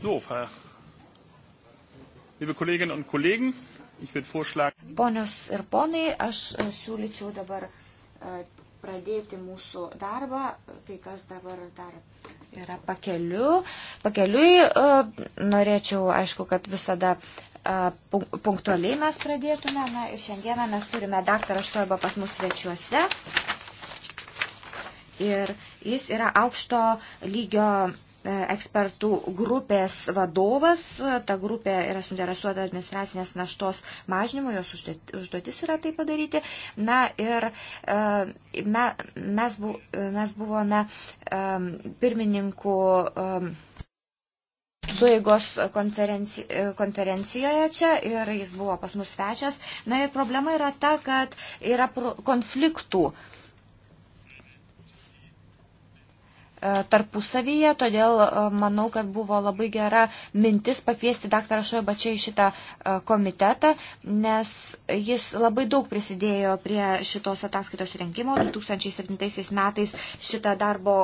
So, Frau, liebe Kolleginnen und Kollegen, ich würde vorschlagen. Ponios ir ponai, aš e, siūlyčiau dabar e, pradėti mūsų darbą, kai kas dabar dar yra pakeliu. Pakeliui e, norėčiau, aišku, kad visada punktualiai mes pradėtume. Na ir šiandieną mes turime daktarą Štoibą pas mus svečiuose. Ir jis yra aukšto lygio E, ekspertų grupės vadovas. Ta grupė yra suinteresuota administracinės naštos mažinimo, jos užduotis yra tai padaryti. Na ir e, me, mes, bu, mes buvome e, pirmininkų sueigos konferenci, konferencijoje čia ir jis buvo pas mus svečias. Na ir problema yra ta, kad yra konfliktų. Uh, E, tarpusavyje, todėl e, manau, kad buvo labai gera mintis pakviesti daktarą Šoebą čia į šitą e, komitetą, nes jis labai daug prisidėjo prie šitos ataskaitos rengimo. 2007 metais šita darbo,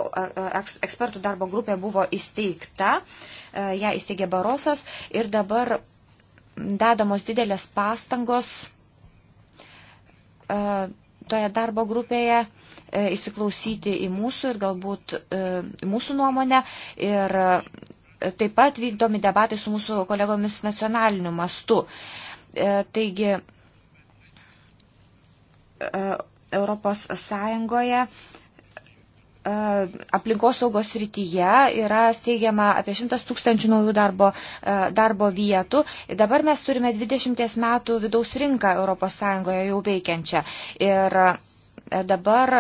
ekspertų darbo grupė buvo įsteigta, ją įsteigė Barosas ir dabar dedamos didelės pastangos toje darbo grupėje E, įsiklausyti į mūsų ir galbūt e, mūsų nuomonę. Ir e, taip pat vykdomi debatai su mūsų kolegomis nacionaliniu mastu. Taigi, Europos Sąjungoje aplinkos saugos rytyje yra steigiama apie 100 tūkstančių naujų darbo, darbo vietų. Dabar mes turime 20 metų vidaus rinką ES jau veikiančią. Ir dabar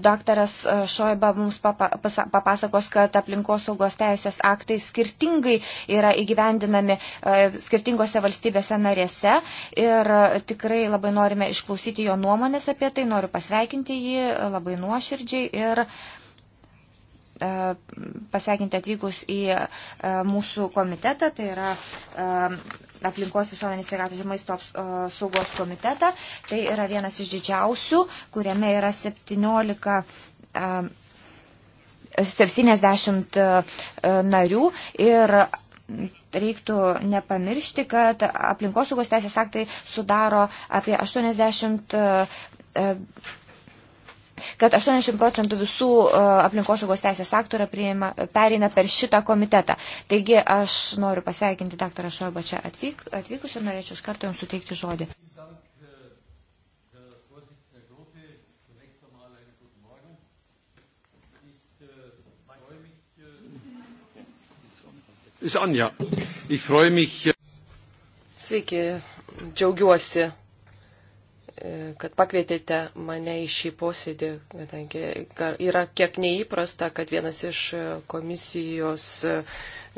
Daktaras e, Šoiba mums papasakos, kad aplinkosaugos teisės aktai skirtingai yra įgyvendinami e, skirtingose valstybėse narėse ir e, tikrai labai norime išklausyti jo nuomonės apie tai, noriu pasveikinti jį labai nuoširdžiai ir pasveikinti atvykus į mūsų komitetą, tai yra aplinkos visuomenės sveikatos ir maisto saugos komitetą. Tai yra vienas iš didžiausių, kuriame yra 17. 70 narių ir reiktų nepamiršti, kad aplinkosaugos teisės aktai sudaro apie 80 kad 80 procentų visų e, aplinkosaugos teisės aktų priima, pereina per šitą komitetą. Taigi aš noriu pasveikinti daktarą Šoibą čia atvyk, atvykus ir norėčiau iš karto jums suteikti žodį. Sonja, ich freue mich. Äh, Sveiki, džiaugiuosi E, kad pakvietėte mane į šį posėdį, kadangi yra kiek neįprasta, kad vienas iš komisijos e,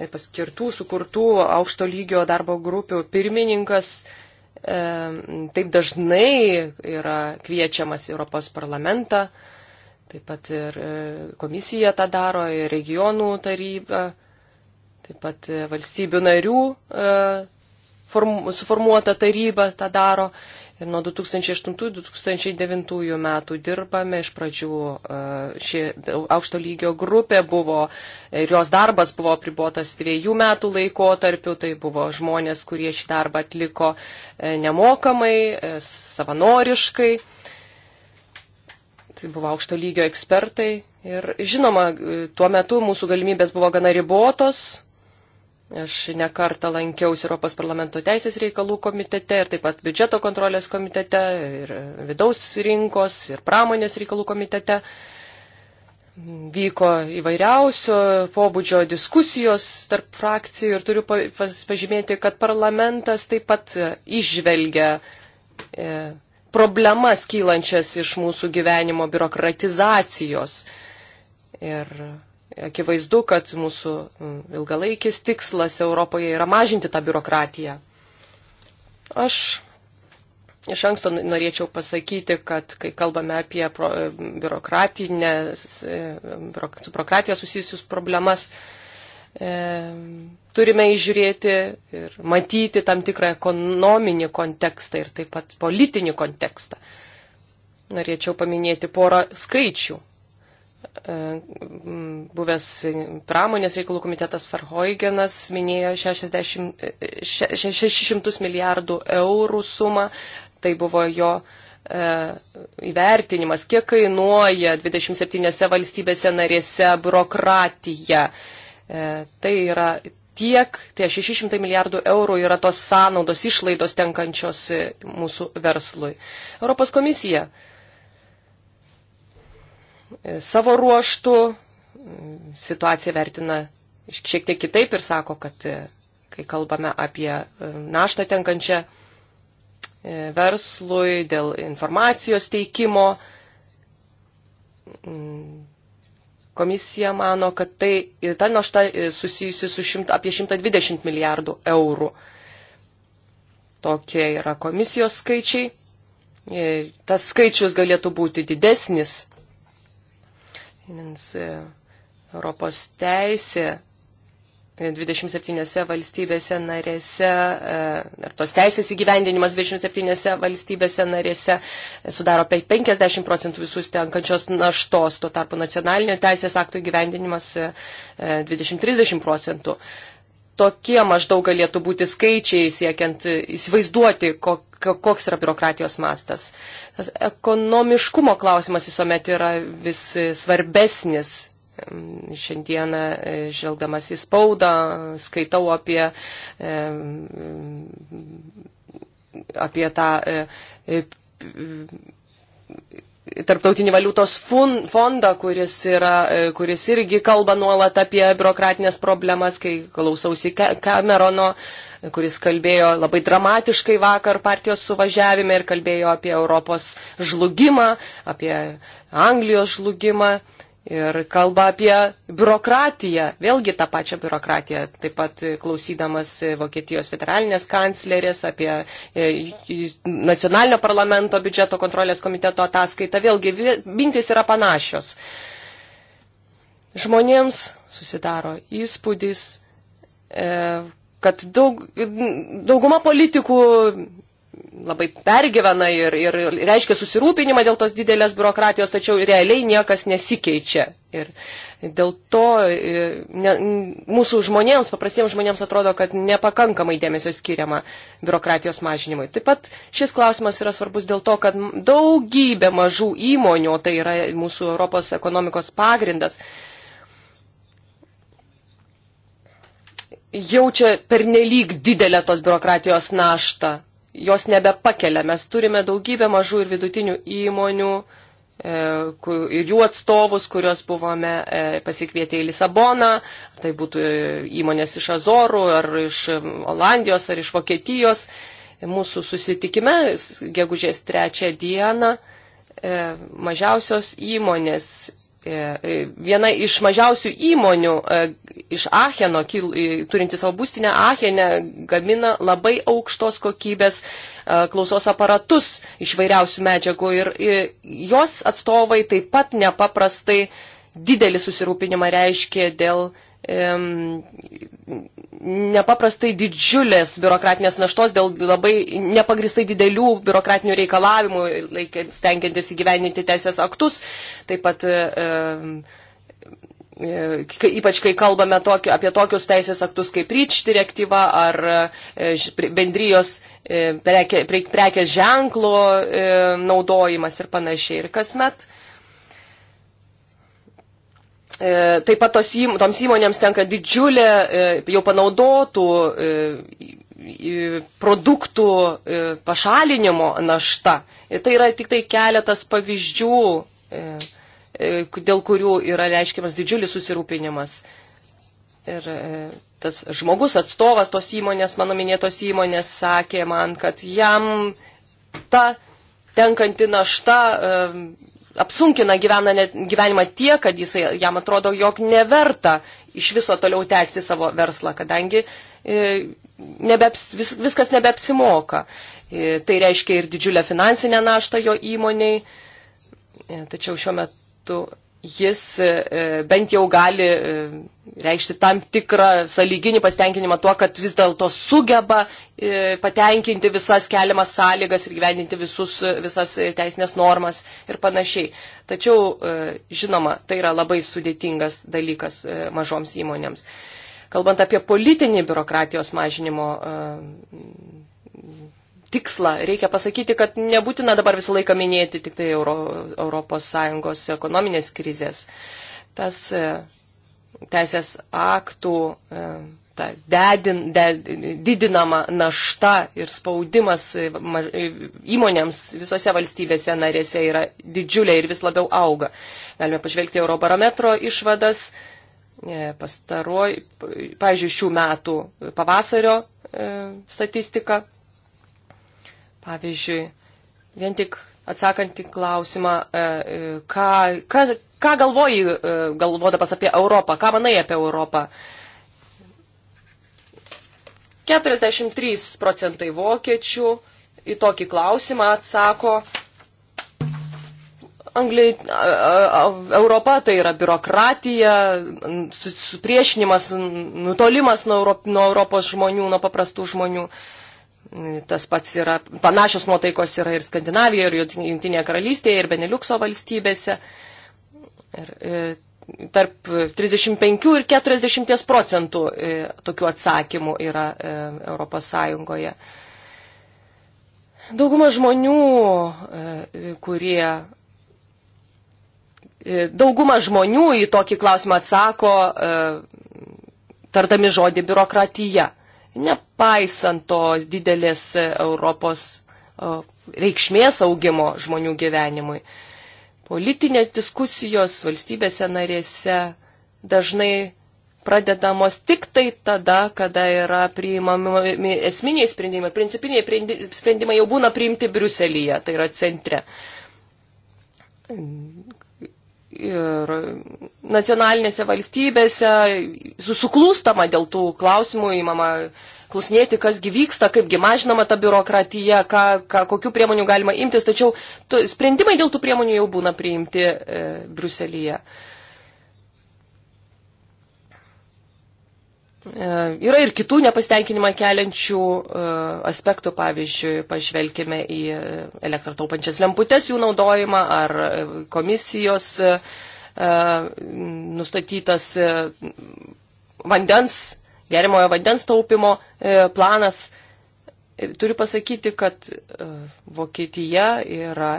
paskirtų, sukurtų aukšto lygio darbo grupių pirmininkas e, taip dažnai yra kviečiamas Europos parlamentą, taip pat ir komisija tą daro, ir regionų taryba, taip pat valstybių narių form, suformuota taryba tą daro. Ir nuo 2008-2009 metų dirbame. Iš pradžių e, ši aukšto lygio grupė buvo ir jos darbas buvo pribuotas dviejų metų laikotarpiu. Tai buvo žmonės, kurie šį darbą atliko e, nemokamai, e, savanoriškai. Tai buvo aukšto lygio ekspertai. Ir žinoma, tuo metu mūsų galimybės buvo gana ribotos, Aš nekartą lankiausi Europos parlamento teisės reikalų komitete ir taip pat biudžeto kontrolės komitete ir vidaus rinkos ir pramonės reikalų komitete. Vyko įvairiausio pobūdžio diskusijos tarp frakcijų ir turiu pažymėti, kad parlamentas taip pat e, išvelgia e, problemas kylančias iš mūsų gyvenimo biurokratizacijos. Ir akivaizdu, kad mūsų mm, ilgalaikis tikslas Europoje yra mažinti tą biurokratiją. Aš iš anksto norėčiau pasakyti, kad kai kalbame apie biurokratinę, su biurokratija susijusius problemas, e, turime įžiūrėti ir matyti tam tikrą ekonominį kontekstą ir taip pat politinį kontekstą. Norėčiau paminėti porą skaičių. E, buvęs pramonės reikalų komitetas Farhoigenas minėjo 60, 600 e, milijardų eurų sumą. Tai buvo jo e, įvertinimas, kiek kainuoja 27 valstybėse narėse biurokratija. Tai yra tiek, tie 600 milijardų eurų yra tos sąnaudos išlaidos tenkančios mūsų verslui. Europos komisija savo ruoštų situaciją vertina šiek tiek kitaip ir sako, kad e, kai kalbame apie e, naštą tenkančią e, verslui dėl informacijos teikimo, komisija mano, kad tai, ta našta susijusi su šimt, apie 120 milijardų eurų. Tokie yra komisijos skaičiai. Tas skaičius galėtų būti didesnis nes e, Europos teisė 27 e, valstybėse narėse, ar e, tos teisės įgyvendinimas 27 valstybėse narėse sudaro 50 procentų visus tenkančios naštos, tuo tarpu nacionalinio teisės aktų įgyvendinimas 20-30 procentų tokie maždaug galėtų būti skaičiai, siekiant įsivaizduoti, koks yra biurokratijos mastas. Ekonomiškumo klausimas visuomet yra vis svarbesnis. Šiandieną, e, žvelgdamas į spaudą, skaitau apie, apie tą e, e, Tarptautinį valiutos fondą, kuris, yra, e, kuris irgi kalba nuolat apie biurokratinės problemas, kai klausausi Camerono, kuris kalbėjo labai dramatiškai vakar partijos suvažiavime ir kalbėjo apie Europos žlugimą, apie Anglijos žlugimą. Ir kalba apie biurokratiją, vėlgi tą pačią biurokratiją, taip pat klausydamas Vokietijos federalinės kanclerės apie e, nacionalinio parlamento biudžeto kontrolės komiteto ataskaitą, vėlgi mintis yra panašios. Žmonėms susidaro įspūdis, e, kad daug, dauguma politikų labai pergyvena ir, ir reiškia susirūpinimą dėl tos didelės biurokratijos, tačiau realiai niekas nesikeičia. Ir dėl to e, ne, mūsų žmonėms, paprastiems žmonėms atrodo, kad nepakankamai dėmesio skiriama biurokratijos mažinimui. Taip pat šis klausimas yra svarbus dėl to, kad daugybė mažų įmonių, tai yra mūsų Europos ekonomikos pagrindas, jaučia pernelyg didelę tos biurokratijos naštą jos nebepakelia. Mes turime daugybę mažų ir vidutinių įmonių e, ir jų atstovus, kuriuos buvome e, pasikvietę į Lisaboną, tai būtų e, įmonės iš Azorų, ar iš Olandijos, ar iš Vokietijos. Mūsų susitikime, gegužės trečią dieną, mažiausios įmonės E, e, viena iš mažiausių įmonių e, iš Acheno, turinti savo būstinę Achenę, gamina labai aukštos kokybės klausos aparatus iš vairiausių medžiagų ir jos atstovai taip pat nepaprastai didelį susirūpinimą reiškė dėl uh, nepaprastai didžiulės biurokratinės naštos dėl labai nepagristai didelių biurokratinių reikalavimų, stengiantis įgyveninti teisės aktus, taip pat e, e, ypač kai kalbame tokio, apie tokius teisės aktus kaip REACH direktyva ar e, bendrijos e, prekės ženklo e, naudojimas ir panašiai. Ir kasmet E, taip pat tos, toms įmonėms tenka didžiulė e, jau panaudotų e, produktų pašalinimo našta. Tai yra tik tai keletas pavyzdžių, dėl kurių yra reiškiamas didžiulis susirūpinimas. Ir tas žmogus atstovas tos įmonės, mano minėtos įmonės, sakė man, kad jam ta tenkanti našta apsunkina gyvena, gyvenimą tie, kad jisai, jam atrodo, jog neverta iš viso toliau tęsti savo verslą, kadangi e, nebeaps, vis, viskas nebeapsimoka. E, tai reiškia ir didžiulę finansinę naštą jo įmoniai. E, tačiau šiuo metu jis e, bent jau gali e, reikšti tam tikrą saliginį pasitenkinimą tuo, kad vis dėlto sugeba e, patenkinti visas keliamas sąlygas ir gyvendinti visus, visas teisinės normas ir panašiai. Tačiau, žinoma, tai yra labai sudėtingas dalykas mažoms įmonėms. Kalbant apie politinį biurokratijos mažinimo tikslą. Reikia pasakyti, kad nebūtina dabar visą laiką minėti tik tai Euro, Europos Sąjungos ekonominės krizės. Tas e, teisės aktų e, ta dedin, de, didinama našta ir spaudimas e, maž, įmonėms visose valstybėse narėse yra didžiulė ir vis labiau auga. Galime pažvelgti Eurobarometro išvadas, pastaroj, pavyzdžiui, šių metų pavasario e, statistiką. Pavyzdžiui, vien tik atsakant į klausimą, e, e, ką, ką, ką galvoji e, galvodamas apie Europą, ką manai apie Europą. 43 procentai vokiečių į tokį klausimą atsako, Anglijai, Europa tai yra biurokratija, supriešinimas, nutolimas nuo, Europ, nuo Europos žmonių, nuo paprastų žmonių. Uh, Tas pats yra, panašios nuotaikos yra ir Skandinavijoje, ir Junktinėje karalystėje, ir Beneliukso valstybėse. Ir, e, ir tarp 35 ir 40 procentų e, tokių atsakymų yra e, Europos Sąjungoje. Dauguma žmonių, kurie. Dauguma žmonių į tokį klausimą atsako tardami žodį biurokratija nepaisant to didelės e, Europos e, reikšmės augimo žmonių gyvenimui. Politinės diskusijos valstybėse narėse dažnai pradedamos tik tai tada, kada yra priimami esminiai sprendimai, principiniai sprendimai jau būna priimti Briuselyje, tai yra centre ir nacionalinėse valstybėse susuklūstama dėl tų klausimų, įmama klausinėti, kasgi vyksta, kaipgi mažinama ta biurokratija, ką, ką, kokių priemonių galima imtis, tačiau tu, sprendimai dėl tų priemonių jau būna priimti e, Bruselėje. E, E, yra ir kitų nepasitenkinimą keliančių e, aspektų, pavyzdžiui, pažvelkime į elektrą taupančias lemputės jų naudojimą ar e, komisijos nustatytas vandens, gerimojo vandens taupimo planas. Turiu pasakyti, kad Vokietija yra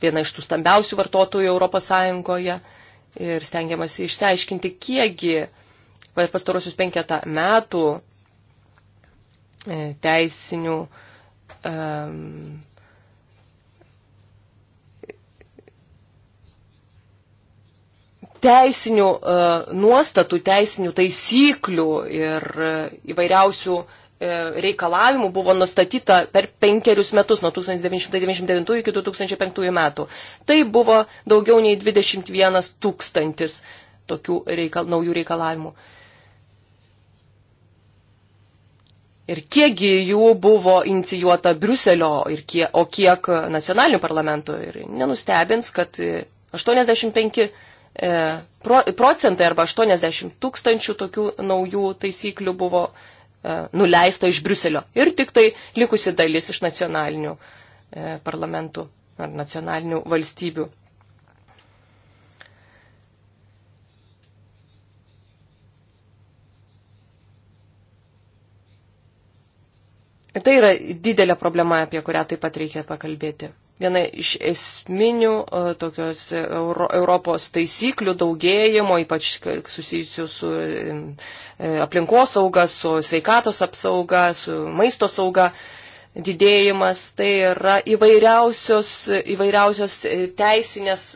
viena iš tų stambiausių vartotojų ES ir stengiamasi išsiaiškinti, kiekgi per pastarosius penketą metų e, teisinių um, teisinių uh, nuostatų, teisinių taisyklių ir uh, įvairiausių uh, reikalavimų buvo nustatyta per penkerius metus, nuo 1999 iki 2005 metų. Tai buvo daugiau nei 21 tūkstantis tokių reikal, naujų reikalavimų. Uh, Ir kiekgi jų buvo inicijuota Briuselio, kie, o kiek nacionalinių parlamentų. Ir nenustebins, kad 85 e, e, procentai arba 80 tūkstančių tokių naujų taisyklių buvo e, nuleista iš Briuselio. Ir tik tai likusi dalis iš nacionalinių parlamentų ar nacionalinių valstybių. Tai yra didelė problema, apie kurią taip pat reikia pakalbėti. Viena iš esminių e, tokios Euro, Europos taisyklių daugėjimo, ypač susijusių su e, aplinkosauga, su sveikatos apsauga, su maisto sauga, didėjimas, tai yra įvairiausios, įvairiausios e, teisinės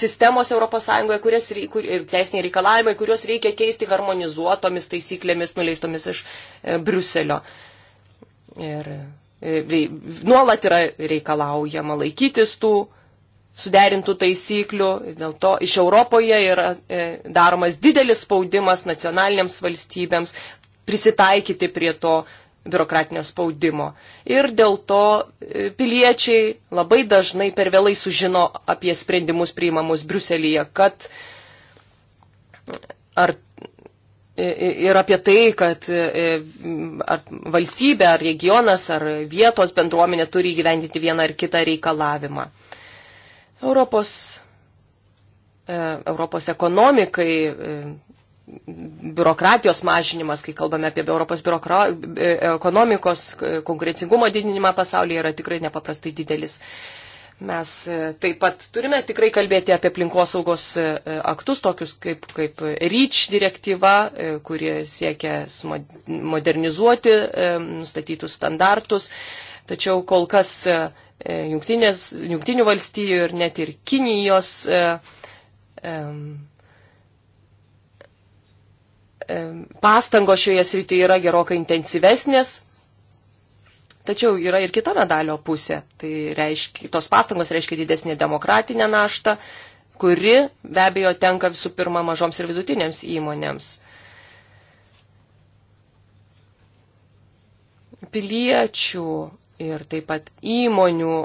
sistemos ES kurias, kur, ir teisiniai reikalavimai, kuriuos reikia keisti harmonizuotomis taisyklėmis nuleistomis iš Briuselio. E, Ir e, nuolat yra reikalaujama laikytis tų suderintų taisyklių, dėl to iš Europoje yra e, daromas didelis spaudimas nacionalinėms valstybėms prisitaikyti prie to biurokratinio spaudimo. Ir dėl to e, piliečiai labai dažnai per vėlai sužino apie sprendimus priimamus Briuselyje, kad ar ir apie tai, kad e, e, ar valstybė, ar regionas, ar vietos bendruomenė turi įgyvendinti vieną ar kitą reikalavimą. Europos, e, Europos ekonomikai biurokratijos mažinimas, kai kalbame apie Europos biurokra... ekonomikos konkurencingumo didinimą pasaulyje, yra tikrai nepaprastai didelis. Mes e, taip pat turime tikrai kalbėti apie aplinkosaugos e, aktus, tokius kaip, kaip REACH direktyva, e, kurie siekia modernizuoti nustatytus standartus. Tačiau kol kas jungtinių valstybių ir net ir Kinijos pastangos šioje srityje yra gerokai intensyvesnės Tačiau yra ir kita medalio pusė. Tai reiškia, tos pastangos reiškia didesnį demokratinę naštą, kuri be abejo tenka visų pirma mažoms ir vidutinėms įmonėms. Piliečių ir taip pat įmonių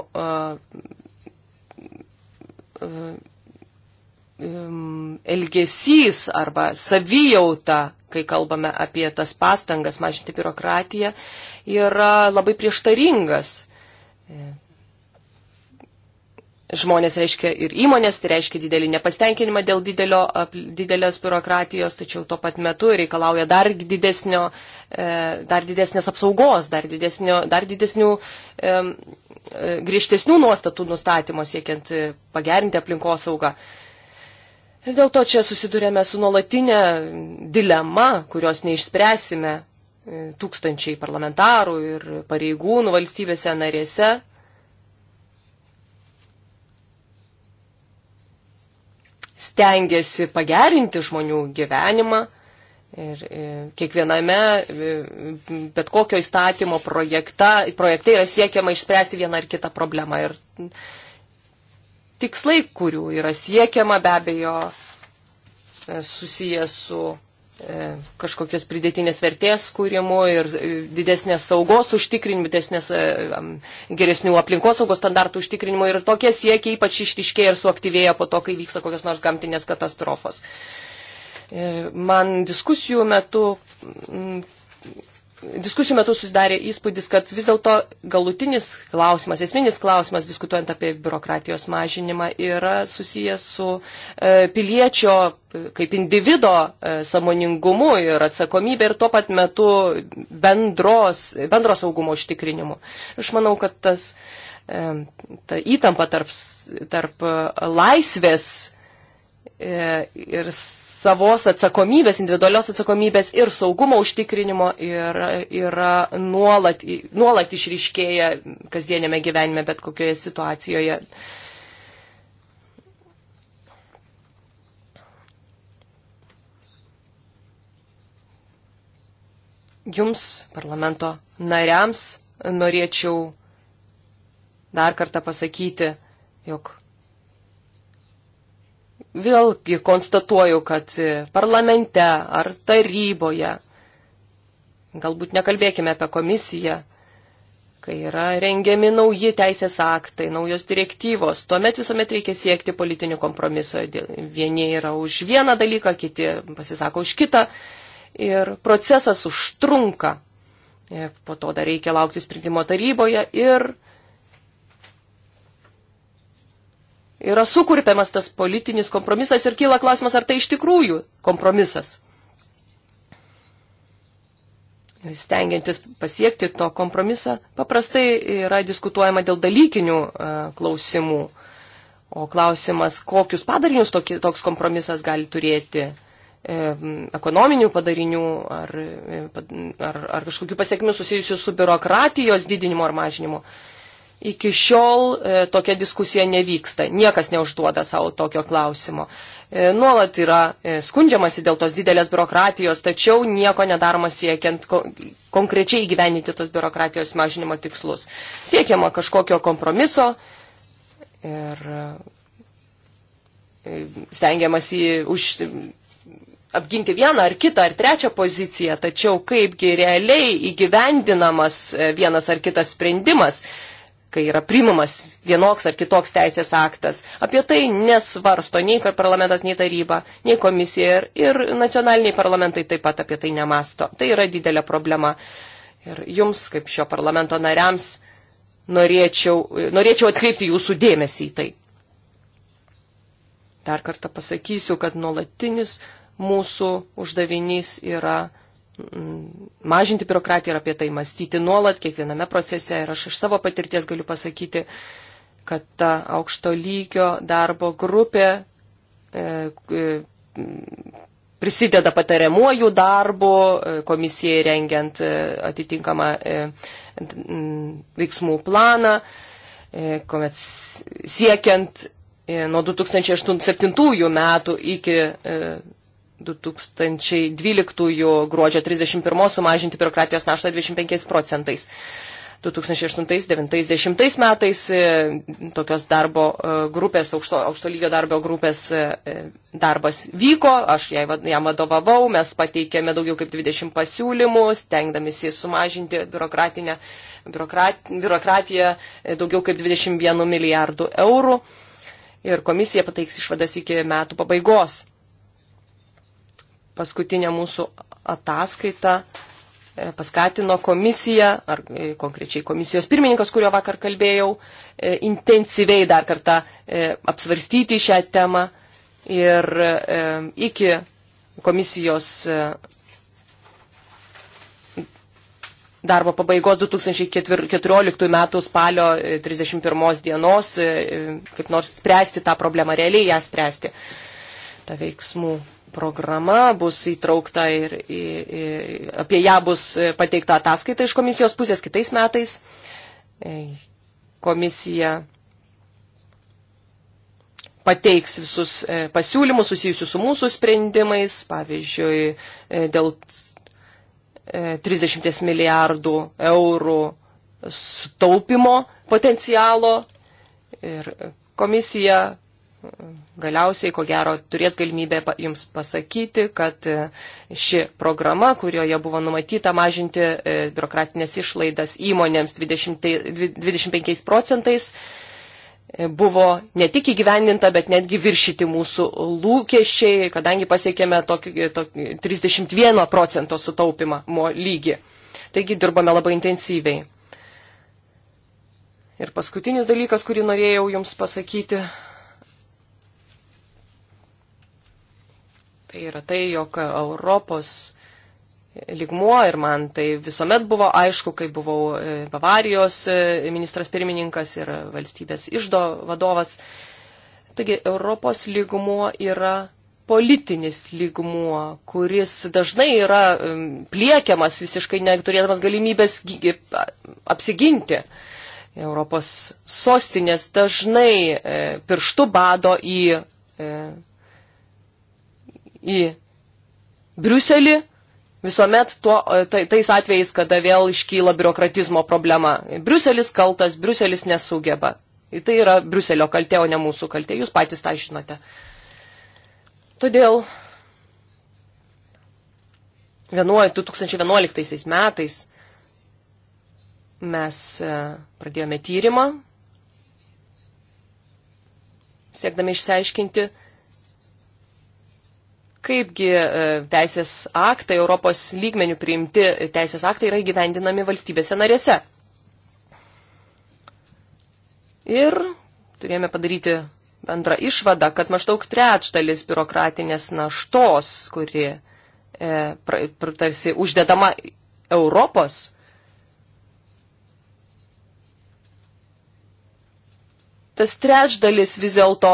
elgesys arba savijauta, kai kalbame apie tas pastangas mažinti biurokratiją, yra labai prieštaringas. Žmonės reiškia ir įmonės, tai reiškia didelį nepasitenkinimą dėl didelio, didelės biurokratijos, tačiau tuo pat metu reikalauja dar, didesnio, e, dar didesnės apsaugos, dar, didesnio, dar didesnių e, e, griežtesnių nuostatų nustatymo siekiant pagerinti aplinkosaugą. Ir dėl to čia susidurėme su nuolatinė dilema, kurios neišspręsime tūkstančiai parlamentarų ir pareigūnų valstybėse narėse. Stengiasi pagerinti žmonių gyvenimą ir e, kiekviename, e, bet kokio įstatymo projekta, projekte yra siekiama išspręsti vieną ar kitą problemą. Ir tikslai, kurių yra siekiama, be abejo, e, susijęs su E, kažkokios pridėtinės vertės kūrimu ir e, didesnės saugos užtikrinimu, didesnės e, geresnių aplinkosaugos standartų užtikrinimu ir tokie siekiai ypač išriškėja ir suaktyvėja po to, kai vyksta kokios nors gamtinės katastrofos. Man diskusijų metu diskusijų metu susidarė įspūdis, kad vis dėlto galutinis klausimas, esminis klausimas, diskutuojant apie biurokratijos mažinimą, yra susijęs su e, piliečio kaip individo e, samoningumu ir atsakomybė ir tuo pat metu bendros, bendro saugumo užtikrinimu. Aš manau, kad tas, e, ta įtampa tarp, tarp laisvės e, ir savos atsakomybės, individualios atsakomybės ir saugumo užtikrinimo yra, yra nuolat, nuolat išryškėję kasdienėme gyvenime, bet kokioje situacijoje. Jums, parlamento nariams, norėčiau dar kartą pasakyti, jog vėlgi konstatuoju, kad parlamente ar taryboje, galbūt nekalbėkime apie komisiją, kai yra rengiami nauji teisės aktai, naujos direktyvos, tuomet visuomet reikia siekti politinių kompromiso. Vieni yra už vieną dalyką, kiti pasisako už kitą ir procesas užtrunka. E, po to dar reikia laukti sprendimo taryboje ir yra sukurpiamas tas politinis kompromisas ir kyla klausimas, ar tai iš tikrųjų kompromisas. Stengiantis pasiekti to kompromisą, paprastai yra diskutuojama dėl dalykinių e, klausimų. O klausimas, kokius padarinius toks kompromisas gali turėti e, ekonominių padarinių ar, e, ar, ar kažkokių pasiekmių susijusių su biurokratijos didinimu ar mažinimu iki šiol e, tokia diskusija nevyksta. Niekas neužduoda savo tokio klausimo. E, nuolat yra e, skundžiamasi dėl tos didelės biurokratijos, tačiau nieko nedaroma siekiant ko, konkrečiai įgyveninti tos biurokratijos mažinimo tikslus. Siekiama kažkokio kompromiso ir e, stengiamasi už. E, apginti vieną ar kitą ar trečią poziciją, tačiau kaipgi realiai įgyvendinamas e, vienas ar kitas sprendimas, kai yra primamas vienoks ar kitoks teisės aktas. Apie tai nesvarsto nei parlamentas, nei taryba, nei komisija ir, ir nacionaliniai parlamentai taip pat apie tai nemasto. Tai yra didelė problema. Ir jums, kaip šio parlamento nariams, norėčiau, norėčiau atkreipti jūsų dėmesį į tai. Dar kartą pasakysiu, kad nuolatinis mūsų uždavinys yra mažinti biurokratiją ir apie tai mąstyti nuolat kiekviename procese. Ir aš iš savo patirties galiu pasakyti, kad ta aukšto lygio darbo grupė e, e, prisideda patariamuoju darbu e, komisijai rengiant atitinkamą veiksmų planą, kuomet siekiant nuo 2007 metų iki 2012 gruodžio 31 sumažinti biurokratijos naštą 25 procentais. 2008-2010 metais e, tokios darbo e, grupės, aukšto, aukšto lygio darbo grupės e, darbas vyko, aš jai, jam vadovavau, mes pateikėme daugiau kaip 20 pasiūlymų, stengdamėsi sumažinti biurokratinę, biurokrat, biurokratiją daugiau kaip 21 milijardų eurų ir komisija pateiks išvadas iki metų pabaigos paskutinė mūsų ataskaita e, paskatino komisiją, ar e, konkrečiai komisijos pirmininkas, kurio vakar kalbėjau, e, intensyviai dar kartą apsvarstyti šią temą ir iki komisijos darbo pabaigos 2014 metų spalio 31 dienos, kaip nors spręsti tą problemą, realiai ją spręsti, tą veiksmų programa bus įtraukta ir, ir, ir apie ją bus pateikta ataskaita iš komisijos pusės kitais metais. E, komisija pateiks visus e, pasiūlymus susijusius su mūsų sprendimais, pavyzdžiui, e, dėl 30 milijardų eurų sutaupimo potencialo ir komisija galiausiai, ko gero, turės galimybę jums pasakyti, kad e, ši programa, kurioje buvo numatyta mažinti e, biurokratinės išlaidas įmonėms 20, 25 procentais, e, buvo ne tik įgyvendinta, bet netgi viršyti mūsų lūkesčiai, kadangi pasiekėme tokį, tokį 31 procento sutaupimą lygį. Taigi dirbame labai intensyviai. Ir paskutinis dalykas, kurį norėjau Jums pasakyti, Tai yra tai, jog Europos ligmuo ir man tai visuomet buvo aišku, kai buvau e, Bavarijos e, ministras pirmininkas ir valstybės išdo vadovas. Taigi Europos ligmuo yra politinis ligmuo, kuris dažnai yra pliekiamas visiškai neturėdamas galimybės e, apsiginti. Europos sostinės dažnai pirštų bado į į Briuselį, visuomet tuo, e, tai, tais atvejais, kada vėl iškyla biurokratizmo problema. Briuselis kaltas, Briuselis nesugeba. Tai yra Briuselio kaltė, o ne mūsų kaltė. Jūs patys tą žinote. Todėl 2011 metais mes e, pradėjome tyrimą, siekdami išsiaiškinti, kaipgi e, teisės aktai, Europos lygmenių priimti teisės aktai yra įgyvendinami valstybėse narėse. Ir turėjome padaryti bendrą išvadą, kad maždaug trečdalis biurokratinės naštos, kuri e, pra, tarsi uždedama Europos, tas trečdalis vis dėlto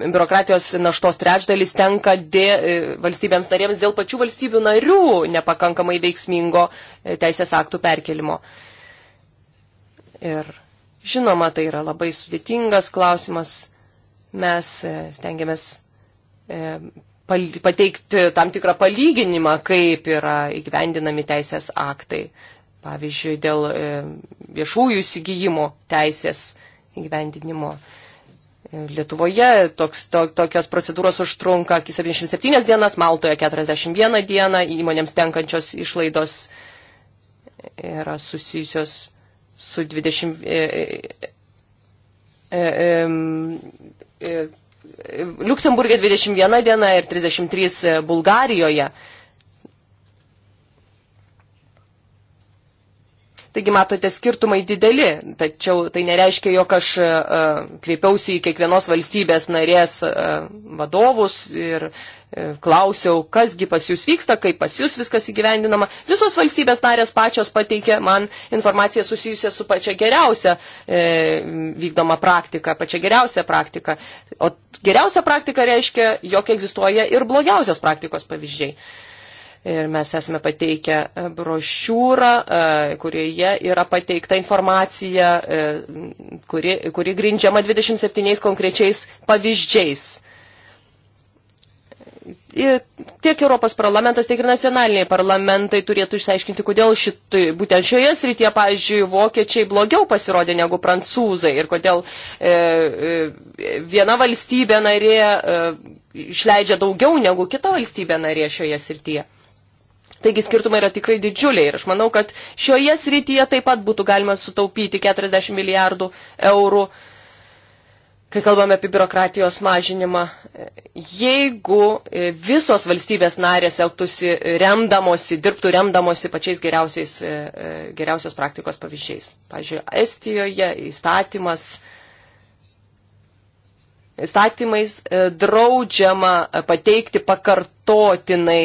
biurokratijos naštos trečdalis tenka dė, valstybėms narėms dėl pačių valstybių narių nepakankamai veiksmingo e, teisės aktų perkelimo. Ir žinoma, tai yra labai sudėtingas klausimas. Mes e, stengiamės e, pateikti tam tikrą palyginimą, kaip yra įgyvendinami teisės aktai. Pavyzdžiui, dėl viešųjų įsigijimų teisės įgyvendinimo. Lietuvoje toks, to, tokios procedūros užtrunka 77 dienas, Maltoje 41 dieną, įmonėms tenkančios išlaidos yra susijusios su 20. E, e, e, e, Luksemburgė 21 diena ir 33 e, Bulgarijoje. E, Taigi, matote, skirtumai dideli, tačiau tai nereiškia, jog aš e, kreipiausi į kiekvienos valstybės narės e, vadovus ir e, klausiau, kasgi pas jūs vyksta, kaip pas jūs viskas įgyvendinama. Visos valstybės narės pačios pateikė man informaciją susijusią su pačia geriausia e, vykdoma praktika, pačia geriausia praktika. O geriausia praktika reiškia, jog egzistuoja ir blogiausios praktikos pavyzdžiai. E, Ir mes esame pateikę e, brošiūrą, e, kurioje yra pateikta informacija, e, kuri, kuri grindžiama 27 konkrečiais pavyzdžiais. Ir tiek Europos parlamentas, tiek ir nacionaliniai parlamentai turėtų išsiaiškinti, kodėl šitai, būtent šioje srityje, pavyzdžiui, vokiečiai blogiau pasirodė negu prancūzai ir kodėl e, e, viena valstybė narė e, išleidžia daugiau negu kita valstybė narė šioje srityje. Taigi skirtumai yra tikrai didžiuliai ir aš manau, kad šioje srityje taip pat būtų galima sutaupyti 40 milijardų eurų, kai kalbame apie biurokratijos mažinimą. Jeigu e, visos valstybės narės elgtųsi e, remdamosi, dirbtų remdamosi pačiais geriausiais, e, geriausios praktikos pavyzdžiais. Pavyzdžiui, Estijoje įstatymas įstatymais draudžiama pateikti pakartotinai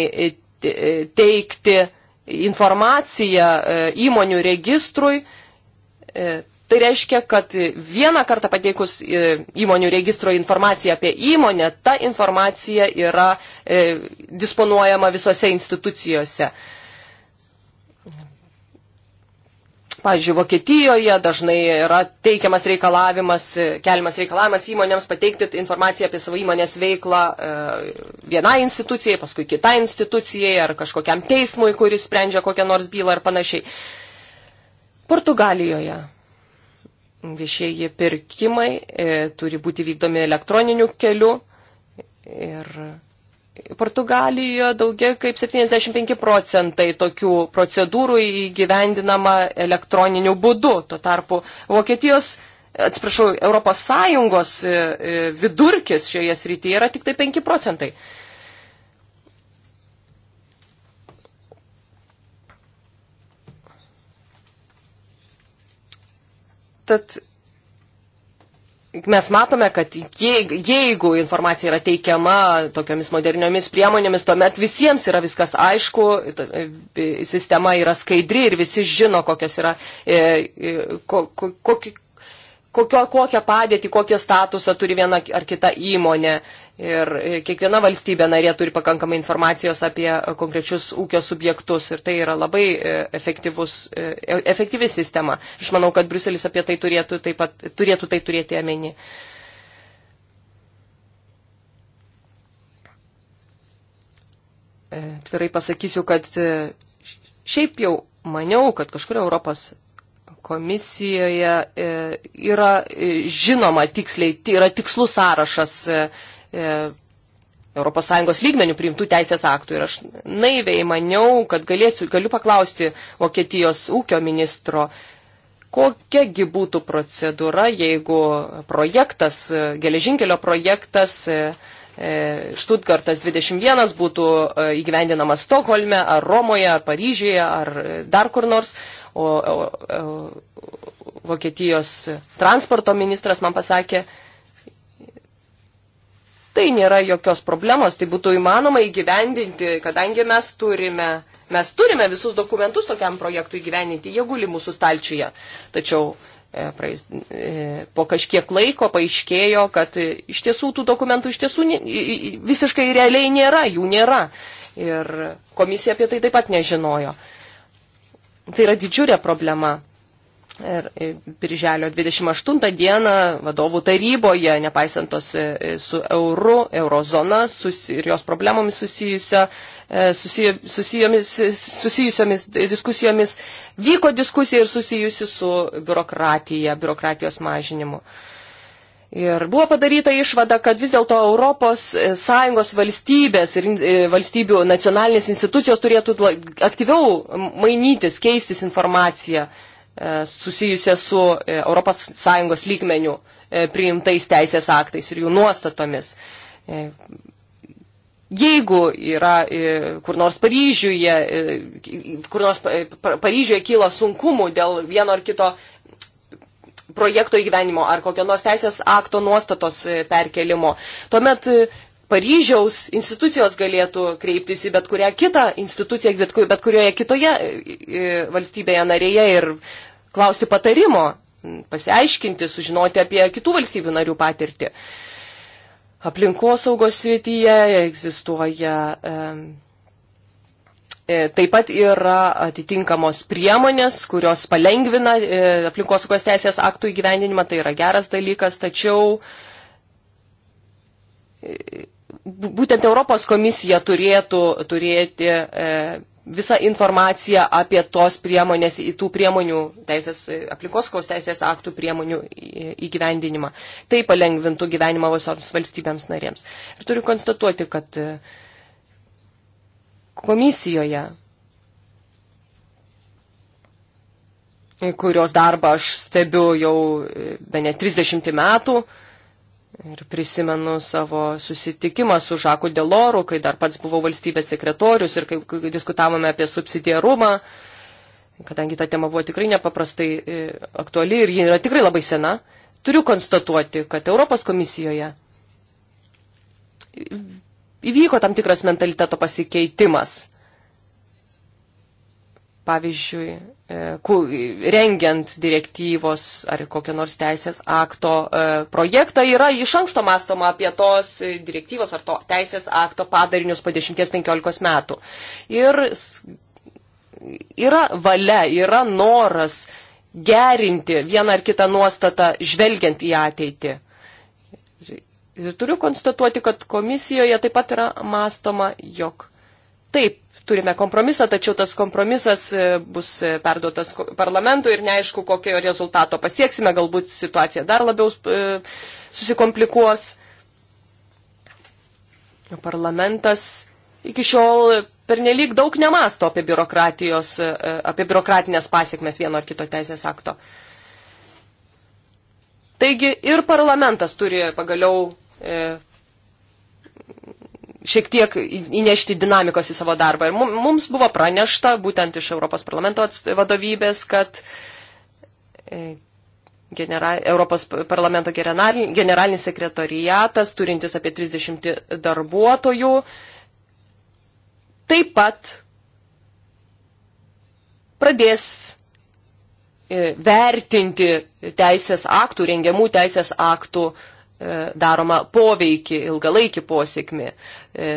teikti informaciją e, įmonių registrui. E, tai reiškia, kad vieną kartą pateikus e, įmonių registro informaciją apie įmonę, ta informacija yra disponuojama visose institucijose. Pavyzdžiui, Vokietijoje dažnai yra teikiamas reikalavimas, keliamas reikalavimas įmonėms pateikti informaciją apie savo įmonės veiklą e, vienai institucijai, paskui kitai institucijai ar kažkokiam teismui, kuris sprendžia kokią nors bylą ar panašiai. Portugalijoje viešieji pirkimai e, turi būti vykdomi elektroniniu keliu ir Portugalijoje daugia kaip 75 procentai tokių procedūrų įgyvendinama elektroniniu būdu. Tuo tarpu Vokietijos, atsiprašau, ES e, e, vidurkis šioje srityje yra tik tai 5 procentai. Tad mes matome, kad jeigu informacija yra teikiama tokiomis moderniomis priemonėmis, tuomet visiems yra viskas aišku, e, sistema yra skaidri ir visi žino, kokios yra, e, e, kokį, kokio, kokią padėtį, kokią statusą turi viena ar kita įmonė. Ir e, kiekviena valstybė narė turi pakankamai informacijos apie e, konkrečius ūkio subjektus ir tai yra labai e, efektyvi sistema. Aš manau, kad Bruselis apie tai turėtų, taip pat, turėtų tai turėti omeny. Tvirai pasakysiu, kad šiaip jau maniau, kad kažkur Europos komisijoje yra žinoma tiksliai, yra tikslus sąrašas ES lygmenių priimtų teisės aktų. Ir aš naiviai maniau, kad galėsiu, galiu paklausti Vokietijos ūkio ministro, kokiagi būtų procedūra, jeigu projektas, e, geležinkelio projektas Štutgartas e, e, 21 būtų įgyvendinamas Stokholme, ar Romoje, ar Paryžiuje, ar dar kur nors. O, o, o Vokietijos transporto ministras man pasakė, Tai nėra jokios problemos, tai būtų įmanoma įgyvendinti, kadangi mes turime, mes turime visus dokumentus tokiam projektui įgyvendinti, jie guli mūsų stalčiuje. Tačiau e, praeis, e, po kažkiek laiko paaiškėjo, kad e, iš tiesų tų dokumentų iš tiesų nė, visiškai realiai nėra, jų nėra. Ir komisija apie tai taip pat nežinojo. Tai yra didžiulė problema. Ir e, birželio 28 dieną vadovų taryboje, nepaisant tos e, su euru, eurozona susi, ir jos problemomis susijusio, e, susijo, susijomis, susijusiomis diskusijomis, vyko diskusija ir susijusi su biurokratija, biurokratijos mažinimu. Ir buvo padaryta išvada, kad vis dėlto ES valstybės ir valstybių nacionalinės institucijos turėtų aktyviau mainytis, keistis informaciją. E, susijusią su ES lygmenių e, priimtais teisės aktais ir jų nuostatomis. E, jeigu yra kur nors Paryžiuje, kur nors Paryžiuje kyla sunkumų dėl vieno ar kito projekto įgyvenimo ar kokio nors teisės akto nuostatos perkelimo, tuomet Paryžiaus institucijos galėtų kreiptis į bet kurią kitą instituciją, bet, bet kurioje kitoje e, e, valstybėje narėje ir klausti patarimo, pasiaiškinti, sužinoti apie kitų valstybių narių patirtį. Aplinkosaugos srityje egzistuoja. E, taip pat yra atitinkamos priemonės, kurios palengvina aplinkosaugos teisės aktų įgyvendinimą, tai yra geras dalykas, tačiau būtent Europos komisija turėtų turėti e, visą informaciją apie tos priemonės, tų priemonių, teisės, e, aplinkoskaus teisės aktų priemonių įgyvendinimą. Tai palengvintų gyvenimą visoms valstybėms narėms. Ir turiu konstatuoti, kad e, komisijoje, kurios darbą aš stebiu jau be ne 30 metų, Ir prisimenu savo susitikimą su Žaku Deloru, kai dar pats buvau valstybės sekretorius ir kai diskutavome apie subsidiarumą, kadangi ta tema buvo tikrai nepaprastai e, aktuali ir ji yra tikrai labai sena, turiu konstatuoti, kad Europos komisijoje įvyko tam tikras mentaliteto pasikeitimas. Pavyzdžiui, E, rengiant direktyvos ar kokio nors teisės akto e, projektą, yra iš anksto mastoma apie tos direktyvos ar to teisės akto padarinius po 10-15 metų. Ir yra valia, yra noras gerinti vieną ar kitą nuostatą, žvelgiant į ateitį. Ir turiu konstatuoti, kad komisijoje taip pat yra mastoma, jog taip, turime kompromisą, tačiau tas kompromisas e, bus e, perduotas parlamentui ir neaišku, kokio rezultato pasieksime, galbūt situacija dar labiau e, susikomplikuos. Parlamentas iki šiol pernelyg daug nemasto apie, apie biurokratinės pasiekmes vieno ar kito teisės akto. Taigi ir parlamentas turi pagaliau e, šiek tiek įnešti dinamikos į savo darbą. Ir mums buvo pranešta, būtent iš Europos parlamento vadovybės, kad e, general, Europos parlamento generalinis sekretoriatas, turintis apie 30 darbuotojų, taip pat pradės e, vertinti teisės aktų, rengiamų teisės aktų uh, E, daroma poveikį, ilgalaikį posėkmį. E,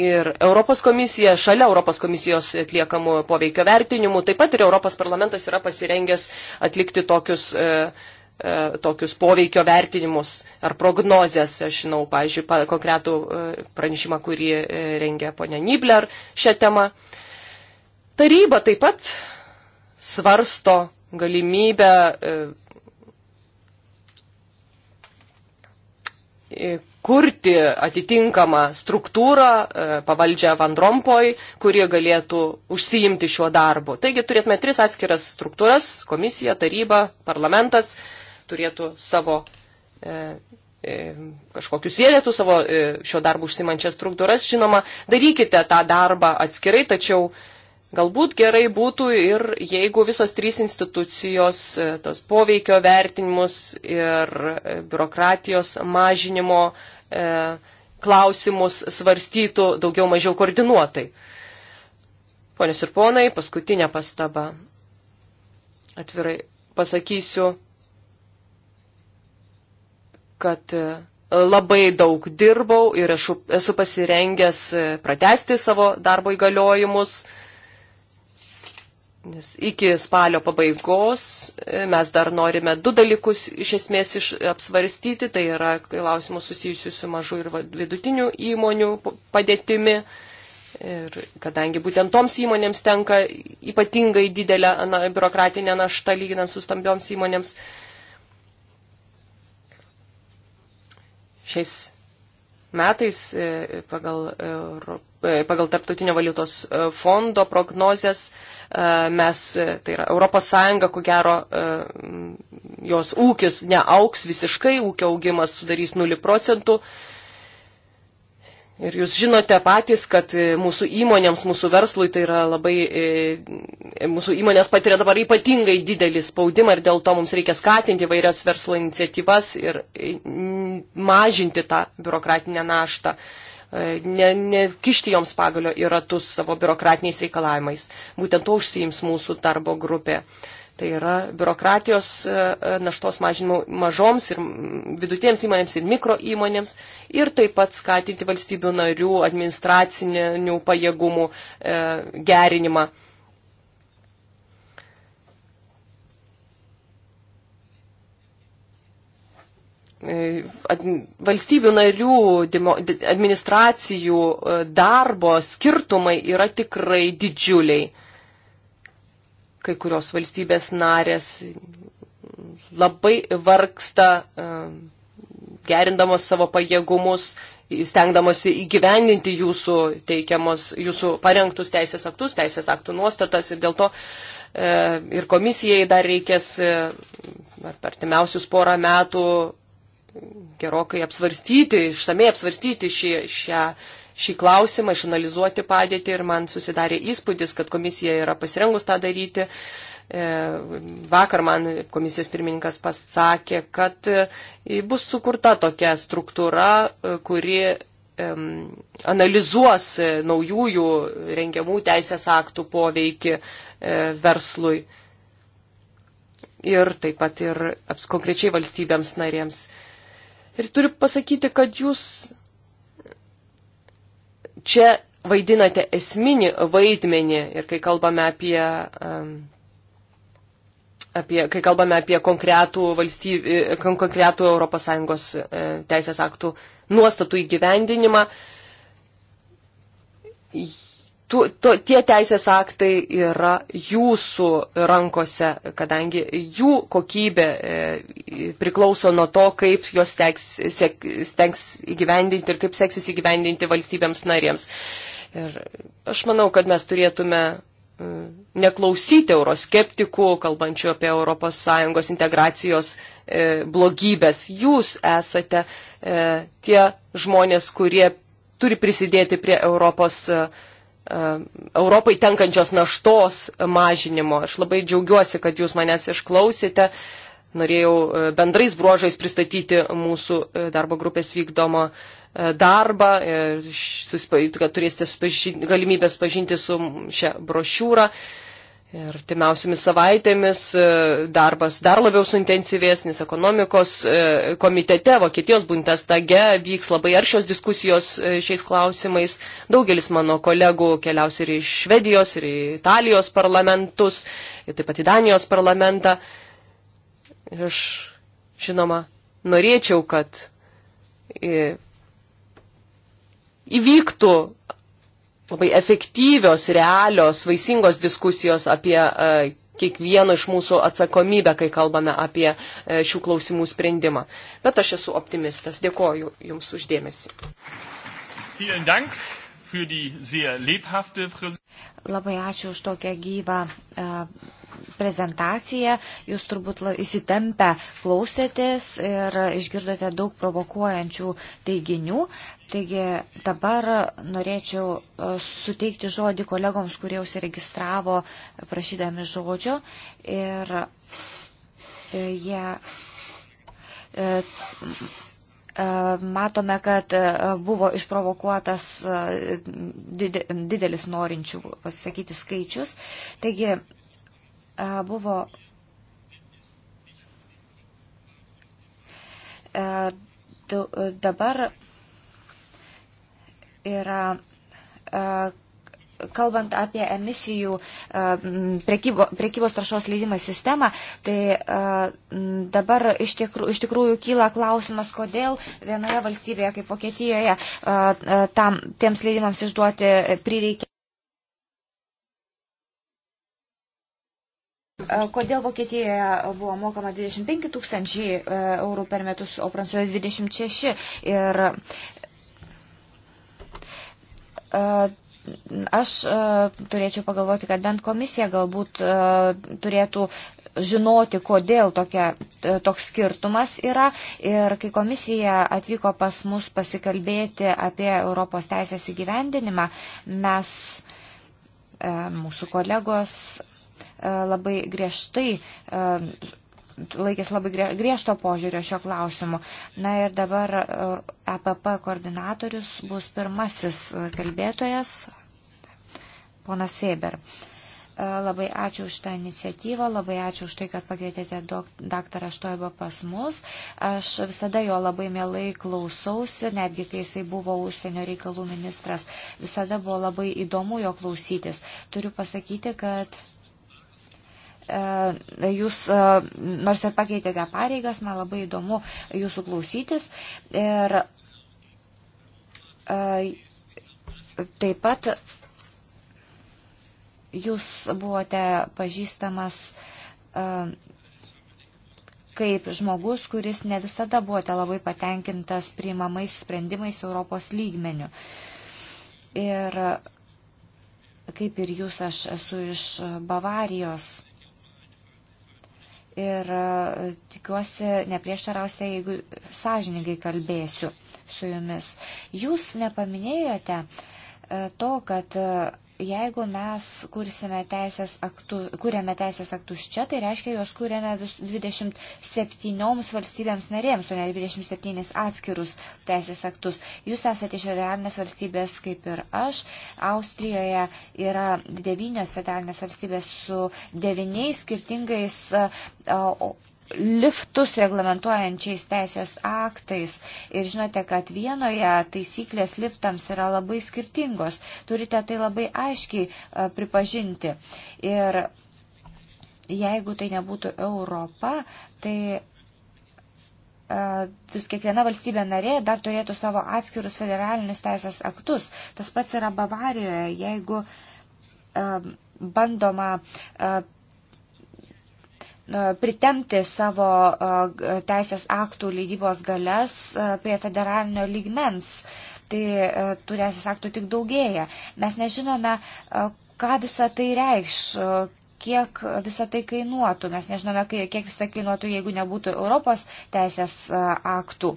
ir Europos komisija, šalia Europos komisijos atliekamų poveikio vertinimų, taip pat ir Europos parlamentas yra pasirengęs atlikti tokius, e, e, tokius poveikio vertinimus ar prognozes. Aš žinau, pavyzdžiui, konkretų e, pranešimą, kurį rengia ponia Nibler šią temą. Taryba taip pat svarsto galimybę E, kurti atitinkamą struktūrą, e, pavaldžią Vandrompoj, kurie galėtų užsiimti šiuo darbu. Taigi turėtume tris atskiras struktūras - komisija, taryba, parlamentas turėtų savo e, e, kažkokius vienetų, savo e, šio darbo užsimančias struktūras. Žinoma, darykite tą darbą atskirai, tačiau e, Galbūt gerai būtų ir jeigu visos trys institucijos e, tos poveikio vertinimus ir e, biurokratijos mažinimo e, klausimus svarstytų daugiau mažiau koordinuotai. Ponios ir ponai, paskutinė pastaba. Atvirai pasakysiu, kad labai daug dirbau ir esu, esu pasirengęs pratesti savo darbo įgaliojimus Nes iki spalio pabaigos e, mes dar norime du dalykus iš esmės iš apsvarstyti, tai yra klausimus susijusius su mažų ir vidutinių įmonių padėtimi. Ir kadangi būtent toms įmonėms tenka ypatingai didelė na, biurokratinė našta lyginant su stambioms įmonėms, šiais metais e, pagal Europą E, pagal Tarptautinio valiutos e, fondo prognozes e, mes, tai yra Europos Sąjunga, ko gero, jos ūkis neauks visiškai, ūkio augimas sudarys 0 procentų. Ir jūs žinote patys, kad mūsų įmonėms, mūsų verslui tai yra labai, mūsų įmonės patiria dabar ypatingai didelį spaudimą ir dėl to mums reikia skatinti vairias verslo iniciatyvas ir mažinti tą biurokratinę naštą. Uh, nekišti ne joms pagalio į ratus savo biurokratiniais reikalavimais. Būtent to užsiims mūsų darbo grupė. Tai yra biurokratijos e, e, naštos mažinimo mažoms ir vidutinėms įmonėms ir mikro įmonėms ir taip pat skatinti valstybių narių administracinių pajėgumų e, gerinimą E, valstybių narių administracijų e, darbo skirtumai yra tikrai didžiuliai. Kai kurios valstybės narės labai vargsta e, gerindamos savo pajėgumus, stengdamosi įgyvendinti jūsų teikiamos, jūsų parengtus teisės aktus, teisės aktų nuostatas ir dėl to e, ir komisijai dar reikės e, per timiausius porą metų gerokai apsvarstyti, išsamei apsvarstyti šį, šią, šį klausimą, išanalizuoti padėtį ir man susidarė įspūdis, kad komisija yra pasirengus tą daryti. E, vakar man komisijos pirmininkas pasakė, kad e, bus sukurta tokia struktūra, e, kuri analizuos naujųjų rengiamų teisės aktų poveikį verslui ir taip pat ir konkrečiai valstybėms narėms. Ir turiu pasakyti, kad jūs čia vaidinate esminį vaidmenį ir kai kalbame apie, apie, kai kalbame apie konkretų, valstybė, e, konkretų ES e, teisės aktų nuostatų įgyvendinimą, tu, tu, tie teisės aktai yra jūsų rankose, kadangi jų kokybė e, priklauso nuo to, kaip juos teks, sek, teks įgyvendinti ir kaip seksis įgyvendinti valstybėms narėms. Ir aš manau, kad mes turėtume e, neklausyti euroskeptikų, kalbančių apie ES integracijos e, blogybės. Jūs esate tie žmonės, kurie turi prisidėti prie Europos uh, E, Europai tenkančios naštos mažinimo. Aš labai džiaugiuosi, kad jūs manęs išklausėte. Norėjau e, bendrais bruožais pristatyti mūsų e, darbo grupės vykdomą darbą, kad turėsite galimybę spažinti su šią brošiūrą. Ir timiausiamis savaitėmis e, darbas dar labiau suintensyvės, nes ekonomikos e, komitete Vokietijos Bundestage vyks labai aršios diskusijos e, šiais klausimais. Daugelis mano kolegų keliaus ir į Švedijos, ir į Italijos parlamentus, ir taip pat į Danijos parlamentą. Ir aš, žinoma, norėčiau, kad įvyktų labai efektyvios, realios, vaisingos diskusijos apie e, kiekvieno iš mūsų atsakomybę, kai kalbame apie e, šių klausimų sprendimą. Bet aš esu optimistas. Dėkoju Jums uždėmesi. Vielen Dank. Labai ačiū už tokią gyvą e, prezentaciją. Jūs turbūt įsitempę klausėtės ir išgirdote daug provokuojančių teiginių. Taigi dabar norėčiau e, suteikti žodį kolegoms, kurie užsiregistravo prašydami žodžio. Ir e, jie E, matome, kad e, buvo išprovokuotas e, didelis norinčių pasakyti skaičius. Taigi buvo dabar yra kalbant apie emisijų e, prekybo, prekybos taršos leidimą sistemą, tai e, dabar iš tikrųjų, iš tikrųjų kyla klausimas, kodėl vienoje valstybėje kaip Vokietijoje e, tam, tiems leidimams išduoti prireikia. Kodėl Vokietijoje buvo mokama 25 tūkstančiai eurų per metus, o Prancūzijoje 26? Ir Aš e, turėčiau pagalvoti, kad bent komisija galbūt e, turėtų žinoti, kodėl tokia, e, toks skirtumas yra. Ir kai komisija atvyko pas mus pasikalbėti apie Europos teisės įgyvendinimą, mes, mūsų kolegos, labai griežtai laikės labai griežto požiūrio šio klausimu. Na ir dabar EPP e koordinatorius bus pirmasis e, kalbėtojas, ponas Sėber. E, labai ačiū už tą iniciatyvą, labai ačiū už tai, kad pakvietėte daktarą Štoibą pas mus. Aš visada jo labai mielai klausausi, netgi kai jisai buvo užsienio reikalų ministras. Visada buvo labai įdomu jo klausytis. Turiu pasakyti, kad E, jūs, e, nors ir pakeitėte pareigas, man labai įdomu jūsų klausytis. Ir e, taip pat jūs buvote pažįstamas kaip žmogus, kuris ne visada buvote labai patenkintas priimamais sprendimais Europos lygmenių. Ir kaip ir jūs, aš esu iš Bavarijos ir e, tikiuosi neprieštarausite, jeigu sąžiningai kalbėsiu su jumis. Jūs nepaminėjote e, to, kad jeigu mes kursime teisės aktu, kuriame teisės aktus čia, tai reiškia, juos kuriame vis 27 valstybėms narėms, o ne 27 atskirus teisės aktus. Jūs esate iš federalinės valstybės kaip ir aš. Austrijoje yra devynios federalinės valstybės su devyniais skirtingais o, o, liftus reglamentuojančiais teisės aktais. Ir žinote, kad vienoje taisyklės liftams yra labai skirtingos. Turite tai labai aiškiai e, pripažinti. Ir jeigu tai nebūtų Europa, tai e, vis kiekviena valstybė narė dar turėtų savo atskirus federalinius teisės aktus. Tas pats yra Bavarijoje, jeigu um, bandoma uh, E, pritemti savo e, teisės aktų leidybos galės e, prie federalinio lygmens. Tai tų teisės aktų tik daugėja. Mes nežinome, ką visa tai reikš, kiek visą tai kainuotų. Mes nežinome, kiek visą tai kainuotų, jeigu nebūtų Europos teisės aktų.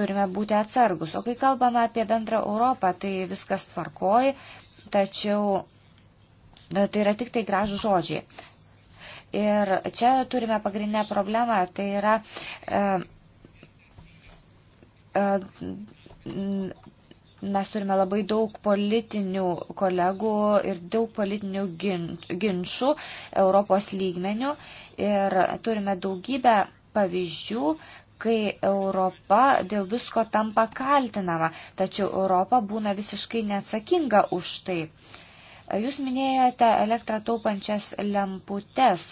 Turime būti atsargus. O kai kalbame apie bendrą Europą, tai viskas tvarkoj, tačiau tai yra tik tai gražų žodžiai. Ir čia turime pagrindinę problemą, tai yra e, e, mes turime labai daug politinių kolegų ir daug politinių ginčių Europos lygmenių ir turime daugybę pavyzdžių, kai Europa dėl visko tampa kaltinama, tačiau Europa būna visiškai neatsakinga už tai. Uh, Jūs minėjote elektrą taupančias lemputes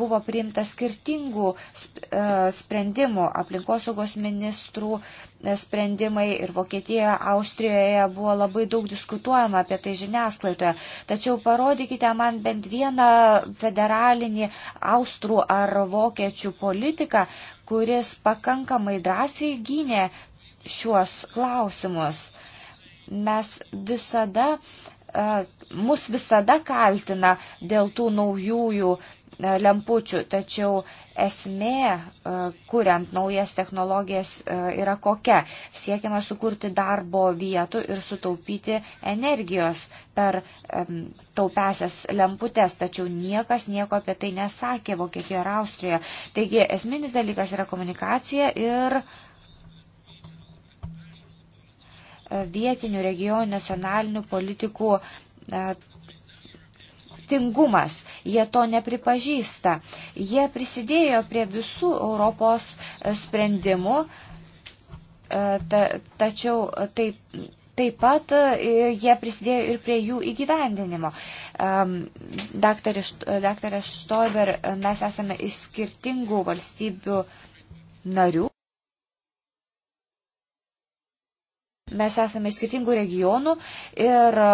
buvo priimta skirtingų e, sprendimų. Aplinkosaugos ministrų e, sprendimai ir Vokietijoje, Austrijoje buvo labai daug diskutuojama apie tai žiniasklaidoje. Tačiau parodykite man bent vieną federalinį austrų ar vokiečių politiką, kuris pakankamai drąsiai gynė šiuos klausimus. Mes visada uh, E, mus visada kaltina dėl tų naujųjų e, lempučių, tačiau esmė, e, kuriant naujas technologijas, yra kokia. Siekiama sukurti darbo vietų ir sutaupyti energijos per taupesias lemputės, tačiau niekas nieko apie tai nesakė Vokietijoje ir Austrijoje. Taigi esminis dalykas yra komunikacija ir uh, vietinių, regioninių, nacionalinių politikų e, tingumas. Jie to nepripažįsta. Jie prisidėjo prie visų Europos sprendimų, e, ta, tačiau taip. Taip pat e, jie prisidėjo ir prie jų įgyvendinimo. Daktarė Štoiber, mes esame iš skirtingų valstybių narių. Mes esame iš skirtingų regionų ir e,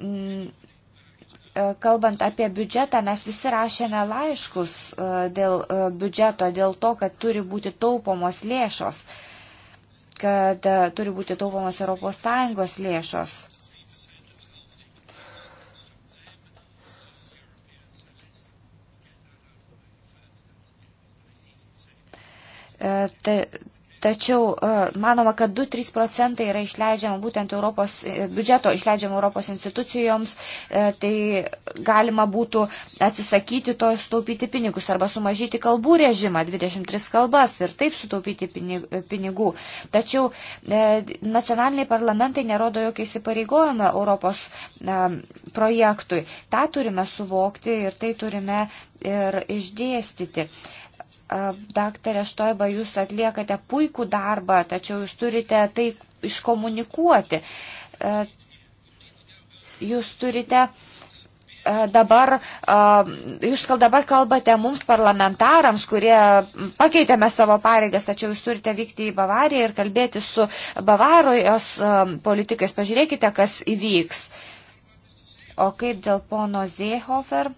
e, kalbant apie biudžetą, mes visi rašėme laiškus e, dėl biudžeto, dėl to, kad turi būti taupomos lėšos, kad turi būti taupomos ES lėšos. Tai Tačiau e, manoma, kad 2-3 procentai yra išleidžiama būtent Europos e, biudžeto, išleidžiama Europos institucijoms, e, tai galima būtų atsisakyti to sutaupyti pinigus arba sumažyti kalbų režimą 23 kalbas ir taip sutaupyti pinigų. Tačiau nacionaliniai parlamentai nerodo jokio įsipareigojimo Europos projektui. Ta turime suvokti ir tai turime ir išdėstyti. Daktarė Štoiba, jūs atliekate puikų darbą, tačiau jūs turite tai iškomunikuoti. Jūs turite dabar, jūs kal dabar kalbate mums parlamentarams, kurie pakeitėme savo pareigas, tačiau jūs turite vykti į Bavariją ir kalbėti su Bavarijos politikais. Pažiūrėkite, kas įvyks. O kaip dėl pono Zehofer?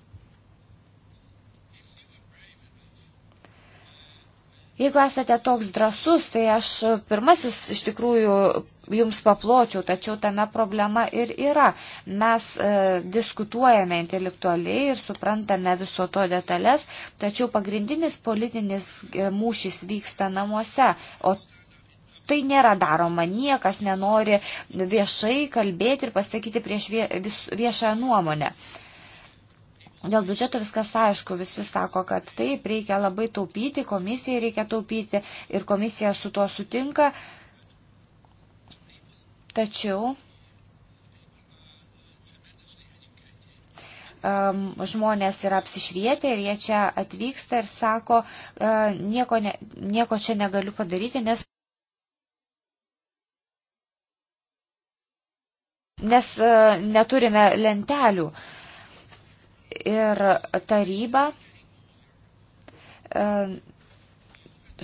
Jeigu esate toks drasus, tai aš pirmasis iš tikrųjų jums papločiau, tačiau tame problema ir yra. Mes e, diskutuojame intelektualiai ir suprantame viso to detalės, tačiau pagrindinis politinis e, mūšis vyksta namuose, o tai nėra daroma. Niekas nenori viešai kalbėti ir pasakyti prieš viešąją nuomonę. E, Dėl biudžeto viskas aišku, visi sako, kad taip, reikia labai taupyti, komisijai reikia taupyti ir komisija su tuo sutinka. Tačiau um, žmonės yra apsišvietę ir jie čia atvyksta ir sako, uh, nieko, ne, nieko čia negaliu padaryti, nes. Nes uh, neturime lentelių. Uh, ir taryba e,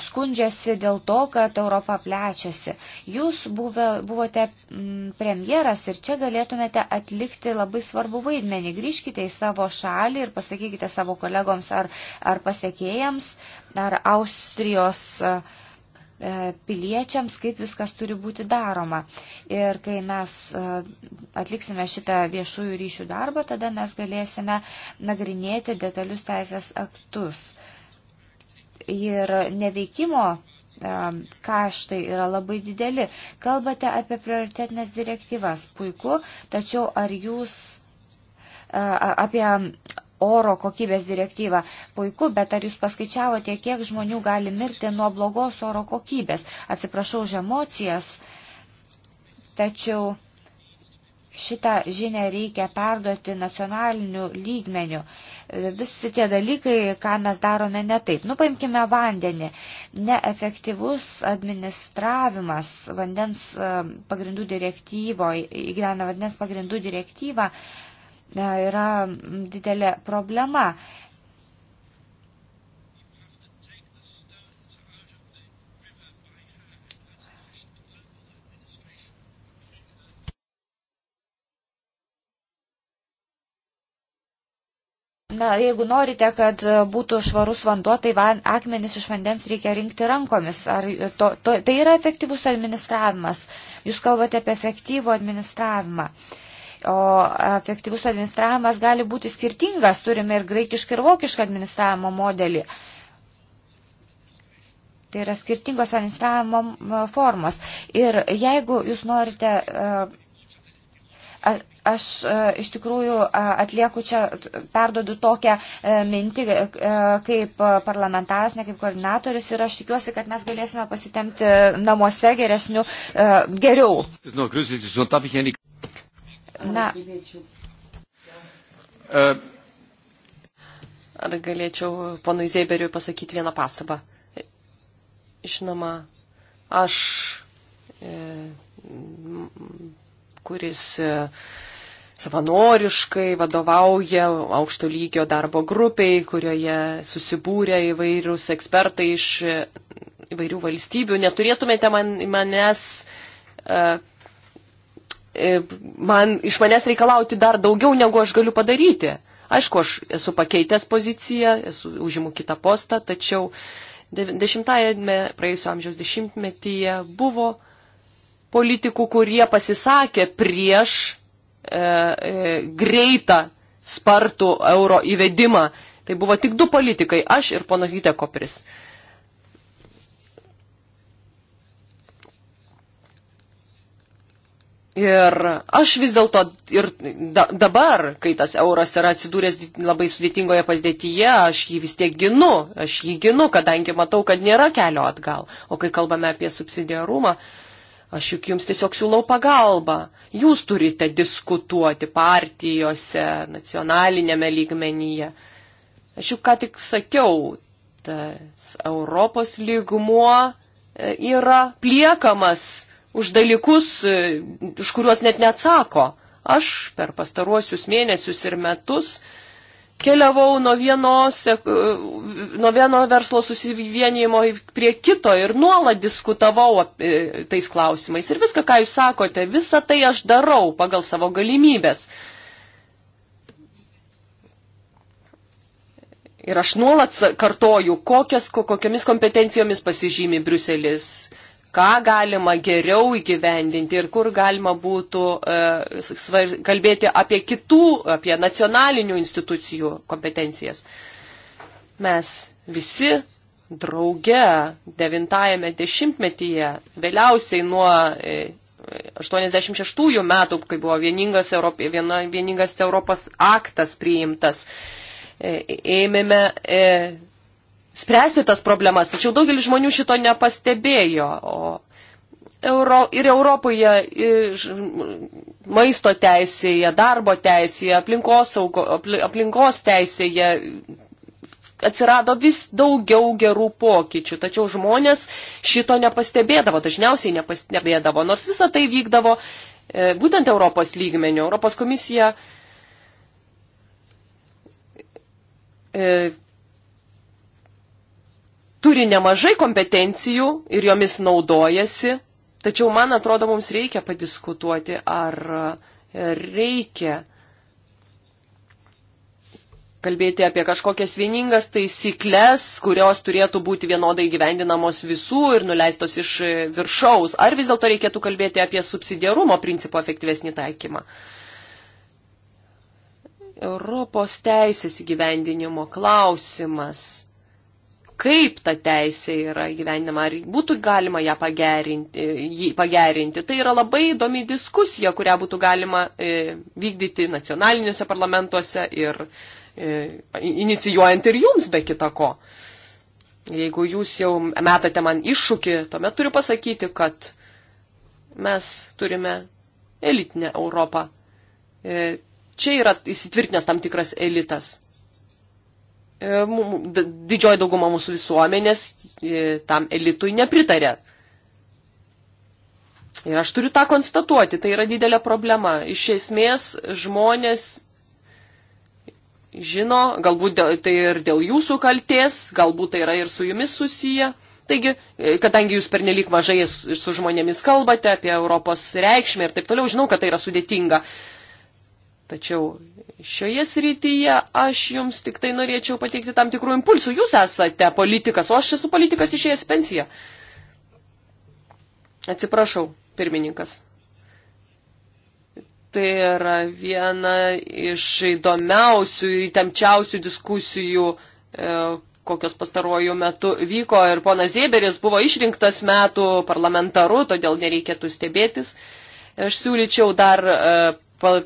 skundžiasi dėl to, kad Europa plečiasi. Jūs buvę, buvote mm, premjeras ir čia galėtumėte atlikti labai svarbų vaidmenį. Grįžkite į savo šalį ir pasakykite savo kolegoms ar, ar pasiekėjams, ar Austrijos uh, E, piliečiams, kaip viskas turi būti daroma. Ir kai mes e, atliksime šitą viešųjų ryšių darbą, tada mes galėsime nagrinėti detalius teisės aktus. Ir neveikimo e, kaštai yra labai dideli. Kalbate apie prioritetinės direktyvas, puiku, tačiau ar jūs apie oro kokybės direktyvą. Puiku, bet ar jūs paskaičiavote, kiek žmonių gali mirti nuo blogos oro kokybės? Atsiprašau už emocijas, tačiau šitą žinę reikia perduoti nacionaliniu lygmeniu. Visi tie dalykai, ką mes darome ne taip. Nu, paimkime vandenį. Neefektyvus administravimas vandens e, pagrindų direktyvoje, įgyvena vandens pagrindų direktyvą, yra didelė problema. Na, jeigu norite, kad būtų švarus vanduo, tai van, akmenis iš vandens reikia rinkti rankomis. Ar to, to, tai yra efektyvus administravimas. Jūs kalbate apie efektyvų administravimą. Uh, O efektyvus administravimas gali būti skirtingas, turime ir graikišką ir vokišką administravimo modelį. Tai yra skirtingos administravimo formos. Ir jeigu jūs norite e, aš e, iš tikrųjų e, atlieku čia, perdodu tokią mintį kaip parlamentaras, ne kaip koordinatorius ir aš tikiuosi, kad mes galėsime pasitemti namuose geresnių, geriau. Na. E, Ar galėčiau ponui Zeiberiui pasakyti vieną pastabą? Žinoma, aš, e, kuris e, savanoriškai vadovauja aukšto lygio darbo grupiai, kurioje susibūrė įvairūs ekspertai iš įvairių valstybių. Neturėtumėte man, manęs uh, E, man iš manęs reikalauti dar daugiau, negu aš galiu padaryti. Aišku, aš esu pakeitęs poziciją, esu užimu kitą postą, tačiau dešimtajame praėjusio amžiaus dešimtmetyje buvo politikų, kurie pasisakė prieš e, e, greitą spartų euro įvedimą. Tai buvo tik du politikai - aš ir ponas Gitekoperis. E, Ir aš vis dėlto ir da, dabar, kai tas euras yra atsidūręs labai sudėtingoje padėtyje, aš jį vis tiek ginu, aš jį ginu, kadangi matau, kad nėra kelio atgal. O kai kalbame apie subsidiarumą, aš juk jums tiesiog siūlau pagalbą. Jūs turite diskutuoti partijose, nacionalinėme lygmenyje. Aš juk ką tik sakiau, tas Europos lygmuo e, yra pliekamas už dalykus, e, už kuriuos net neatsako. Aš per pastaruosius mėnesius ir metus keliavau nuo, vienos, e, nuo vieno verslo susivienijimo prie kito ir nuolat diskutavau e, tais klausimais. Ir viską, ką jūs sakote, visą tai aš darau pagal savo galimybės. Ir aš nuolat kartoju, kokias, kokiamis kompetencijomis pasižymi Bruselis ką galima geriau įgyvendinti ir kur galima būtų uh, kalbėti apie kitų, apie nacionalinių institucijų kompetencijas. Mes visi drauge devintajame dešimtmetyje, vėliausiai nuo 86 e, metų, kai buvo vieningas, Europ, viena, vieningas Europos aktas priimtas, e, ėmėme. E, spręsti tas problemas, tačiau daugelis žmonių šito nepastebėjo. O Euro, ir Europoje ir maisto teisėje, darbo teisėje, aplinkos, saugo, aplinkos teisėje atsirado vis daugiau gerų pokyčių, tačiau žmonės šito nepastebėdavo, dažniausiai nepastebėdavo, nors visa tai vykdavo e, būtent Europos lygmenių. Europos komisija e, turi nemažai kompetencijų ir jomis naudojasi, tačiau man atrodo, mums reikia padiskutuoti, ar e, reikia kalbėti apie kažkokias vieningas taisyklės, kurios turėtų būti vienodai gyvendinamos visų ir nuleistos iš e, viršaus, ar vis dėlto reikėtų kalbėti apie subsidiarumo principo efektyvesnį taikymą. Europos teisės įgyvendinimo klausimas kaip ta teisė yra gyvenima, ar būtų galima ją pagerinti, jį pagerinti. Tai yra labai įdomi diskusija, kurią būtų galima e, vykdyti nacionaliniuose parlamentuose ir e, inicijuojant ir jums be kita ko. Jeigu jūs jau metate man iššūkį, tuomet turiu pasakyti, kad mes turime elitinę Europą. E, čia yra įsitvirtinęs tam tikras elitas. E, didžioji dauguma mūsų visuomenės e, tam elitui nepritarė. Ir aš turiu tą konstatuoti, tai yra didelė problema. Iš esmės žmonės žino, galbūt tai ir dėl jūsų kalties, galbūt tai yra ir su jumis susiję. Taigi, e, kadangi jūs pernelyg mažai su žmonėmis kalbate apie Europos reikšmę ir taip toliau, žinau, kad tai yra sudėtinga. Uh, Tačiau šioje srityje aš jums tik tai norėčiau pateikti tam tikrų impulsų. Jūs esate politikas, o aš esu politikas išėjęs pensiją. Atsiprašau, pirmininkas. Tai yra viena iš įdomiausių ir įtemčiausių diskusijų, e, kokios pastaruoju metu vyko. Ir ponas Zėberis buvo išrinktas metų parlamentaru, todėl nereikėtų stebėtis. Ir aš siūlyčiau dar e,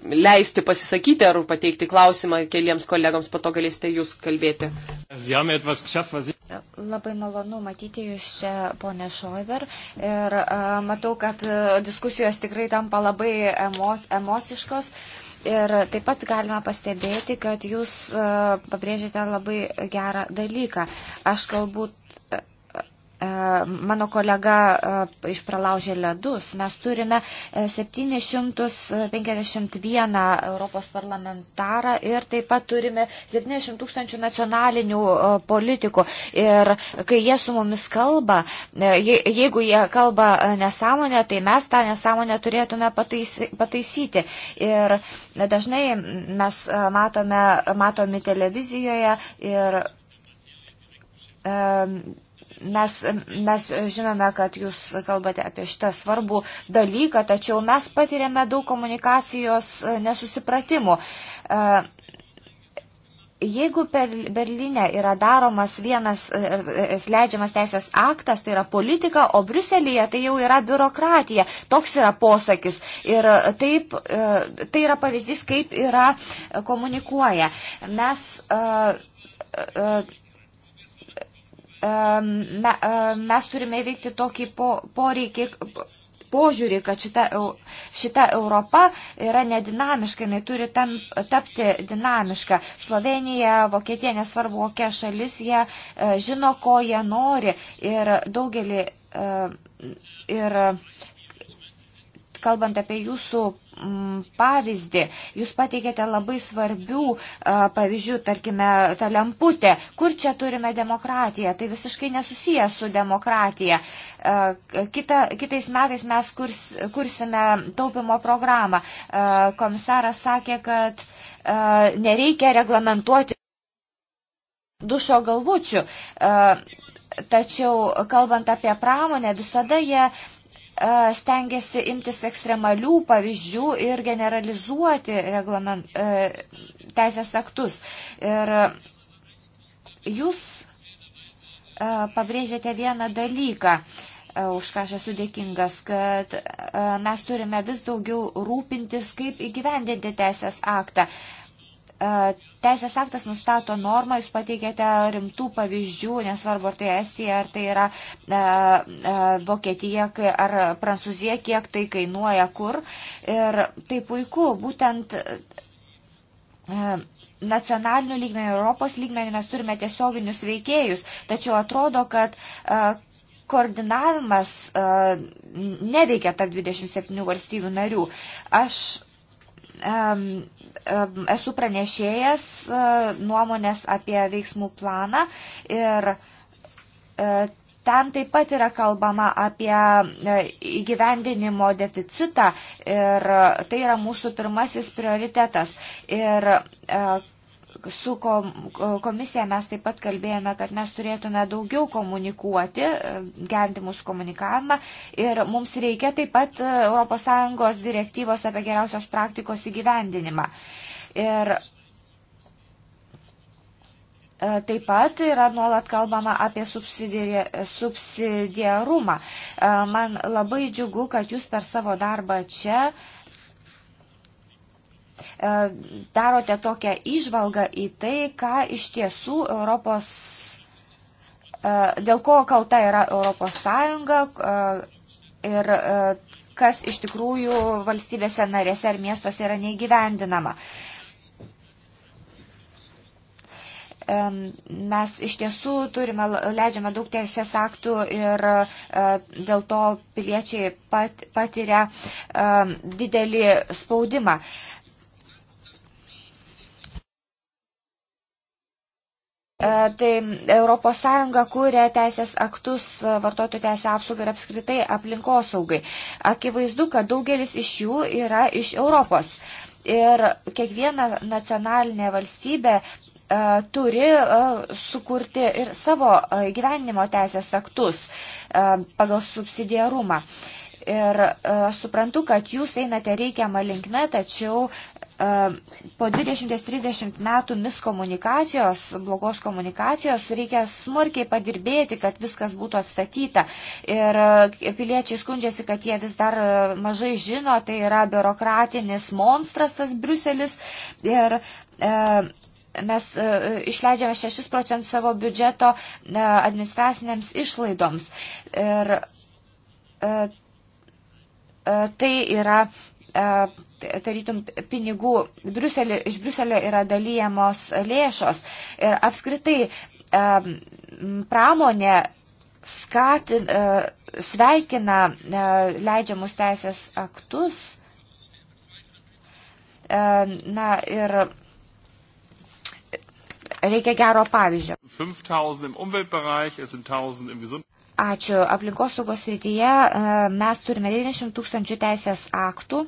leisti pasisakyti ar pateikti klausimą keliems kolegams, po to galėsite jūs kalbėti. Labai malonu matyti jūs čia, ponė Šoiver. Ir a, matau, kad diskusijos tikrai tampa labai emo, emosiškos. Ir taip pat galima pastebėti, kad jūs a, pabrėžėte labai gerą dalyką. Aš galbūt E, mano kolega e, išpralaužė ledus. Mes turime 751 e, Europos parlamentarą ir taip pat turime 70 tūkstančių nacionalinių politikų. Ir kai jie su mumis kalba, jeigu jie kalba nesąmonę, tai mes tą nesąmonę turėtume pataisyti. Ir dažnai mes matome, matomi televizijoje ir Mes, mes žinome, kad jūs kalbate apie šitą svarbų dalyką, tačiau mes patiriame daug komunikacijos e, nesusipratimų. E, jeigu per Berlinę yra daromas vienas e, leidžiamas teisės aktas, tai yra politika, o Bruselėje tai jau yra biurokratija. Toks yra posakis. Ir taip, tai yra pavyzdys, kaip yra komunikuoja. Mes. Uh, uh, me, mes turime įveikti tokį po, poreikį požiūrį, kad šita, šita Europa yra nedinamiška, jinai turi tam, tapti dinamiška. Slovenija, Vokietija, nesvarbu kokia šalis, jie e, žino, ko jie nori ir daugelį e, ir kalbant apie jūsų mm, pavyzdį, jūs pateikėte labai svarbių pavyzdžių, tarkime, tą lemputę, kur čia turime demokratiją, tai visiškai nesusiję su demokratija. Kita, kitais metais mes kurs, kursime taupimo programą. Komisaras sakė, kad nereikia reglamentuoti dušo galvučių. Tačiau, kalbant apie pramonę, visada jie E, stengiasi imtis ekstremalių pavyzdžių ir generalizuoti reglament, e, teisės aktus. Ir jūs e, pabrėžėte vieną dalyką už ką aš esu dėkingas, kad mes turime vis daugiau rūpintis, kaip įgyvendinti teisės aktą Teisės aktas nustato normą, jūs pateikėte rimtų pavyzdžių, nesvarbu, ar tai Estija, ar tai yra e, e, Vokietija, ar Prancūzija, kiek tai kainuoja, kur. Ir tai puiku, būtent. E, Nacionalinių lygmenių, Europos lygmenių mes turime tiesioginius veikėjus, tačiau atrodo, kad e, koordinavimas uh, neveikia tarp 27 valstybių narių. Aš um, esu pranešėjas e, nuomonės apie veiksmų planą ir e, ten taip pat yra kalbama apie e, įgyvendinimo deficitą ir tai yra mūsų pirmasis prioritetas. Ir su komisija mes taip pat kalbėjome, kad mes turėtume daugiau komunikuoti, e, gerinti mūsų komunikavimą ir mums reikia taip pat e, ES direktyvos apie geriausios praktikos įgyvendinimą. Ir e, Taip pat yra nuolat kalbama apie subsidiarumą. Man labai džiugu, kad jūs per savo darbą čia E, darote tokią išvalgą į tai, ką iš tiesų Europos, e, dėl ko kalta yra Europos Sąjunga e, ir kas iš tikrųjų valstybėse narėse ar miestuose yra neįgyvendinama mes iš tiesų turime, leidžiame daug teisės aktų ir dėl to piliečiai pat, patiria didelį spaudimą. E, tai ES kūrė teisės aktus e, vartotojų teisę apsaugai ir apskritai aplinkosaugai. Akivaizdu, kad daugelis iš jų yra iš Europos. Ir kiekviena nacionalinė valstybė e, turi sukurti ir savo gyvenimo teisės aktus pagal subsidiarumą. Ir aš suprantu, kad jūs einate reikiamą linkmę, tačiau E, po 20-30 metų miskomunikacijos, blogos komunikacijos reikia smarkiai padirbėti, kad viskas būtų atstatyta. Ir e, piliečiai skundžiasi, kad jie vis dar e, mažai žino, tai yra biurokratinis monstras tas Briuselis. Ir, e, Mes e, išleidžiame 6 procentus savo biudžeto e, administracinėms išlaidoms. Ir e, e, tai yra tarytum pinigų, Briuselė, iš Briuselio yra dalyjamos lėšos ir apskritai pramonė skatin, e, sveikina e, leidžiamus teisės aktus. E, na ir reikia gero pavyzdžio. 5000 im Umweltbereich, es sind 1000 im Gesundheitsbereich. Ačiū. Aplinkosaugos srityje mes turime 90 tūkstančių teisės aktų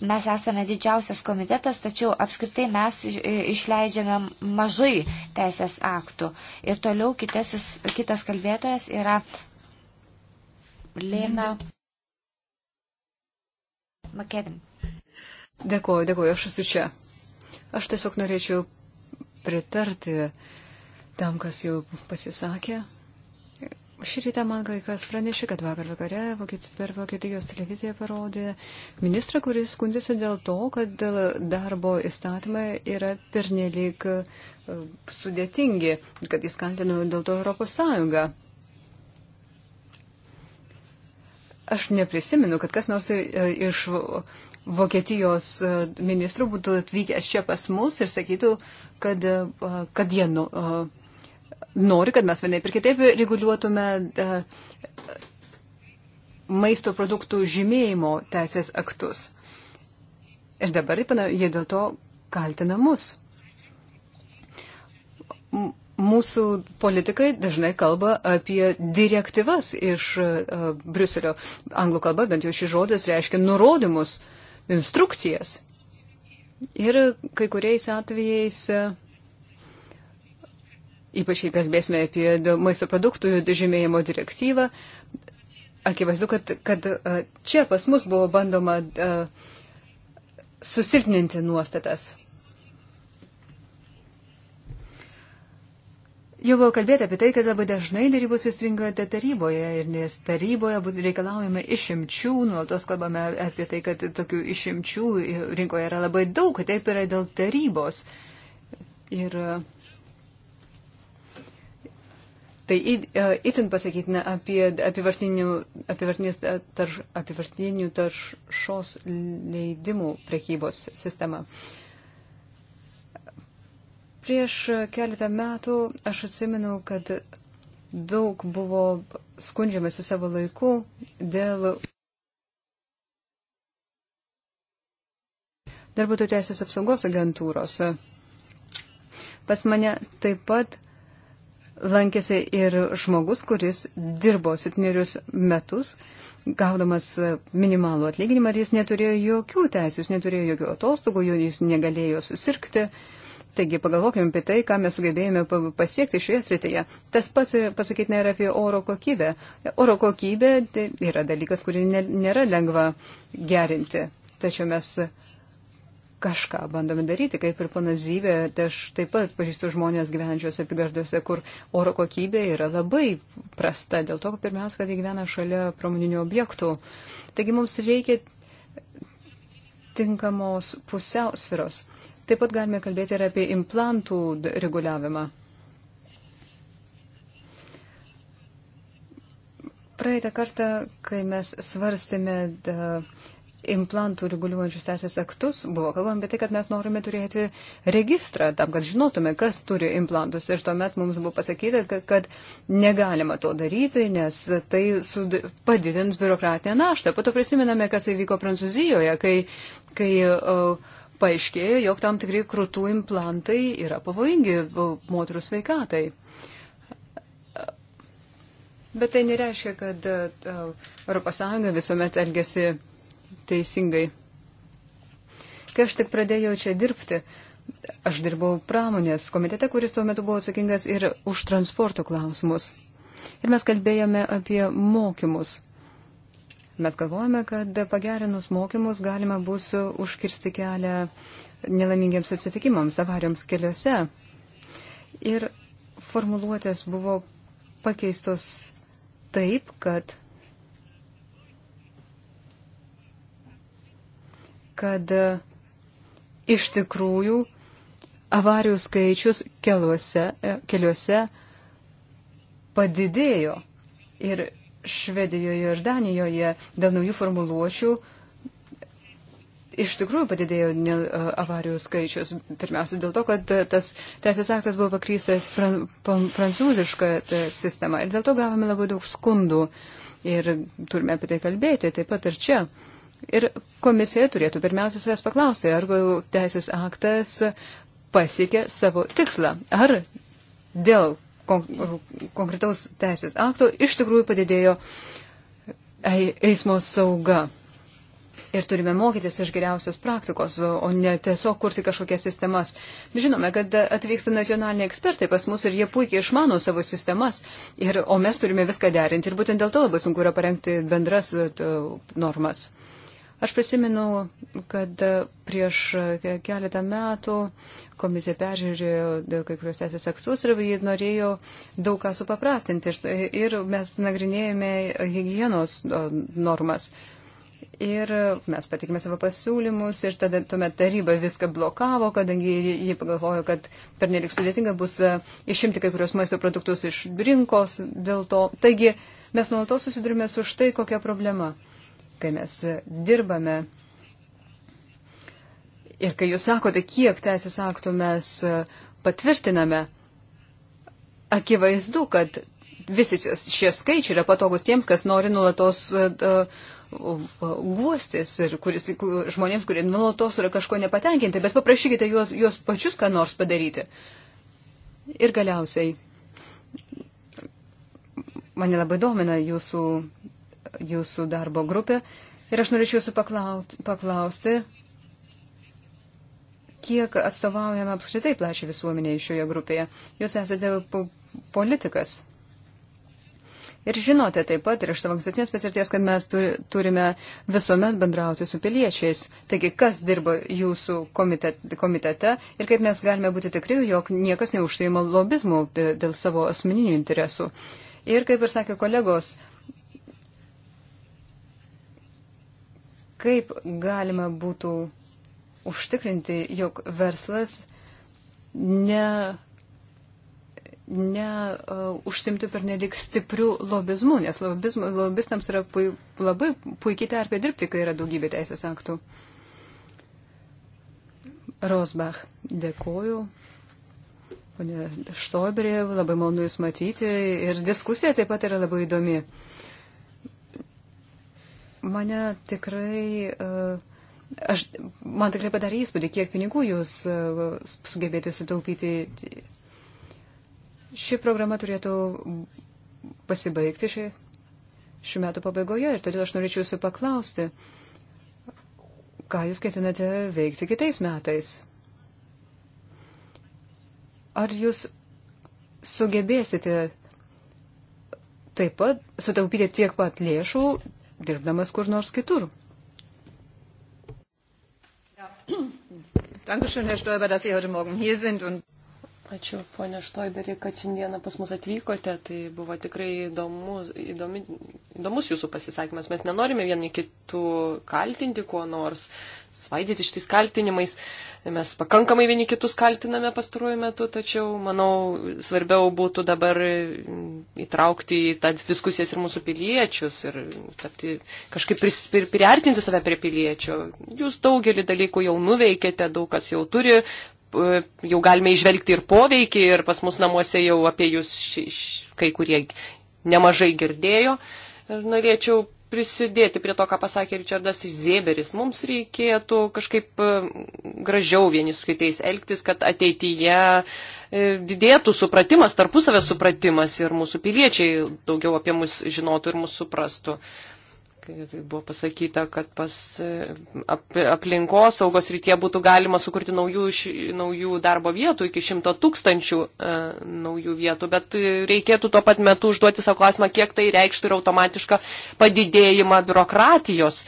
mes esame didžiausias komitetas, tačiau apskritai mes išleidžiame mažai teisės aktų. Ir toliau kitasis, kitas kalbėtojas yra Lena Makevin. Dėkuoju, dėkuoju, aš esu čia. Aš tiesiog norėčiau pritarti tam, kas jau pasisakė. Šį rytą man kai kas pranešė, kad vakar vakare Vokiet, per Vokietijos televiziją parodė ministrą, kuris skundėsi dėl to, kad darbo įstatymai yra pernelyg e, sudėtingi, kad jis kaltino dėl to Europos Sąjungą. Aš neprisimenu, kad kas nors e, iš Vokietijos e, ministrų būtų atvykęs čia pas mus ir sakytų, kad, kad jie. Nu, nori, kad mes vienaip ir kitaip reguliuotume e, maisto produktų žymėjimo teisės aktus. Ir dabar jie dėl to kaltina mus. Mūsų politikai dažnai kalba apie direktyvas iš uh, Briuselio. Anglų kalba bent jau šis žodis reiškia nurodymus, instrukcijas. Ir kai kuriais atvejais uh, ypač jei kalbėsime apie maisto produktų žymėjimo direktyvą, akivaizdu, kad, kad čia pas mus buvo bandoma susilpninti nuostatas. Jau buvo kalbėta apie tai, kad labai dažnai darybos įstringa taryboje ir nes taryboje būtų reikalaujama išimčių, nuolatos kalbame apie tai, kad tokių išimčių e, rinkoje yra labai daug, kad taip yra dėl tarybos. Ir uh, Tai e, itin pasakytina apie apivartinių, tarš, apivartinių taršos leidimų prekybos sistemą. Prieš keletą metų aš atsimenu, kad daug buvo skundžiamasi savo laiku dėl darbuotojų teisės apsaugos agentūros. Pas mane taip pat lankėsi ir žmogus, kuris dirbo septynerius metus, gaudamas minimalų atlyginimą ir jis neturėjo jokių teisų, jis neturėjo jokių atostogų, jis negalėjo susirgti. Taigi pagalvokime apie tai, ką mes sugebėjome pasiekti šioje srityje. Tas pats pasakyti nėra apie oro kokybę. Oro kokybė tai yra dalykas, kurį nėra lengva gerinti. Tačiau mes kažką bandome daryti, kaip ir pana Zybė, tai aš taip pat pažįstu žmonės gyvenančios apygardose, kur oro kokybė yra labai prasta, dėl to, kad pirmiausia, kad jie gyvena šalia pramoninių objektų. Taigi mums reikia tinkamos pusiausviros. Taip pat galime kalbėti ir apie implantų reguliavimą. Praeitą kartą, kai mes svarstėme implantų reguliuojančius teisės aktus buvo kalbama apie tai, kad mes norime turėti registrą tam, kad žinotume, kas turi implantus. Ir tuomet mums buvo pasakyta, kad, kad negalima to daryti, nes tai sud... padidins biurokratinę naštą. Po to prisimename, kas įvyko Prancūzijoje, kai, kai o, paaiškėjo, jog tam tikrai krūtų implantai yra pavojingi moterų sveikatai. Bet tai nereiškia, kad ES visuomet elgesi teisingai. Kai aš tik pradėjau čia dirbti, aš dirbau pramonės komitete, kuris tuo metu buvo atsakingas ir už transporto klausimus. Ir mes kalbėjome apie mokymus. Mes galvojame, kad pagerinus mokymus galima bus užkirsti kelią nelaimingiams atsitikimams, avarijoms keliuose. Ir formuluotės buvo pakeistos taip, kad kad e, iš tikrųjų avarijų skaičius keliuose, e, keliuose padidėjo. Ir Švedijoje ir Danijoje dėl naujų formuluočių e, iš tikrųjų padidėjo ne, avarijų skaičius. Pirmiausia, dėl to, kad tas teisės aktas buvo pakrystas pran, prancūzišką sistemą. Ir dėl to gavome labai daug skundų. Ir turime apie tai kalbėti taip pat ir čia. Uh, Ir komisija turėtų pirmiausia savęs paklausti, ar teisės aktas pasiekė savo tikslą, ar dėl konkretaus teisės akto iš tikrųjų padidėjo eismo sauga. Ir turime mokytis iš geriausios praktikos, o ne tiesiog kurti kažkokias sistemas. Žinome, kad atvyksta nacionaliniai ekspertai pas mus ir jie puikiai išmano savo sistemas, ir, o mes turime viską derinti. Ir būtent dėl to labai sunku yra parengti bendras normas. Aš prisimenu, kad prieš keletą metų komisija peržiūrėjo kai kurios teisės aktus ir jie norėjo daug ką supaprastinti. Ir mes nagrinėjome hygienos normas. Ir mes patikime savo pasiūlymus ir tada tuomet taryba viską blokavo, kadangi jie pagalvojo, kad per nelik sudėtinga bus e, išimti kai kurios maisto produktus iš rinkos dėl to. Taigi mes nuolatos susidurime su štai kokia problema kai mes dirbame ir kai jūs sakote, kiek teisės aktų mes e, patvirtiname, akivaizdu, kad visi šie skaičiai yra patogus tiems, kas nori nulatos e, e, guostis ir kuris, žmonėms, kurie nulatos yra kažko nepatenkinti, bet paprašykite juos, juos pačius ką nors padaryti. Ir galiausiai mane labai domina jūsų jūsų darbo grupę. Ir aš norėčiau jūsų paklausti, kiek atstovaujame apskritai plačią visuomenę šioje grupėje. Jūs esate politikas. Ir žinote taip pat ir iš savo ankstesnės patirties, kad mes turime visuomet bendrauti su piliečiais. Taigi, kas dirba jūsų komitete, komitete ir kaip mes galime būti tikri, jog niekas neužsieima lobizmų dėl savo asmeninių interesų. Ir kaip ir sakė kolegos, uh, kaip galima būtų užtikrinti, jog verslas ne, ne uh, užsimtų per nelik stiprių lobizmų, nes lobizm, lobistams yra pui, labai puikiai terpė dirbti, kai yra daugybė teisės aktų. Rosbach, dėkoju. Pone Štoiberė, labai malonu Jūs matyti ir diskusija taip pat yra labai įdomi. Uh, Mane tikrai, e, aš, man tikrai padarė įspūdį, kiek pinigų jūs e, sugebėjote sutaupyti. Ši programa turėtų pasibaigti šį, šių metų pabaigoje ir todėl aš norėčiau jūsų paklausti, ką jūs ketinate veikti kitais metais. Ar jūs sugebėsite taip pat sutaupyti tiek pat lėšų, dirbdamas kur nors kitur. Dankeschön, Herr Stoiber, dass Sie heute Morgen hier sind. Und Ačiū, ponė Štoiberį, kad šiandieną pas mus atvykote. Tai buvo tikrai įdomus, įdomi, įdomus jūsų pasisakymas. Mes nenorime vieni kitų kaltinti kuo nors, svaidyti šitais kaltinimais. Mes pakankamai vieni kitus kaltiname pastaruoju metu, tačiau, manau, svarbiau būtų dabar įtraukti į tas diskusijas ir mūsų piliečius ir tapti, kažkaip pris, pri, priartinti save prie piliečių. Jūs daugelį dalykų jau nuveikėte, daug kas jau turi E, jau galime išvelgti ir poveikį, ir pas mus namuose jau apie jūs ši, ši, kai kurie nemažai girdėjo. Ir norėčiau prisidėti prie to, ką pasakė Richardas Zieberis. Mums reikėtų kažkaip e, gražiau vieni su kitais elgtis, kad ateityje e, didėtų supratimas, tarpusavės supratimas ir mūsų piliečiai daugiau apie mus žinotų ir mūsų suprastų. Uh, kai buvo pasakyta, kad pas ap, aplinkos saugos rytie būtų galima sukurti naujų, naujų darbo vietų, iki šimto tūkstančių e, naujų vietų, bet reikėtų tuo pat metu užduoti savo klausimą, kiek tai reikštų ir automatišką padidėjimą biurokratijos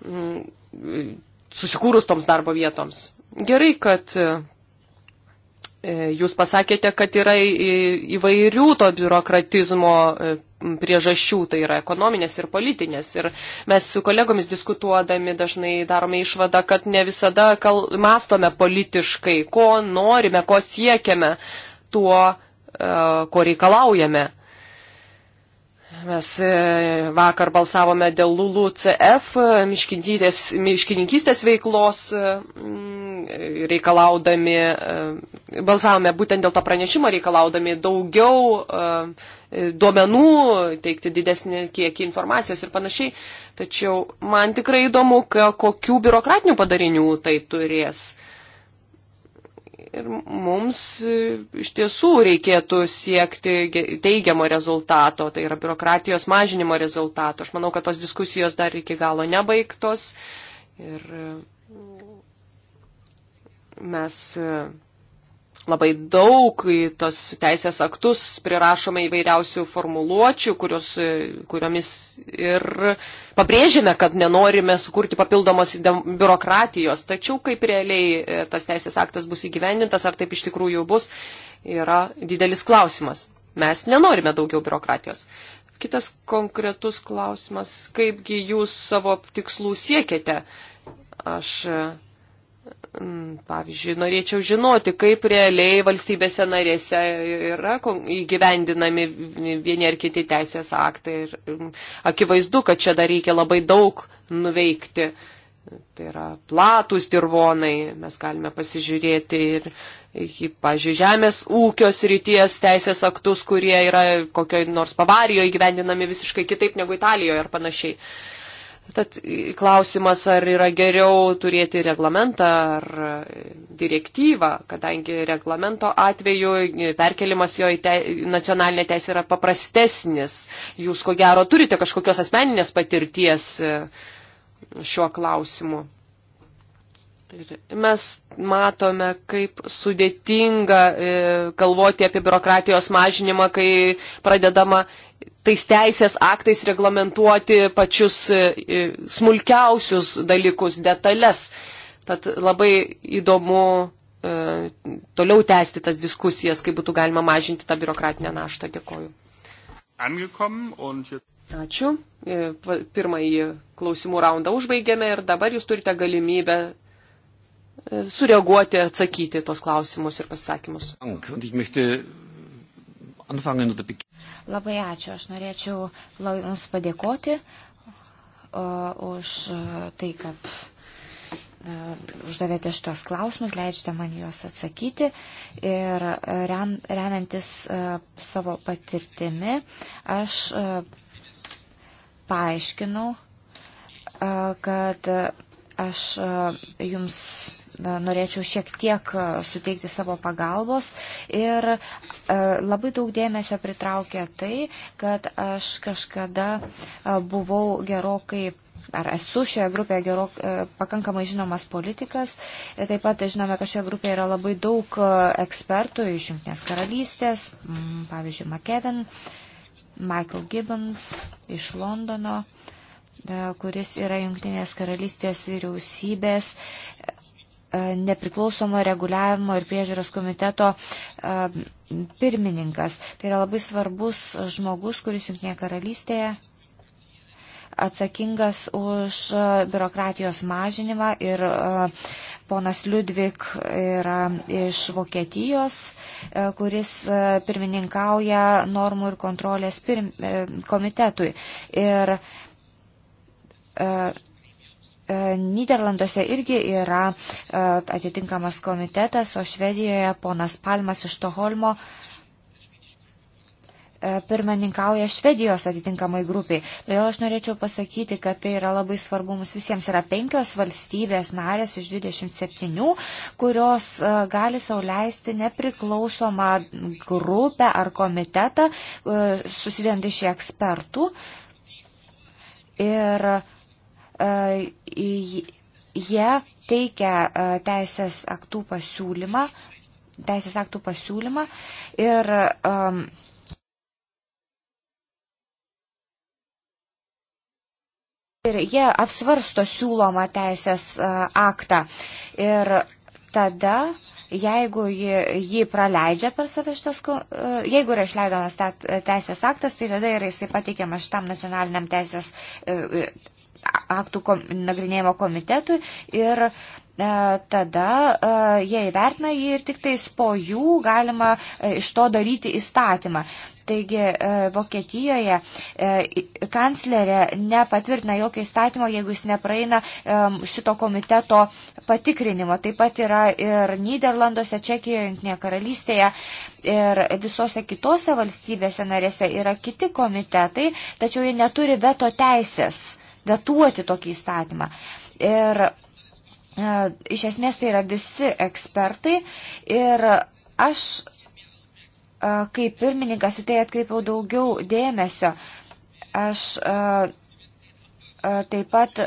mm, susikūrus toms darbo vietoms. Gerai, kad e, Jūs pasakėte, kad yra įvairių to biurokratizmo e, priežasčių, tai yra ekonominės ir politinės. Ir mes su kolegomis diskutuodami dažnai darome išvadą, kad ne visada kal, mastome politiškai, ko norime, ko siekiame, tuo, e, ko reikalaujame. Mes e, vakar balsavome dėl LULUCF miškininkystės veiklos, e, reikalaudami, balsavome būtent dėl to pranešimo, reikalaudami daugiau E, duomenų, teikti didesnį kiekį informacijos ir panašiai. Tačiau man tikrai įdomu, kokių biurokratinių padarinių tai turės. Ir mums e, iš tiesų reikėtų siekti teigiamo rezultato, tai yra biurokratijos mažinimo rezultato. Aš manau, kad tos diskusijos dar iki galo nebaigtos. Ir e, mes labai daug į tos teisės aktus prirašome įvairiausių formuluočių, kurios, e, kuriomis ir pabrėžime, kad nenorime sukurti papildomos biurokratijos. Tačiau kaip realiai e, tas teisės aktas bus įgyvendintas, ar taip iš tikrųjų bus, yra didelis klausimas. Mes nenorime daugiau biurokratijos. Kitas konkretus klausimas, kaipgi jūs savo tikslų siekiate? Aš e, Mm, pavyzdžiui, norėčiau žinoti, kaip realiai valstybėse narėse yra įgyvendinami vieni ar kiti teisės aktai. Ir mm, akivaizdu, kad čia dar reikia labai daug nuveikti. Tai yra platus dirvonai, mes galime pasižiūrėti ir, pažiūrėjau, žemės ūkios ryties teisės aktus, kurie yra kokioj nors Bavarijoje įgyvendinami visiškai kitaip negu Italijoje ar panašiai. Uh, Tad klausimas, ar yra geriau turėti reglamentą ar direktyvą, kadangi reglamento atveju perkelimas jo į te, nacionalinę teisę yra paprastesnis. Jūs ko gero turite kažkokios asmeninės patirties e, šiuo klausimu. Ir mes matome, kaip sudėtinga e, galvoti apie biurokratijos mažinimą, kai pradedama tais teisės aktais reglamentuoti pačius e, e, smulkiausius dalykus, detalės. Tad labai įdomu e, toliau tęsti tas diskusijas, kaip būtų galima mažinti tą biurokratinę naštą. Dėkoju. Ačiū. E, pirmąjį klausimų raundą užbaigėme ir dabar jūs turite galimybę sureaguoti, atsakyti tuos klausimus ir pasakymus. Labai ačiū. Aš norėčiau Jums padėkoti už e, tai, kad e, uždavėte šitos klausimus, leidžiate man juos atsakyti ir e, rem, remiantis savo patirtimi, aš paaiškinau, kad aš jums norėčiau šiek tiek e, suteikti savo pagalbos ir e, labai daug dėmesio pritraukė tai, kad aš kažkada e, buvau gerokai ar esu šioje grupėje gerok, pakankamai žinomas politikas. Taip pat žinome, kad šioje grupėje yra labai daug ekspertų iš Junktinės karalystės, pavyzdžiui, McKevin, Michael Gibbons iš Londono, kuris yra Junktinės karalystės vyriausybės E, nepriklausomo reguliavimo ir priežiūros komiteto e, pirmininkas. Tai yra labai svarbus žmogus, kuris Junktinėje karalystėje atsakingas už e, biurokratijos mažinimą ir ponas Liudvik yra iš Vokietijos, kuris pirmininkauja normų ir kontrolės pirm, komitetui. Ir E, Niderlanduose irgi yra e, atitinkamas komitetas, o Švedijoje ponas Palmas iš Toholmo e, pirmininkauja Švedijos atitinkamai grupiai. Todėl aš norėčiau pasakyti, kad tai yra labai svarbu mums visiems. Yra penkios valstybės narės iš 27, kurios gali sauliaisti nepriklausomą grupę ar komitetą, susidedant iš ekspertų. Ir uh, E, jie teikia e, teisės aktų pasiūlymą, teisės aktų pasiūlymą ir um, Ir jie apsvarsto siūlomą teisės e, aktą. Ir tada, jeigu jį, jį praleidžia per save šitas, jeigu yra išleidomas teisės aktas, tai tada yra jisai pateikiamas šitam nacionaliniam teisės aktų kom, nagrinėjimo komitetui ir e, tada e, jie įvertina jį ir tik tais po jų galima e, iš to daryti įstatymą. Taigi Vokietijoje kanclerė nepatvirtina jokio įstatymo, jeigu jis nepraeina šito komiteto patikrinimo. Taip pat yra ir Niderlanduose, Čekijoje, Junktinėje karalystėje ir visose kitose valstybėse narėse yra kiti komitetai, tačiau jie neturi veto teisės datuoti tokį įstatymą. Ir e, iš esmės tai yra visi ekspertai ir aš e, kaip pirmininkas į tai atkreipiau daugiau dėmesio. Aš e, taip pat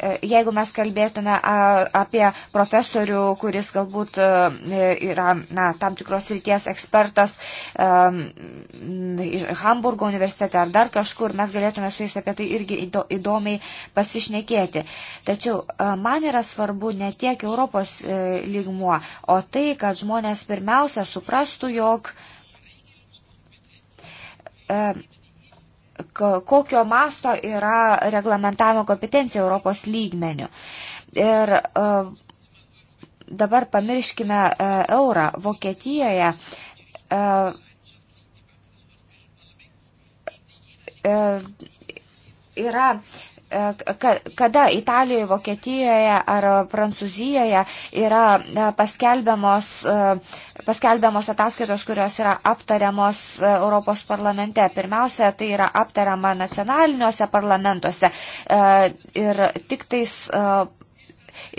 E, jeigu mes kalbėtume apie profesorių, kuris galbūt e, yra na, tam tikros ryties ekspertas um, Hamburgo universitete ar dar kažkur, mes galėtume su jais apie tai irgi įdomiai pasišnekėti. Tačiau man yra svarbu ne tiek Europos lygmuo, o tai, kad žmonės pirmiausia suprastų, jog um, kokio masto yra reglamentavimo kompetencija Europos lygmenių. Ir e, dabar pamirškime e, eurą. Vokietijoje e, yra E, kada Italijoje, Vokietijoje ar Prancūzijoje yra e, paskelbiamos, e, paskelbiamos ataskaitos, kurios yra aptariamos Europos parlamente. Pirmiausia, tai yra aptariama nacionaliniuose parlamentuose ir tik tais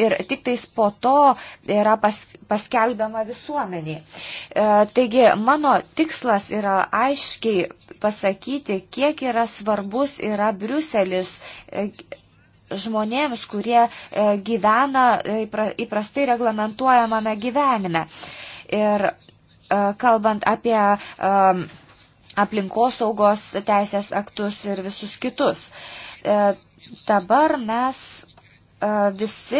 ir tik tais po to yra pas, paskelbiama visuomeniai. E, taigi mano tikslas yra aiškiai pasakyti, kiek yra svarbus yra Briuselis. E, žmonėms, kurie e, gyvena e, įprastai reglamentuojamame gyvenime. Ir e, kalbant apie aplinkosaugos teisės aktus ir visus kitus. Dabar mes visi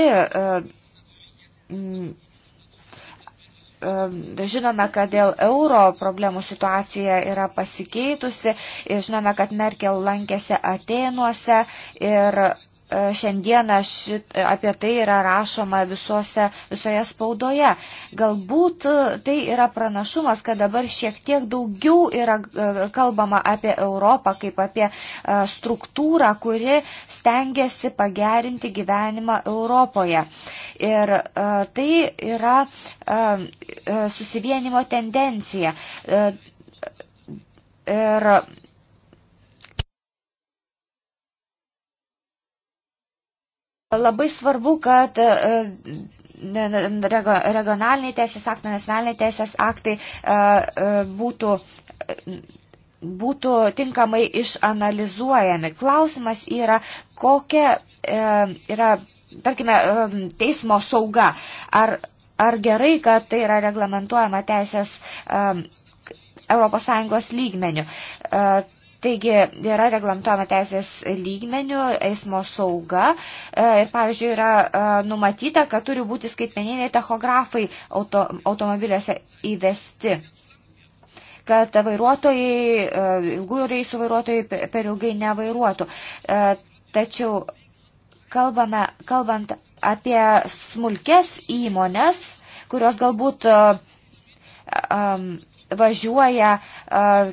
žinome, kad dėl euro problemų situacija yra pasikeitusi ir žinome, kad Merkel lankėsi Atenuose ir šiandieną šit, apie tai yra rašoma visuose, visoje spaudoje. Galbūt tai yra pranašumas, kad dabar šiek tiek daugiau yra e, kalbama apie Europą kaip apie e, struktūrą, kuri stengiasi pagerinti gyvenimą Europoje. Ir e, tai yra susivienimo tendencija. Ir Labai svarbu, kad e, regionaliniai teisės aktai, nacionaliniai teisės aktai e, e, būtų būtų tinkamai išanalizuojami. Klausimas yra, kokia yra, tarkime, teismo sauga. Ar, ar gerai, kad tai yra reglamentuojama teisės ES lygmenių? Taigi yra reglamentuojama teisės lygmenių eismo sauga e, ir, pavyzdžiui, yra e, numatyta, kad turi būti skaitmeniniai tachografai auto, automobiliuose įvesti kad vairuotojai, e, ilgųjų reisų vairuotojai per ilgai nevairuotų. Tačiau kalbame, kalbant apie smulkes įmonės, kurios galbūt um, važiuoja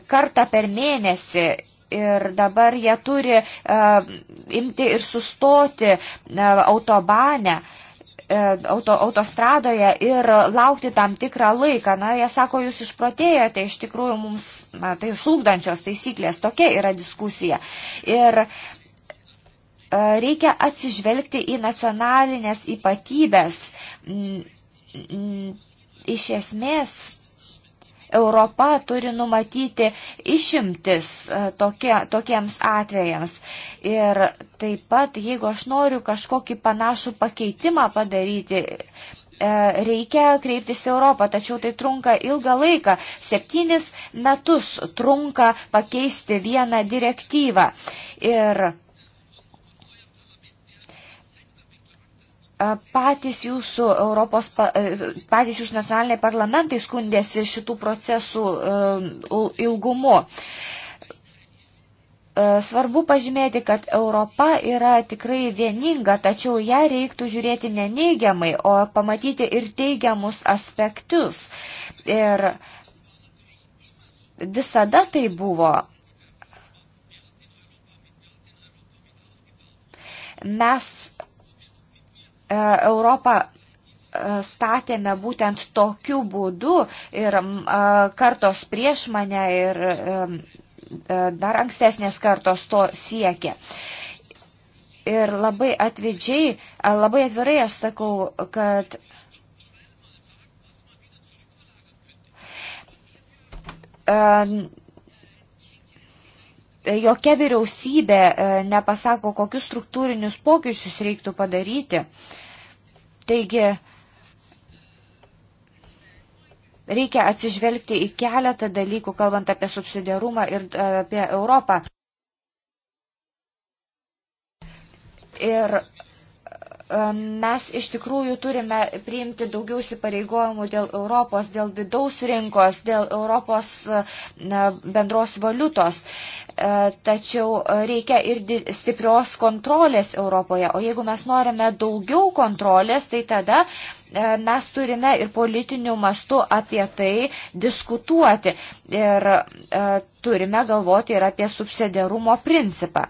kartą per mėnesį ir dabar jie turi imti ir sustoti autobane. E, auto, autostradoje ir laukti tam tikrą laiką. Na, jie sako, jūs išprotėjote, iš tikrųjų mums na, tai žlugdančios taisyklės, tokia yra diskusija. Ir e, reikia atsižvelgti į nacionalinės ypatybės. Iš esmės, Europa turi numatyti išimtis e, tokie, tokiems atvejams. Ir taip pat, jeigu aš noriu kažkokį panašų pakeitimą padaryti, e, reikia kreiptis į Europą, tačiau tai trunka ilgą laiką. Septynis metus trunka pakeisti vieną direktyvą. Ir Patys jūsų, Europos, e, patys jūsų nacionaliniai parlamentai skundėsi šitų procesų e, ilgumu. E, svarbu pažymėti, kad Europa yra tikrai vieninga, tačiau ją reiktų žiūrėti neneigiamai, o pamatyti ir teigiamus aspektus. Ir visada tai buvo. Mes E, Europą e, statėme būtent tokiu būdu ir e, kartos prieš mane ir dar ankstesnės kartos to siekė. Ir labai atvidžiai, labai atvirai aš sakau, kad E, jokia vyriausybė e, nepasako, kokius struktūrinius pokyčius reiktų padaryti. Taigi, reikia atsižvelgti į keletą dalykų, kalbant apie subsidiarumą ir e, apie Europą. Ir mes iš tikrųjų turime priimti daugiau įsipareigojimų dėl Europos, dėl vidaus rinkos, dėl Europos e, bendros valiutos. E, tačiau reikia ir stiprios kontrolės Europoje. O jeigu mes norime daugiau kontrolės, tai tada e, mes turime ir politiniu mastu apie tai diskutuoti. Ir turime galvoti ir apie subsidiarumo principą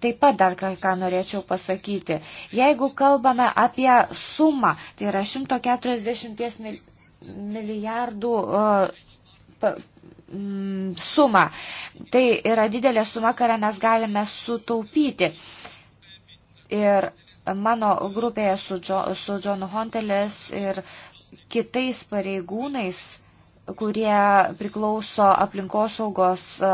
taip pat dar kai ką norėčiau pasakyti. Jeigu kalbame apie sumą, tai yra 140 milijardų mm, sumą, tai yra didelė suma, kurią mes galime sutaupyti. Ir mano grupėje su, Džo, su John Hontelis ir kitais pareigūnais kurie priklauso aplinkosaugos e,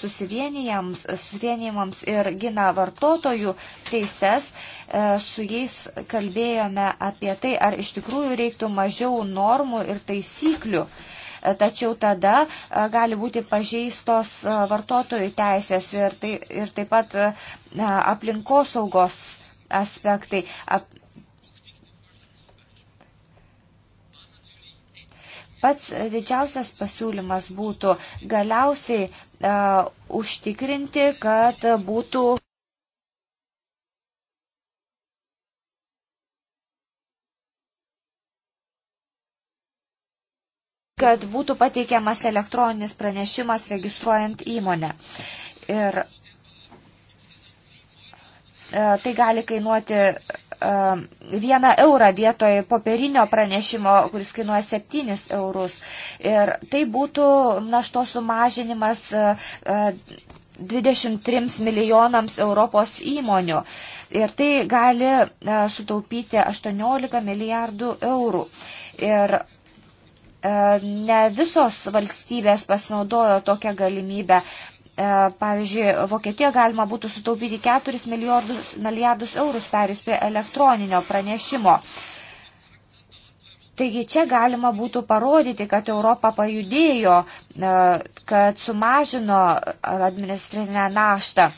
susivienijimams ir gina vartotojų teises. E, su jais kalbėjome apie tai, ar iš tikrųjų reiktų mažiau normų ir taisyklių. E, tačiau tada gali būti pažeistos vartotojų teisės ir, tai, ir taip pat aplinkosaugos aspektai. Ap, Pats didžiausias pasiūlymas būtų galiausiai uh, užtikrinti, kad būtų. kad būtų pateikiamas elektroninis pranešimas registruojant įmonę. Ir e, tai gali kainuoti E, vieną eurą vietoj popierinio pranešimo, kuris kainuoja 7 eurus. Ir tai būtų našto sumažinimas 23 e, e, milijonams Europos įmonių. Ir tai gali sutaupyti 18 milijardų eurų. Ir ne visos valstybės pasinaudojo tokią galimybę. E, pavyzdžiui, Vokietijoje galima būtų sutaupyti 4 milijardus, milijardus eurus perės prie elektroninio pranešimo. Taigi čia galima būtų parodyti, kad Europa pajudėjo, e, kad sumažino administrinę naštą.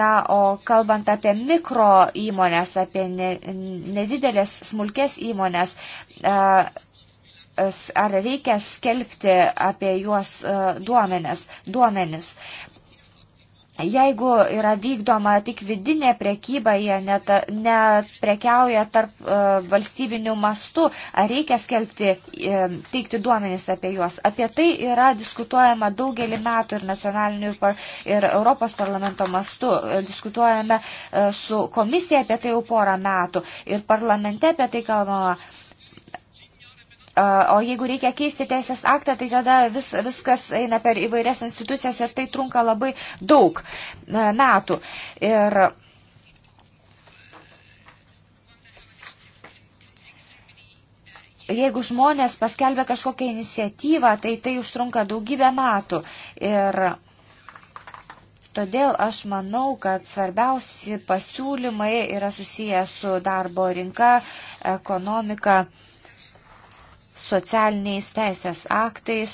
Na, o kalbant apie mikro įmonės, apie nedidelės smulkės įmonės, ar reikia skelbti apie juos e, duomenis. duomenis. Jeigu yra vykdoma tik vidinė prekyba, jie net, net prekiauja tarp uh, valstybinių mastų, ar reikia skelbti, uh, teikti duomenys apie juos. Apie tai yra diskutuojama daugelį metų ir nacionalinių ir, par, ir Europos parlamento mastu. Diskutuojame uh, su komisija apie tai jau porą metų ir parlamente apie tai kalbama. Uh, O jeigu reikia keisti teisės aktą, tai tada vis, viskas eina per įvairias institucijas ir tai trunka labai daug e, metų. Ir Jeigu žmonės paskelbia kažkokią iniciatyvą, tai tai užtrunka daugybę metų. Ir Todėl aš manau, kad svarbiausi pasiūlymai yra susiję su darbo rinka, ekonomika socialiniais teisės aktais.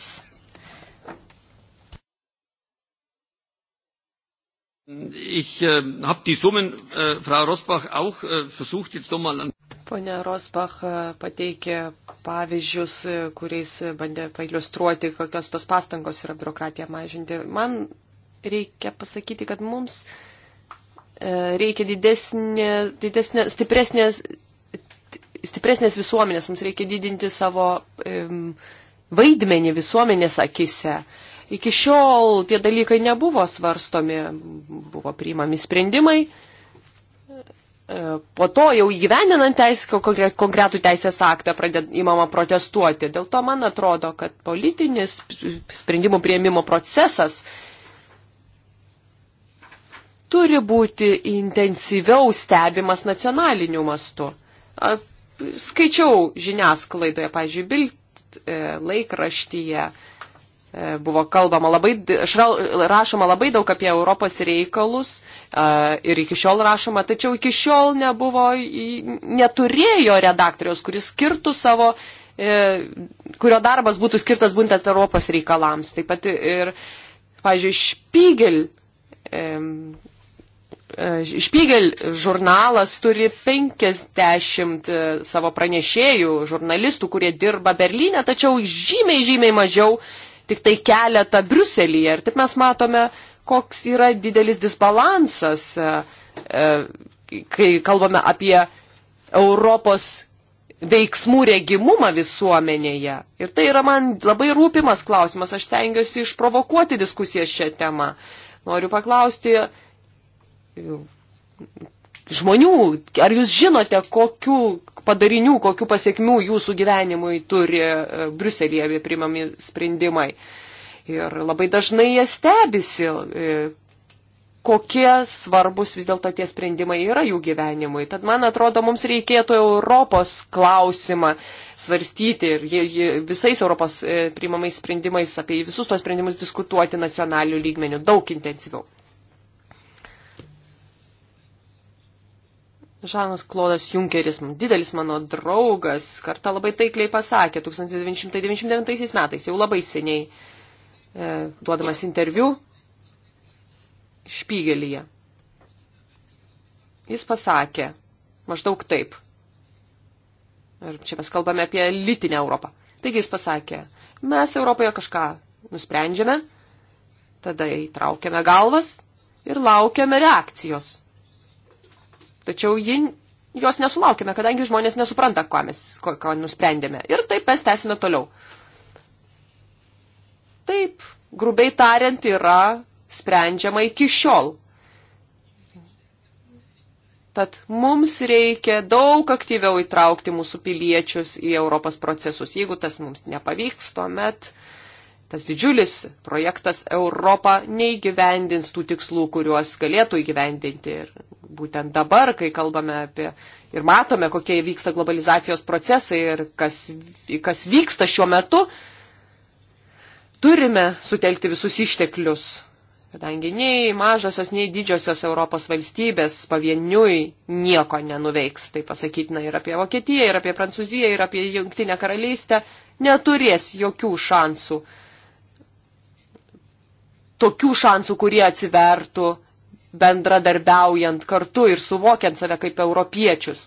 Ich äh, habe die Summen, äh, Frau Rosbach, auch äh, versucht, jetzt nochmal an. Pone Rosbach äh, pateikė pavyzdžius, äh, kuriais bandė pailustruoti, kokios tos pastangos yra biurokratiją mažinti. Man reikia pasakyti, kad mums e, reikia didesnė, didesnė stipresnės stipresnės visuomenės, mums reikia didinti savo um, vaidmenį visuomenės akise. Iki šiol tie dalykai nebuvo svarstomi, buvo priimami sprendimai. E, po to jau įgyveninant teisę, konkretų teisės aktą pradėt įmama protestuoti. Dėl to man atrodo, kad politinis sprendimų prieimimo procesas turi būti intensyviau stebimas nacionaliniu mastu skaičiau žiniasklaidoje, pavyzdžiui, Bild e, laikraštyje e, buvo kalbama labai, rašoma labai daug apie Europos reikalus e, ir iki šiol rašoma, tačiau iki šiol nebuvo, neturėjo redaktoriaus, kuris skirtų savo, kurio darbas būtų skirtas būtent Europos reikalams. Taip pat ir, pavyzdžiui, Špygel E, Špygel žurnalas turi 50 e, savo pranešėjų, žurnalistų, kurie dirba Berlyne, tačiau žymiai, žymiai mažiau, tik tai keletą Briuselyje. Ir taip mes matome, koks yra didelis disbalansas, e, kai kalbame apie Europos veiksmų regimumą visuomenėje. Ir tai yra man labai rūpimas klausimas. Aš tengiuosi išprovokuoti diskusiją šią temą. Noriu paklausti, žmonių, ar jūs žinote, kokių padarinių, kokių pasiekmių jūsų gyvenimui turi e, Bruselėje priimami sprendimai. Ir labai dažnai jie stebisi, e, kokie svarbus vis dėlto tie sprendimai yra jų gyvenimui. Tad man atrodo, mums reikėtų Europos klausimą svarstyti ir visais Europos e, priimamais sprendimais apie visus tos sprendimus diskutuoti nacionalių lygmenių daug intensyviau. Žanas Klodas Junkeris, didelis mano draugas, kartą labai taikliai pasakė 1999 metais, jau labai seniai, e, duodamas interviu Špygelyje. Jis pasakė maždaug taip. Ir čia mes kalbame apie litinę Europą. Taigi jis pasakė, mes Europoje kažką nusprendžiame, tada įtraukiame galvas ir laukiame reakcijos Tačiau ji, jos nesulaukime, kadangi žmonės nesupranta, ko mes ko, ko nusprendėme. Ir taip mes tęsime toliau. Taip, grubiai tariant, yra sprendžiama iki šiol. Tad mums reikia daug aktyviau įtraukti mūsų piliečius į Europos procesus. Jeigu tas mums nepavyks, tuomet uh, tas didžiulis projektas Europa neįgyvendins tų tikslų, kuriuos galėtų įgyvendinti. Ir būtent dabar, kai kalbame apie ir matome, kokie vyksta globalizacijos procesai ir kas, kas vyksta šiuo metu, turime sutelkti visus išteklius. Kadangi nei mažosios, nei didžiosios Europos valstybės pavieniui nieko nenuveiks, tai pasakytina ir apie Vokietiją, ir apie Prancūziją, ir apie Junktinę karalystę, neturės jokių šansų tokių šansų, kurie atsivertų bendradarbiaujant kartu ir suvokiant save kaip europiečius.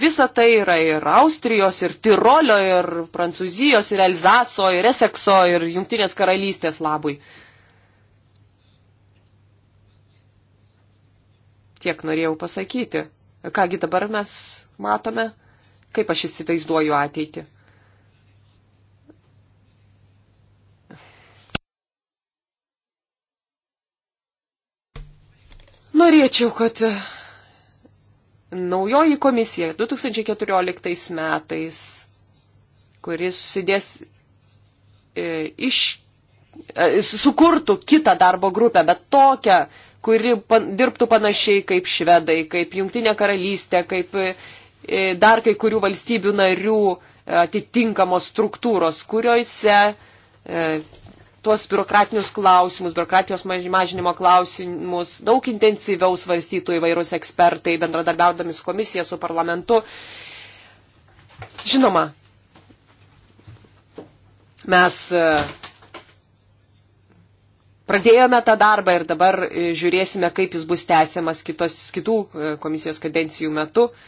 Visa tai yra ir Austrijos, ir Tirolio, ir Prancūzijos, ir Elzaso, ir Esekso, ir Junktinės karalystės labui. Tiek norėjau pasakyti. Kągi dabar mes matome, kaip aš įsivaizduoju ateitį. Norėčiau, kad naujoji komisija 2014 metais, kuris susidės e, iš, e, sukurtų kitą darbo grupę, bet tokią, kuri pan, dirbtų panašiai kaip švedai, kaip Junktinė karalystė, kaip e, dar kai kurių valstybių narių e, atitinkamos struktūros, kuriuose e, tuos biurokratinius klausimus, biurokratijos mažinimo klausimus daug intensyviau svarstytų įvairūs ekspertai, bendradarbiaudami su komisija, su parlamentu. Žinoma, mes e, pradėjome tą darbą ir dabar e, žiūrėsime, kaip jis bus tęsiamas kitos, kitų e, komisijos kadencijų metu. Uh,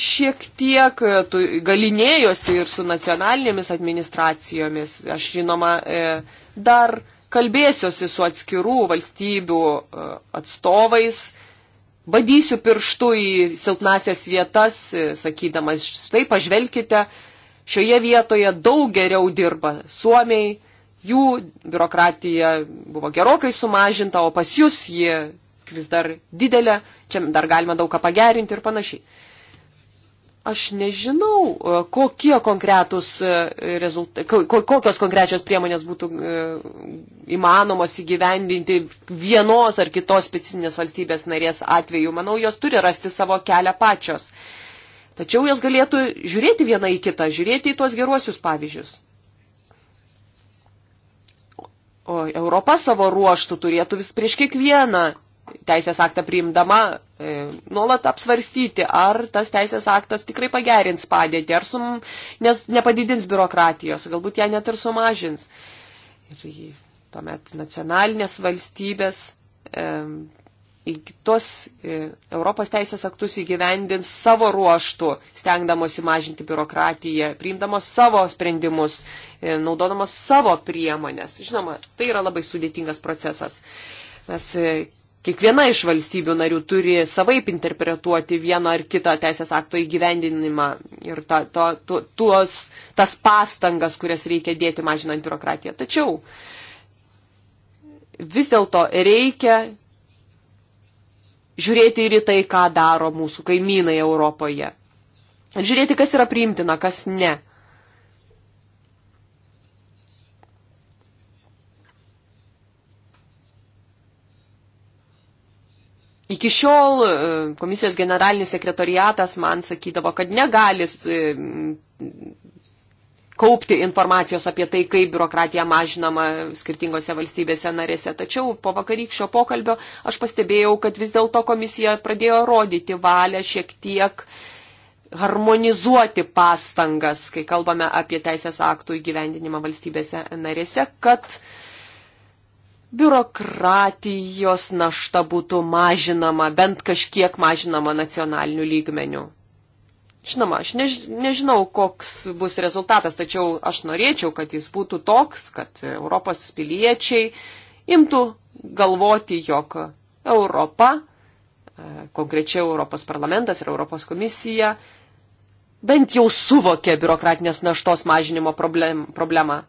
šiek tiek e, galinėjosi ir su nacionalinėmis administracijomis. Aš žinoma, e, dar kalbėsiuosi su atskirų valstybių e, atstovais, badysiu pirštų į silpnasias vietas, sakydamas, štai pažvelkite, šioje vietoje daug geriau dirba Suomiai, jų biurokratija buvo gerokai sumažinta, o pas jūs ji vis dar didelė, čia dar galima daug ką pagerinti ir panašiai aš nežinau, e, kokie konkretus e, rezultatai, kokios konkrečios priemonės būtų e, įmanomos įgyvendinti vienos ar kitos specifinės valstybės narės atveju. Manau, jos turi rasti savo kelią pačios. Tačiau jos galėtų žiūrėti vieną į kitą, žiūrėti į tuos geruosius pavyzdžius. O Europa savo ruoštų turėtų vis prieš kiekvieną teisės aktą priimdama E, nuolat apsvarstyti, ar tas teisės aktas tikrai pagerins padėtį, ar sum, nes, nepadidins biurokratijos, galbūt ją net ir sumažins. Ir tuomet nacionalinės valstybės e, tuos e, Europos teisės aktus įgyvendins savo ruoštų, stengdamos įmažinti biurokratiją, priimdamos savo sprendimus, e, naudodamos savo priemonės. Žinoma, tai yra labai sudėtingas procesas. Mes e, kiekviena iš valstybių narių turi savaip interpretuoti vieno ar kito teisės akto įgyvendinimą ir ta, to, to, tuos, tas pastangas, kurias reikia dėti mažinant biurokratiją. Tačiau vis dėlto reikia žiūrėti ir į tai, ką daro mūsų kaimynai Europoje. Žiūrėti, kas yra priimtina, kas ne. Iki šiol e, komisijos generalinis sekretoriatas man sakydavo, kad negali e, kaupti informacijos apie tai, kaip biurokratija mažinama skirtingose valstybėse narėse. Tačiau po vakarykščio pokalbio aš pastebėjau, kad vis dėlto komisija pradėjo rodyti valią šiek tiek harmonizuoti pastangas, kai kalbame apie teisės aktų įgyvendinimą valstybėse narėse, kad uh, biurokratijos našta būtų mažinama, bent kažkiek mažinama nacionaliniu lygmeniu. Žinoma, aš než, nežinau, koks bus rezultatas, tačiau aš norėčiau, kad jis būtų toks, kad Europos piliečiai imtų galvoti, jog Europa, e, konkrečiai Europos parlamentas ir Europos komisija, bent jau suvokė biurokratinės naštos mažinimo problem, problemą.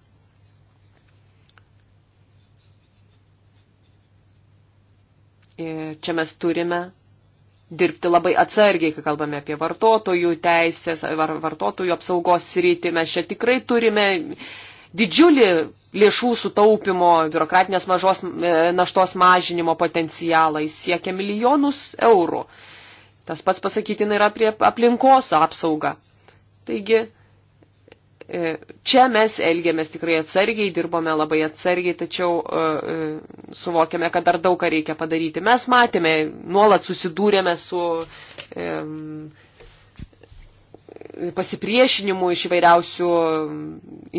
Čia mes turime dirbti labai atsargiai, kai kalbame apie vartotojų teisės, var, vartotojų apsaugos sritį. Mes čia tikrai turime didžiulį lėšų sutaupimo, biurokratinės mažos e, naštos mažinimo potencialą. Jis siekia milijonus eurų. Tas pats pasakytina yra apie aplinkos apsaugą. Taigi E, čia mes elgėmės tikrai atsargiai, dirbome labai atsargiai, tačiau e, e, suvokėme, kad dar daug ką reikia padaryti. Mes matėme, nuolat susidūrėme su pasipriešinimu iš įvairiausių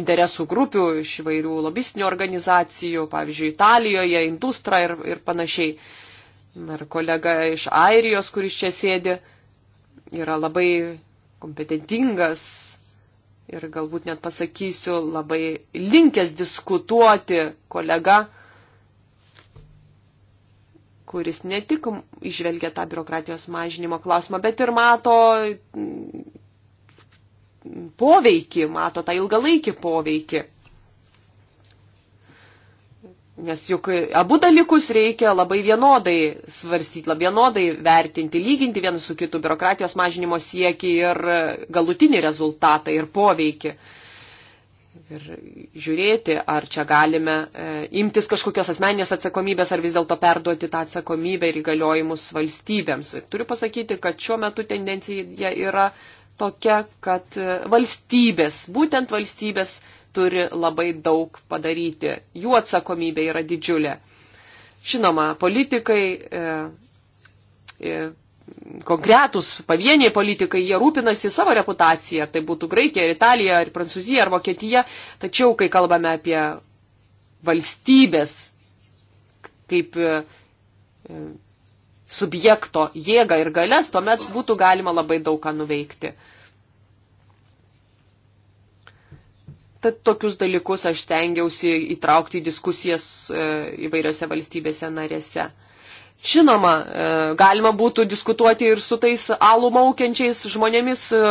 interesų grupių, iš įvairių lobistinių organizacijų, pavyzdžiui, Italijoje, Industra ir, ir panašiai. Ar kolega iš Airijos, kuris čia sėdi, yra labai kompetentingas ir galbūt net pasakysiu, labai linkęs diskutuoti kolega, kuris ne tik išvelgia tą biurokratijos mažinimo klausimą, bet ir mato poveikį, mato tą ilgalaikį poveikį. Nes juk abu dalykus reikia labai vienodai svarstyti, labai vienodai vertinti, lyginti vienas su kitu biurokratijos mažinimo siekį ir galutinį rezultatą ir poveikį. Ir žiūrėti, ar čia galime e, imtis kažkokios asmeninės atsakomybės, ar vis dėlto perduoti tą atsakomybę ir įgaliojimus valstybėms. Ir turiu pasakyti, kad šiuo metu tendencija yra tokia, kad e, valstybės, būtent valstybės turi labai daug padaryti. Jų atsakomybė yra didžiulė. Žinoma, politikai, e, e, konkretus pavieniai politikai, jie rūpinasi savo reputaciją, ar tai būtų Graikija, ar Italija, ar Prancūzija, ar Vokietija. Tačiau, kai kalbame apie valstybės kaip e, e subjekto jėgą ir galės, tuomet būtų galima labai daug ką nuveikti. E, Tad tokius dalykus aš stengiausi įtraukti į diskusijas e, įvairiose valstybėse narėse. Žinoma, e, galima būtų diskutuoti ir su tais alų maukiančiais žmonėmis e,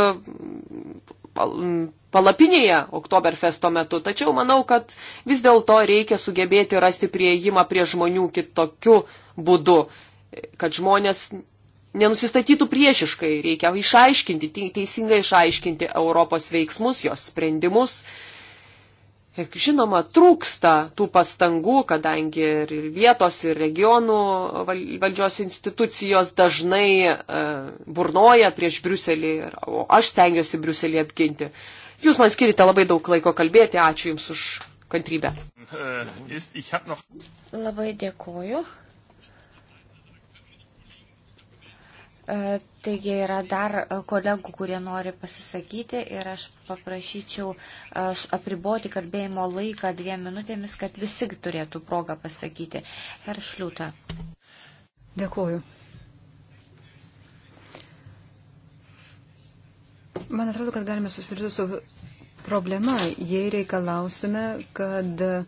palapinėje Oktoberfesto metu, tačiau manau, kad vis dėlto reikia sugebėti rasti prieimą prie žmonių kitokiu būdu, kad žmonės nenusistatytų priešiškai, reikia išaiškinti, teisingai išaiškinti Europos veiksmus, jos sprendimus Žinoma, trūksta tų pastangų, kadangi ir vietos, ir regionų valdžios institucijos dažnai e, burnoja prieš Briuselį, o aš stengiuosi Briuselį apginti. Jūs man skirite labai daug laiko kalbėti, ačiū Jums už kantrybę. Äh, labai dėkoju. Taigi yra dar kolegų, kurie nori pasisakyti ir aš paprašyčiau e, apriboti kalbėjimo laiką dviem minutėmis, kad visi turėtų progą pasakyti. Herr Šliūta. Dėkuoju. Man atrodo, kad galime susidurti su problema, jei reikalausime, kad uh,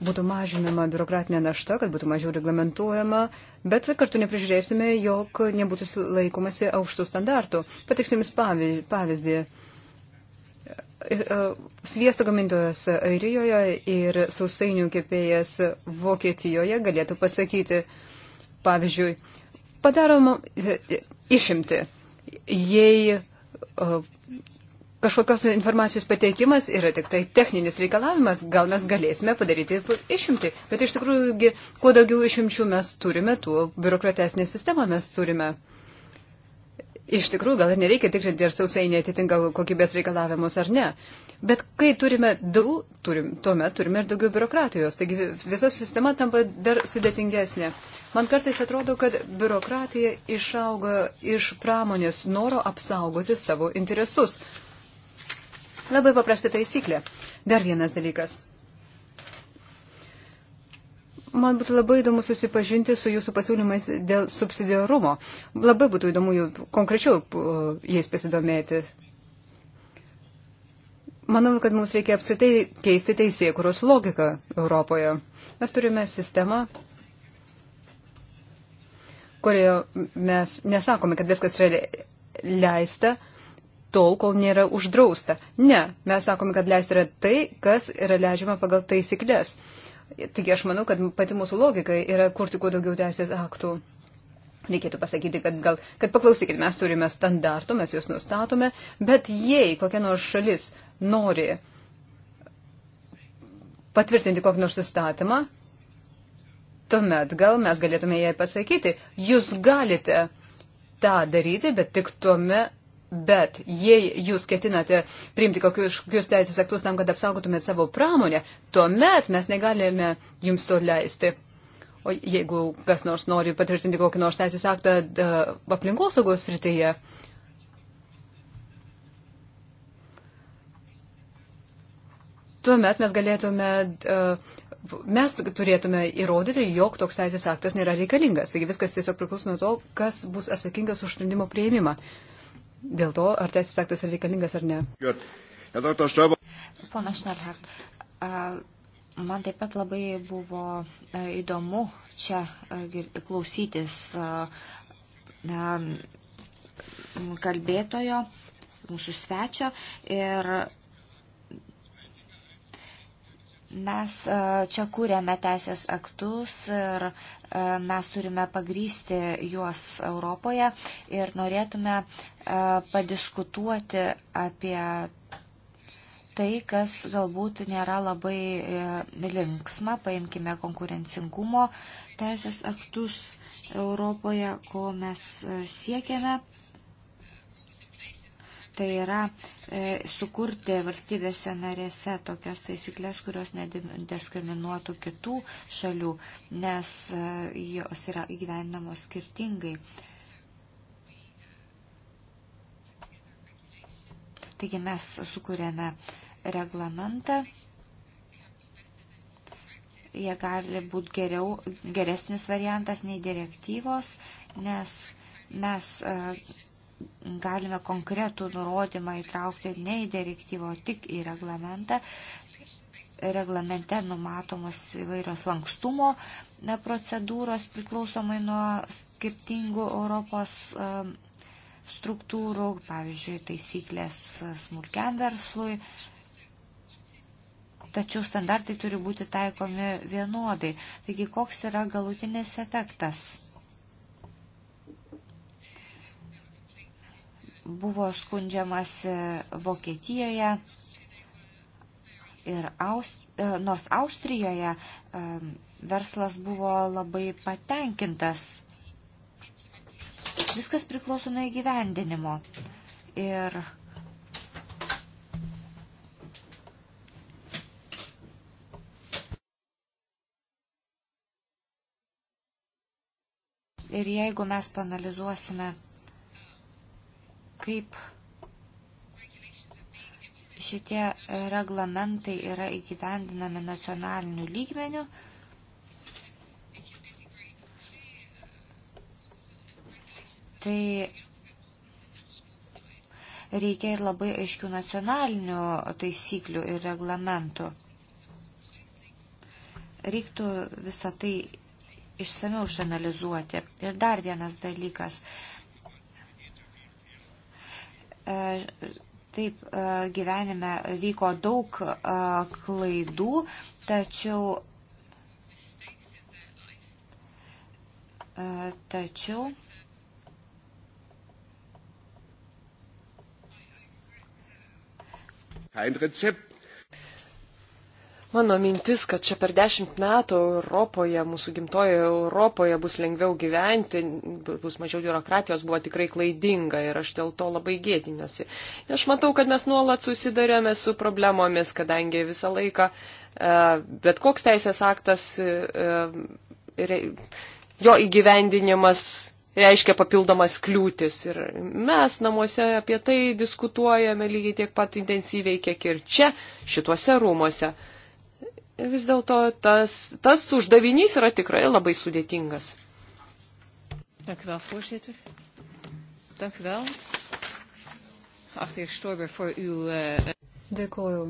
būtų mažinama biurokratinė našta, kad būtų mažiau reglamentuojama, bet kartu neprižiūrėsime, jog nebūtų laikomasi aukštų standartų. Pateiksiu Jums pavyzdį. E, sviesto gamintojas Airijoje ir sausainių kepėjas Vokietijoje galėtų pasakyti, pavyzdžiui, padarom e, e, išimti, jei kažkokios informacijos pateikimas yra tik tai techninis reikalavimas, gal mes galėsime padaryti išimti. Bet iš tikrųjų, kuo daugiau išimčių mes turime, tuo biurokratesnė sistema mes turime. Iš tikrųjų, gal ir nereikia tikrinti, ar sausai netitinka kokybės reikalavimus ar ne. Bet kai turime du, turim, tuomet turime ir daugiau biurokratijos. Taigi visa sistema tampa dar sudėtingesnė. Man kartais atrodo, kad biurokratija išauga iš pramonės noro apsaugoti savo interesus. Labai paprasta taisyklė. Dar vienas dalykas. Man būtų labai įdomu susipažinti su jūsų pasiūlymais dėl subsidiarumo. Labai būtų įdomu jų konkrečiau jais pasidomėti. Manau, kad mums reikia apsitai keisti teisėkuros logiką Europoje. Mes turime sistemą, kurioje mes nesakome, kad viskas yra leista, tol, kol nėra uždrausta. Ne, mes sakome, kad leisti yra tai, kas yra leidžiama pagal taisyklės. Taigi aš manau, kad pati mūsų logika yra kurti kuo daugiau teisės aktų. Reikėtų pasakyti, kad, gal, kad paklausykit, mes turime standartų, mes juos nustatome, bet jei kokia nors šalis nori patvirtinti kokį nors įstatymą, tuomet gal mes galėtume jai pasakyti, jūs galite tą daryti, bet tik tuomet, Bet jei jūs ketinate priimti kokius teisės aktus tam, kad apsaugotumėte savo pramonę, tuomet mes negalime jums to leisti. O jeigu kas nors nori patvirtinti kokį nors teisės aktą aplinkosaugos rytyje, tuomet mes galėtume, mes turėtume įrodyti, jog toks teisės aktas nėra reikalingas. Taigi viskas tiesiog priklauso nuo to, kas bus atsakingas už sprendimo prieimimą. Uh, dėl to, ar teisės aktas yra reikalingas ar ne. Pana Šnerhart, man taip pat labai buvo įdomu čia klausytis kalbėtojo, mūsų svečio ir Mes e, čia kūrėme teisės aktus ir e, mes turime pagrysti juos Europoje ir norėtume e, padiskutuoti apie tai, kas galbūt nėra labai linksma. Paimkime konkurencingumo teisės aktus Europoje, ko mes siekiame. Tai yra e, sukurti valstybėse narėse tokias taisyklės, kurios nediskriminuotų kitų šalių, nes e, jos yra įgyvendinamos skirtingai. Taigi mes sukūrėme reglamentą. Jie gali būti geriau, geresnis variantas nei direktyvos, nes mes e, galime konkretų nurodymą įtraukti ne į direktyvą, o tik į reglamentą. Reglamente numatomos įvairios lankstumo procedūros priklausomai nuo skirtingų Europos e, struktūrų, pavyzdžiui, taisyklės smulkiam verslui. Tačiau standartai turi būti taikomi vienodai. Taigi, koks yra galutinis efektas? Buvo skundžiamasi Vokietijoje ir Aust, e, nors Austrijoje e, verslas buvo labai patenkintas. Viskas priklauso nuo įgyvendinimo. Ir Ir jeigu mes panalizuosime kaip šitie reglamentai yra įgyvendinami nacionaliniu lygmeniu. Tai reikia ir labai aiškių nacionalinių taisyklių ir reglamentų. Reiktų visą tai išsameu išanalizuoti. Ir dar vienas dalykas. E, taip, e, gyvenime vyko daug e, klaidų, tačiau. Tačiau. Kein Rezept Mano mintis, kad čia per dešimt metų Europoje, mūsų gimtoje Europoje bus lengviau gyventi, bus mažiau biurokratijos, buvo tikrai klaidinga ir aš dėl to labai gėdinosi. Aš matau, kad mes nuolat susidarėme su problemomis, kadangi visą laiką e, bet koks teisės aktas, e, e, jo įgyvendinimas reiškia papildomas kliūtis. Ir mes namuose apie tai diskutuojame lygiai tiek pat intensyviai, kiek ir čia, šituose rūmose vis dėlto tas, tas uždavinys yra tikrai labai sudėtingas. Dank u wel, voorzitter. Dank u wel. Geachte heer Stoiber, voor uw. Uh... Dėkoju.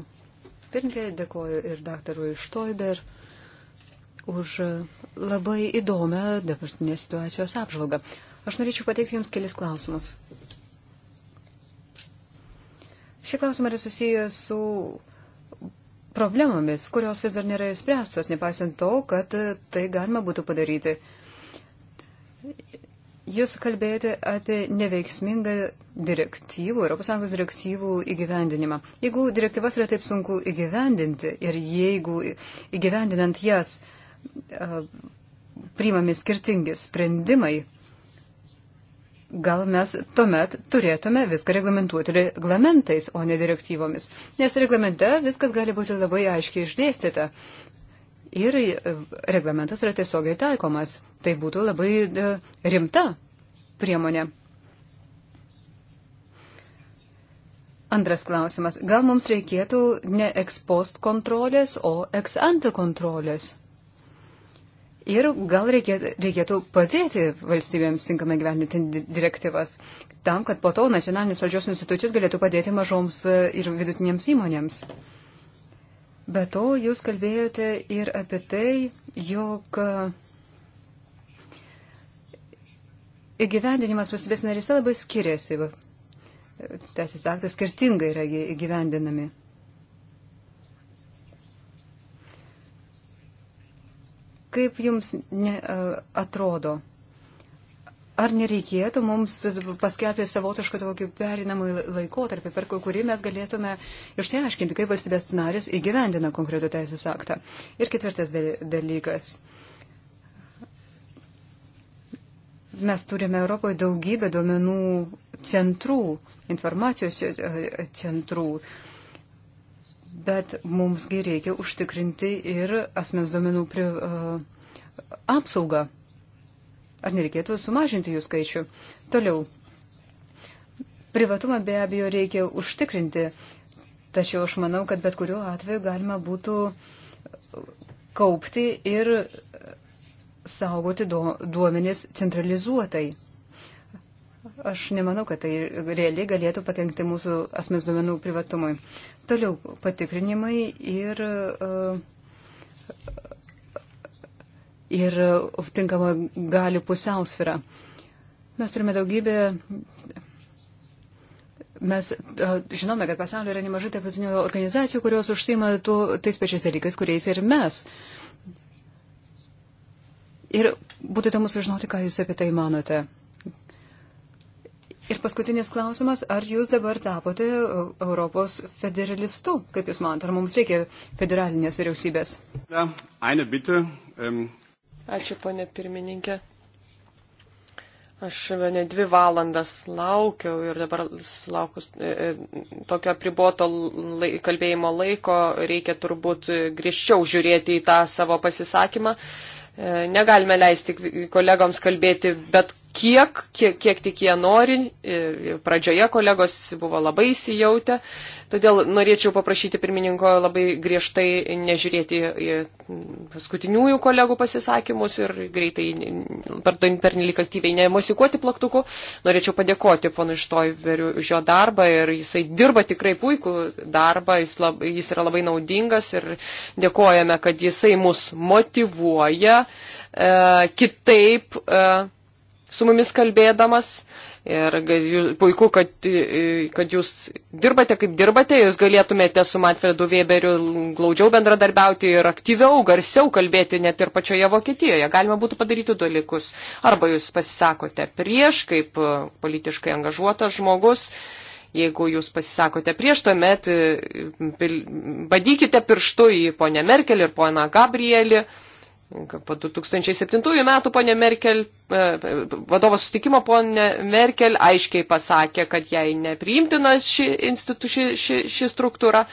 Pirmkiai dėkoju ir daktarui Stoiber už eh, labai įdomią dabartinės situacijos apžvalgą. Aš norėčiau pateikti Jums kelis klausimus. Šį klausimą yra susijęs su problemomis, kurios vis dar nėra įspręstos, nepaisant to, kad e, tai galima būtų padaryti. Jūs kalbėjote apie neveiksmingą direktyvų, ES direktyvų įgyvendinimą. Jeigu direktyvas yra taip sunku įgyvendinti ir jeigu įgyvendinant jas e, priimami skirtingi sprendimai, Gal mes tuomet turėtume viską reglamentuoti reglamentais, o ne direktyvomis, nes reglamente viskas gali būti labai aiškiai išdėstyta. Ir e, reglamentas yra tiesiogiai taikomas. Tai būtų labai e, rimta priemonė. Antras klausimas. Gal mums reikėtų ne ekspost kontrolės, o ex ante kontrolės? Ir gal reikėtų, reikėtų padėti valstybėms tinkamai gyveninti direktyvas, tam, kad po to nacionalinės valdžios institucijos galėtų padėti mažoms e, ir vidutinėms įmonėms. Be to, jūs kalbėjote ir apie tai, jog e, įgyvendinimas valstybės narise labai skiriasi. Teisės aktas skirtingai yra įgyvendinami. Kaip jums ne, e, atrodo? Ar nereikėtų mums paskelbti savotišką tokį perinamą laikotarpį, per kurį mes galėtume išsiaiškinti, kaip valstybės scenaris įgyvendina konkretų teisės aktą? Ir ketvirtas dalykas. Mes turime Europoje daugybę duomenų centrų, informacijos e, e, centrų. Uh, bet mumsgi reikia užtikrinti ir asmens duomenų prie, uh, apsaugą. Ar nereikėtų sumažinti jų skaičių? Toliau. Privatumą be abejo reikia užtikrinti, tačiau aš manau, kad bet kuriuo atveju galima būtų kaupti ir saugoti duomenis centralizuotai. Aš nemanau, kad tai realiai galėtų pakengti mūsų asmens duomenų privatumui. Uh, Toliau patikrinimai ir, e, ir tinkama galių pusiausvyrą. Mes turime daugybę. Mes e, žinome, kad pasaulyje yra nemažai tarptautinių organizacijų, kurios užsima tų, tais pačiais dalykais, kuriais ir mes. Ir būtų įdomu sužinoti, ką jūs apie tai manote. Ir paskutinis klausimas, ar jūs dabar tapote e, Europos federalistu? Kaip jūs manote, ar mums reikia federalinės vyriausybės? Ähm, Ačiū, ponė pirmininkė. Aš ne dvi valandas laukiau ir dabar sulaukus e, e tokio apriboto lai, kalbėjimo laiko reikia turbūt grįžčiau žiūrėti į tą savo pasisakymą. E, negalime leisti kolegoms kalbėti bet kiek, kiek, kiek tik jie nori. E, pradžioje kolegos buvo labai įsijautę, todėl norėčiau paprašyti pirmininko labai griežtai nežiūrėti paskutiniųjų kolegų pasisakymus ir greitai pernelyg aktyviai nemusikuoti plaktuku. Norėčiau padėkoti ponui Štoiveriu už jo darbą ir jisai dirba tikrai puikų darbą, jis, labai, jis yra labai naudingas ir dėkojame, kad jisai mus motivuoja. E, kitaip e, su mumis kalbėdamas. Ir puiku, kad, kad jūs dirbate kaip dirbate, jūs galėtumėte su Manfredu Weberiu glaudžiau bendradarbiauti ir aktyviau, garsiau kalbėti net ir pačioje Vokietijoje. Galima būtų padaryti dalykus. Arba jūs pasisakote prieš, kaip e, politiškai angažuotas žmogus. Jeigu jūs pasisakote prieš, tuomet e, badykite pirštu į ponę Merkel ir poną Gabrielį. Po 2007 metų ponė Merkel, e, e, vadovo sustikimo ponė Merkel aiškiai pasakė, kad jai nepriimtina ši, institu, ši, ši, ši struktūra.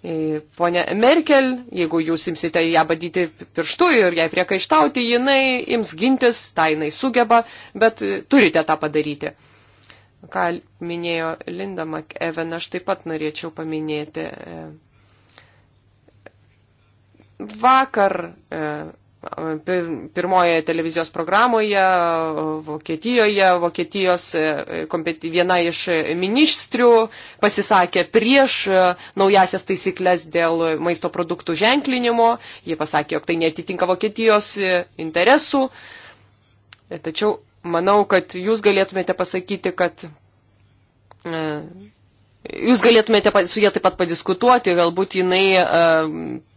E, Pone Merkel, jeigu jūs imsite ją badyti pirštu ir jai priekaištauti, jinai ims gintis, tai jinai sugeba, bet turite tą padaryti. Ką minėjo Linda McEwen, aš taip pat norėčiau paminėti. Vakar pirmoje televizijos programoje Vokietijoje, Vokietijos e, viena iš ministrių pasisakė prieš e, naujasias taisyklės dėl maisto produktų ženklinimo, jie pasakė, jog tai netitinka Vokietijos e, interesų. Tačiau manau, kad jūs galėtumėte pasakyti, kad Jūs galėtumėte su jie taip pat padiskutuoti, galbūt jinai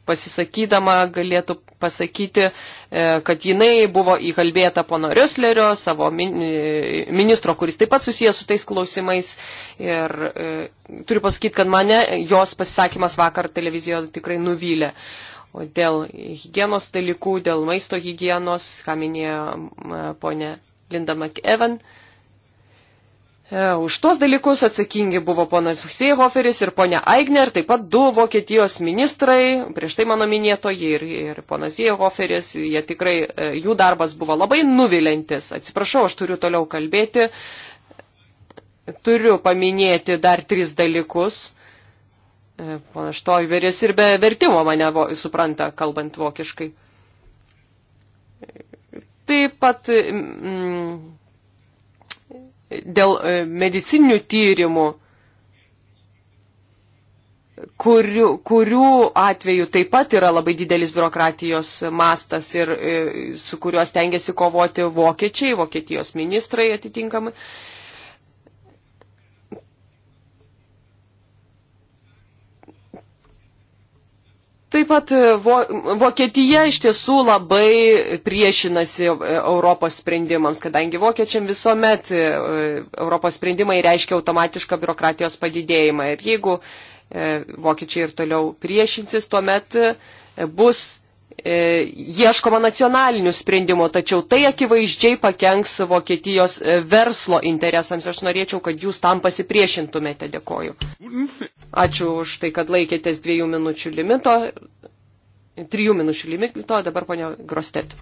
pasisakydama galėtų pasakyti, e, kad jinai buvo įkalbėta pono Rioslerio, savo e, ministro, kuris taip pat susijęs su tais klausimais. Ir e, turiu pasakyti, kad mane jos pasisakymas vakar televizijoje tikrai nuvylė. O dėl hygienos dalykų, dėl maisto hygienos, ką minėjo ponė Linda McEvan, uh, E, už tuos dalykus atsakingi buvo ponas Seihoferis ir ponia Aigner, taip pat du Vokietijos ministrai, prieš tai mano minėtoji ir, ir ponas Seihoferis, jie tikrai, e, jų darbas buvo labai nuvilintis. Atsiprašau, aš turiu toliau kalbėti, turiu paminėti dar tris dalykus. E, Pana Štoiveris ir be vertimo mane vo, supranta, kalbant vokiškai. Taip pat. Mm, dėl e, medicininių tyrimų, kurių, kurių atveju taip pat yra labai didelis biurokratijos mastas ir e, su kuriuos tengiasi kovoti vokiečiai, vokietijos ministrai atitinkamai. Taip pat e, vo, Vokietija iš tiesų labai priešinasi e, Europos sprendimams, kadangi vokiečiam visuomet e, Europos sprendimai reiškia automatišką biurokratijos padidėjimą. Ir jeigu vokiečiai ir toliau priešinsis, tuomet bus E, ieškoma nacionalinių sprendimų, tačiau tai akivaizdžiai pakenks Vokietijos e, verslo interesams. Aš norėčiau, kad jūs tam pasipriešintumėte. Dėkoju. Ačiū už tai, kad laikėtės dviejų minučių limito. Trijų minučių limito, dabar ponia Grostet.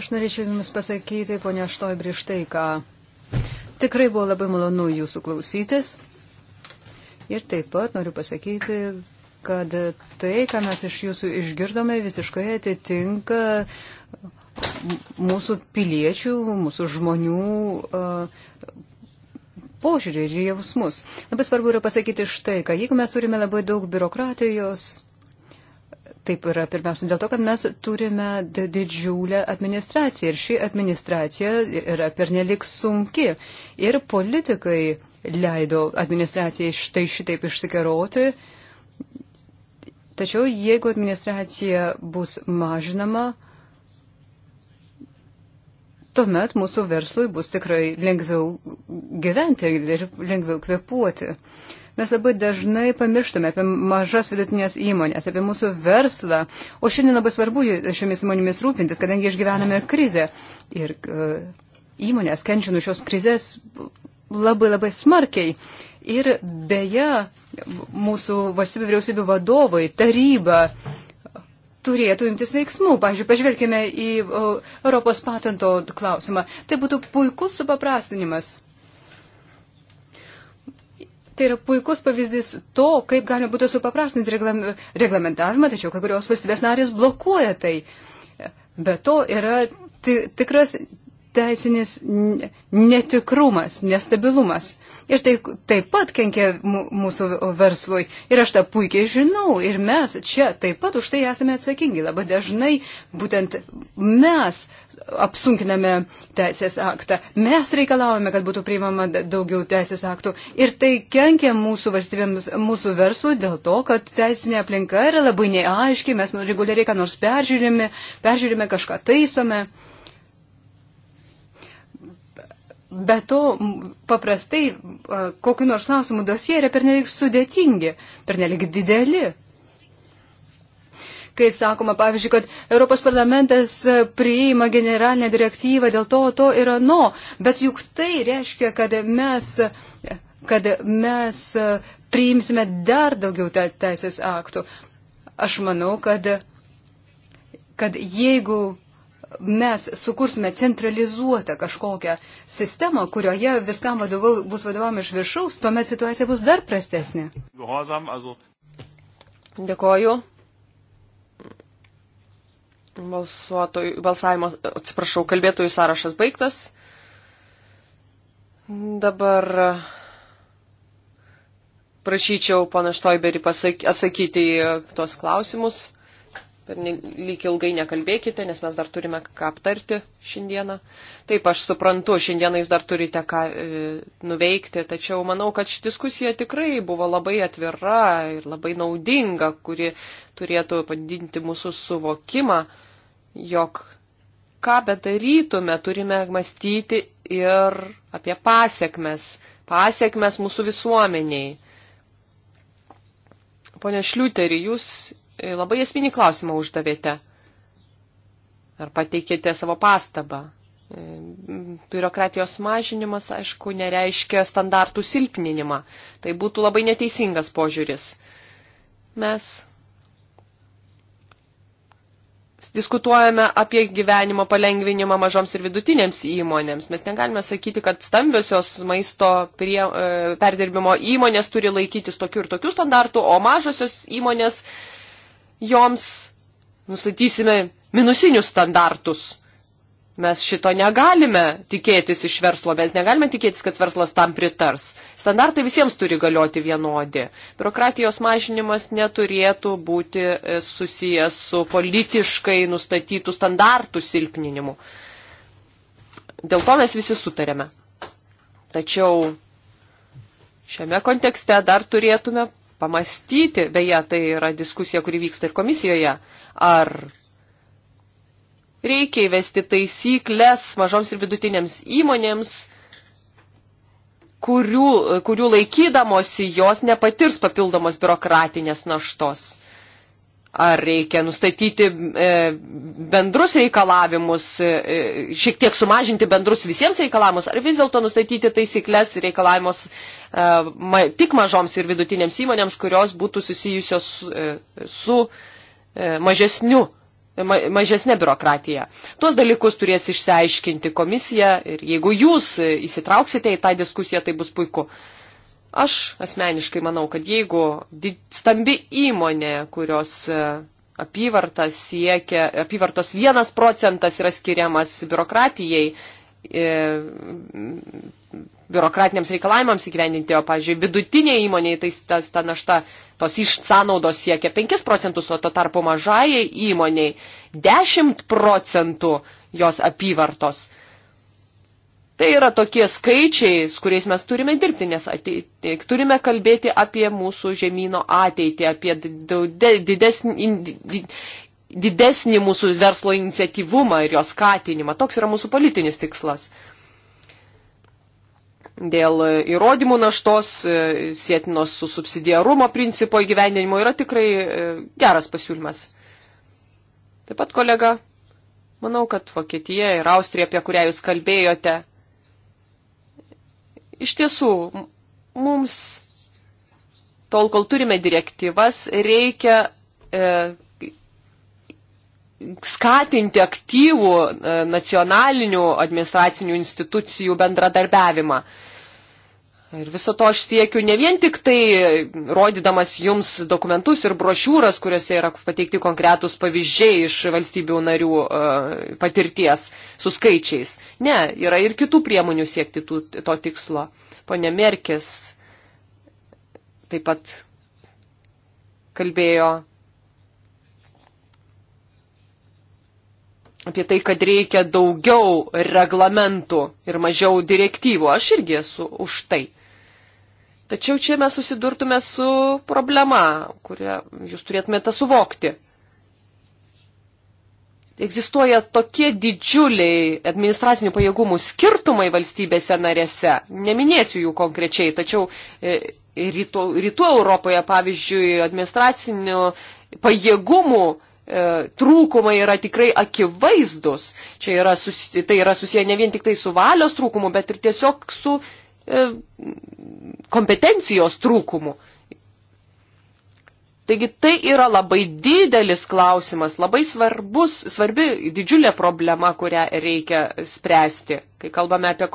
Aš norėčiau Jums pasakyti, ponia Štoj, prieš tai, ką tikrai buvo labai malonu Jūsų klausytis. Ir taip pat noriu pasakyti, kad tai, ką mes iš jūsų išgirdome, visiškai atitinka mūsų piliečių, mūsų žmonių uh, požiūrį ir jausmus. Labai svarbu yra pasakyti štai, kad jeigu mes turime labai daug biurokratijos, taip yra pirmiausia dėl to, kad mes turime didžiulę administraciją ir ši administracija yra pernelik sunki ir politikai leido administracijai štai šitaip išsikeroti Tačiau jeigu administracija bus mažinama, tuomet mūsų verslui bus tikrai lengviau gyventi ir lengviau kvepuoti. Mes labai dažnai pamirštame apie mažas vidutinės įmonės, apie mūsų verslą, o šiandien labai svarbu šiomis įmonėmis rūpintis, kadangi išgyvename krizę. Ir uh, įmonės kenčia nuo šios krizės labai labai smarkiai. Ir beje, mūsų valstybių vyriausybių vadovai, taryba turėtų imtis veiksmų. Pavyzdžiui, pažvelkime į Europos patento klausimą. Tai būtų puikus supaprastinimas. Tai yra puikus pavyzdys to, kaip galima būtų supaprastinti reglamentavimą, tačiau kai kurios valstybės narės blokuoja tai. Be to yra tikras teisinis netikrumas, nestabilumas. Ir tai taip pat kenkia mūsų verslui. Ir aš tą puikiai žinau. Ir mes čia taip pat už tai esame atsakingi. Labai dažnai būtent mes apsunkiname teisės aktą. Mes reikalavome, kad būtų priimama daugiau teisės aktų. Ir tai kenkia mūsų valstybėms, mūsų verslui dėl to, kad teisinė aplinka yra labai neaiški. Mes nu-, reguliariai ką nors peržiūrime, peržiūrime kažką taisome. Be to, paprastai kokiu nors klausimu dosie yra pernelik sudėtingi, pernelik dideli. Kai sakoma, pavyzdžiui, kad Europos parlamentas priima generalinę direktyvą dėl to, to ir ano, bet juk tai reiškia, kad mes, kad mes priimsime dar daugiau te, teisės aktų. Aš manau, kad, kad jeigu mes sukursime centralizuotą kažkokią sistemą, kurioje viskam vadovau, bus vadovami iš viršaus, tuomet situacija bus dar prastesnė. Dėkoju. Balsuotojų, balsavimo, atsiprašau, kalbėtojų sąrašas baigtas. Dabar prašyčiau pana Štoiberį pasakyti, atsakyti į tos klausimus kad lyg ilgai nekalbėkite, nes mes dar turime ką aptarti šiandieną. Taip, aš suprantu, šiandieną jūs dar turite ką e, nuveikti, tačiau manau, kad ši diskusija tikrai buvo labai atvira ir labai naudinga, kuri turėtų padidinti mūsų suvokimą, jog ką bedarytume, turime mąstyti ir apie pasiekmes, pasiekmes mūsų visuomeniai. Pone Šliuterį, jūs labai esminį klausimą uždavėte. Ar pateikėte savo pastabą? E, biurokratijos mažinimas, aišku, nereiškia standartų silpninimą. Tai būtų labai neteisingas požiūris. Mes diskutuojame apie gyvenimo palengvinimą mažoms ir vidutinėms įmonėms. Mes negalime sakyti, kad stambiosios maisto prie, e, perdirbimo įmonės turi laikytis tokių ir tokių standartų, o mažosios įmonės joms nustatysime minusinius standartus. Mes šito negalime tikėtis iš verslo, mes negalime tikėtis, kad verslas tam pritars. Standartai visiems turi galioti vienodi. Biurokratijos mažinimas neturėtų būti e, susijęs su politiškai nustatytų standartų silpninimu. Dėl to mes visi sutarėme. Tačiau šiame kontekste dar turėtume pamastyti, beje, tai yra diskusija, kuri vyksta ir komisijoje, ar reikia įvesti taisyklės mažoms ir vidutinėms įmonėms, kurių, kurių laikydamosi jos nepatirs papildomos biurokratinės naštos. Ar reikia nustatyti e, bendrus reikalavimus, e, e, šiek tiek sumažinti bendrus visiems reikalavimus, ar vis dėlto nustatyti taisyklės reikalavimus tik mažoms ir vidutinėms įmonėms, kurios būtų susijusios su mažesniu mažesnė biurokratija. Tuos dalykus turės išsiaiškinti komisija ir jeigu jūs įsitrauksite į tą diskusiją, tai bus puiku. Uh, Aš asmeniškai manau, kad jeigu stambi įmonė, kurios e, apyvartas siekia, apyvartos vienas procentas yra skiriamas biurokratijai, e, biurokratiniams reikalavimams įgyvendinti, o, pavyzdžiui, vidutinė įmonė, tai tas, ta našta, tos išsanaudos siekia 5 procentus, o to tarpu mažai įmoniai 10 procentų jos apyvartos. Tai yra tokie skaičiai, su kuriais mes turime dirbti, nes ateitį, turime kalbėti apie mūsų žemynų ateitį, apie didesnį, didesnį mūsų verslo iniciatyvumą ir jos skatinimą. Toks yra mūsų politinis tikslas. Dėl įrodymų naštos, e, sėtinos su subsidiarumo principo įgyvendinimo yra tikrai e, geras pasiūlymas. Taip pat kolega, manau, kad Vokietija ir Austrija, apie kurią jūs kalbėjote, Iš tiesų, mums, tol kol turime direktyvas, reikia e, skatinti aktyvų e, nacionalinių administracinių institucijų bendradarbiavimą. E, Ir viso to aš siekiu ne vien tik tai rodydamas jums dokumentus ir brošiūras, kuriuose yra pateikti konkretūs pavyzdžiai iš valstybių narių e, patirties su skaičiais. Ne, yra ir kitų priemonių siekti tų, to tikslo. Pone Merkis taip pat kalbėjo apie tai, kad reikia daugiau reglamentų ir mažiau direktyvų. Aš irgi esu už tai. Tačiau čia mes susidurtume su problema, kurią jūs turėtumėte suvokti. Egzistuoja tokie didžiuliai administracinių pajėgumų skirtumai valstybėse narėse. Neminėsiu jų konkrečiai, tačiau e, rytų, rytų Europoje, pavyzdžiui, administracinių pajėgumų e, trūkumai yra tikrai akivaizdus. Čia yra susi, tai yra susiję ne vien tik tai su valios trūkumu, bet ir tiesiog su E, kompetencijos trūkumų. Taigi tai yra labai didelis klausimas, labai svarbus, svarbi didžiulė problema, kurią reikia spręsti, kai kalbame apie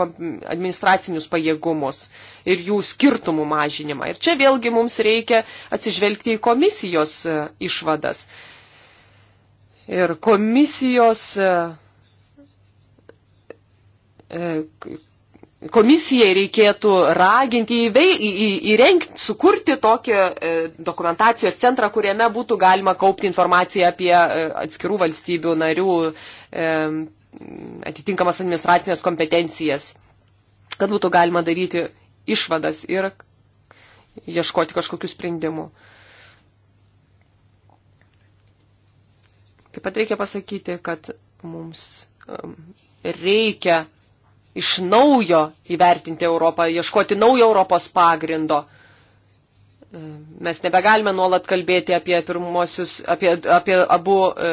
administracinius pajėgumus ir jų skirtumų mažinimą. Ir čia vėlgi mums reikia atsižvelgti į komisijos e, išvadas. Ir komisijos e, komisijai reikėtų raginti įvei, į, į, įrengti, sukurti tokį e, dokumentacijos centrą, kuriame būtų galima kaupti informaciją apie e, atskirų valstybių narių e, atitinkamas administracinės kompetencijas, kad būtų galima daryti išvadas ir ieškoti kažkokių sprendimų. Taip pat reikia pasakyti, kad mums e, reikia iš naujo įvertinti Europą, ieškoti naujo Europos pagrindo. E, mes nebegalime nuolat kalbėti apie, apie, apie abu e,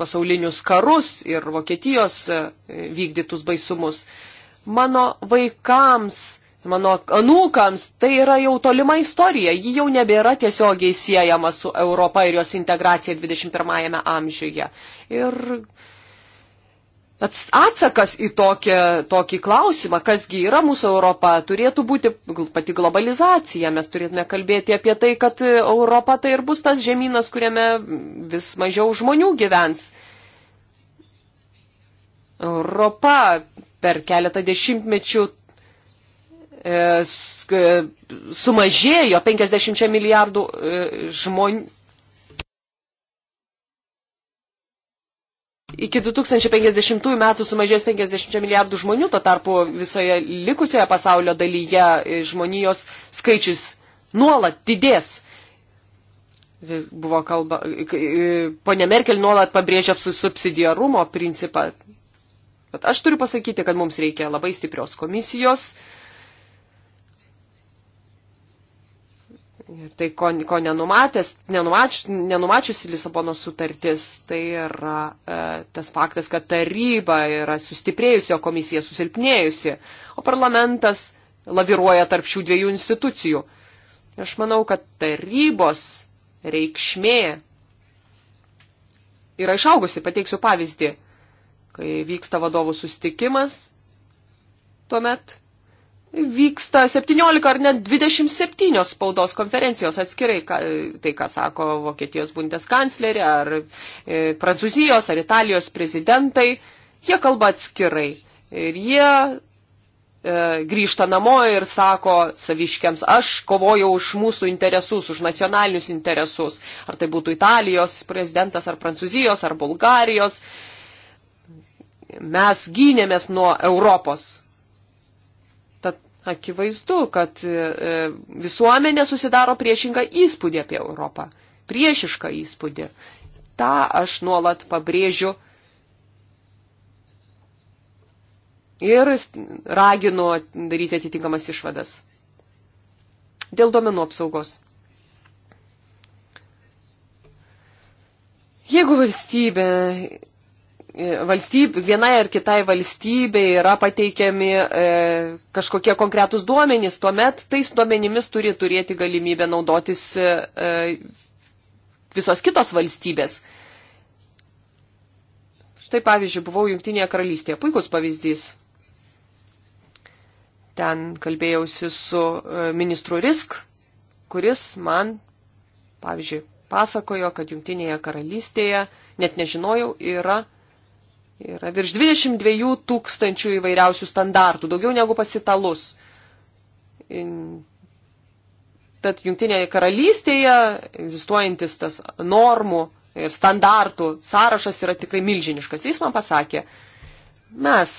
pasaulinius karus ir Vokietijos e, vykdytus baisumus. Mano vaikams mano anūkams tai yra jau tolima istorija, ji jau nebėra tiesiogiai siejama su Europa ir jos integracija 21-ame amžiuje. Ir atsakas į tokią, tokį klausimą, kasgi yra mūsų Europa, turėtų būti pati globalizacija. Mes turėtume kalbėti apie tai, kad Europa tai ir bus tas žemynas, kuriame vis mažiau žmonių gyvens. Europa per keletą dešimtmečių e, e, sumažėjo 50 milijardų e, žmonių iki 2050 metų sumažės 50 milijardų žmonių, to tarpu visoje likusioje pasaulio dalyje e, žmonijos skaičius nuolat didės. Buvo kalba, e, e, ponė Merkel nuolat pabrėžia subsidiarumo principą. Bet aš turiu pasakyti, kad mums reikia labai stiprios komisijos, Ir tai, ko, ko nenumatęs, nenumač, nenumačiusi Lisabono sutartis, tai yra e, tas faktas, kad taryba yra sustiprėjusi, o komisija susilpnėjusi, o parlamentas laviruoja tarp šių dviejų institucijų. Ir aš manau, kad tarybos reikšmė yra išaugusi. Pateiksiu pavyzdį, kai vyksta vadovų sustikimas, tuomet vyksta 17 ar net 27 spaudos konferencijos atskirai, ka, tai ką sako Vokietijos bundeskanclerė, ar e, Prancūzijos, ar Italijos prezidentai, jie kalba atskirai. Ir jie e, grįžta namo ir sako saviškiams, aš kovojau už mūsų interesus, už nacionalinius interesus. Ar tai būtų Italijos prezidentas, ar Prancūzijos, ar Bulgarijos. Mes gynėmės nuo Europos akivaizdu, kad e, visuomenė susidaro priešingą įspūdį apie Europą. Priešišką įspūdį. Ta aš nuolat pabrėžiu ir raginu daryti atitinkamas išvadas. Dėl duomenų apsaugos. Jeigu valstybė E, valstyb, vienai ar kitai valstybei yra pateikiami e, kažkokie konkretūs duomenys, tuomet tais duomenimis turi turėti galimybę naudotis e, e visos kitos valstybės. Štai pavyzdžiui, buvau Junktinėje karalystėje, puikus pavyzdys. Ten kalbėjausi su e, ministru Risk, kuris man, pavyzdžiui, pasakojo, kad Junktinėje karalystėje, net nežinojau, yra Yra virš 22 tūkstančių įvairiausių standartų, daugiau negu pasitalus. Tad Junktinėje karalystėje egzistuojantis tas normų ir standartų sąrašas yra tikrai milžiniškas. Jis man pasakė, mes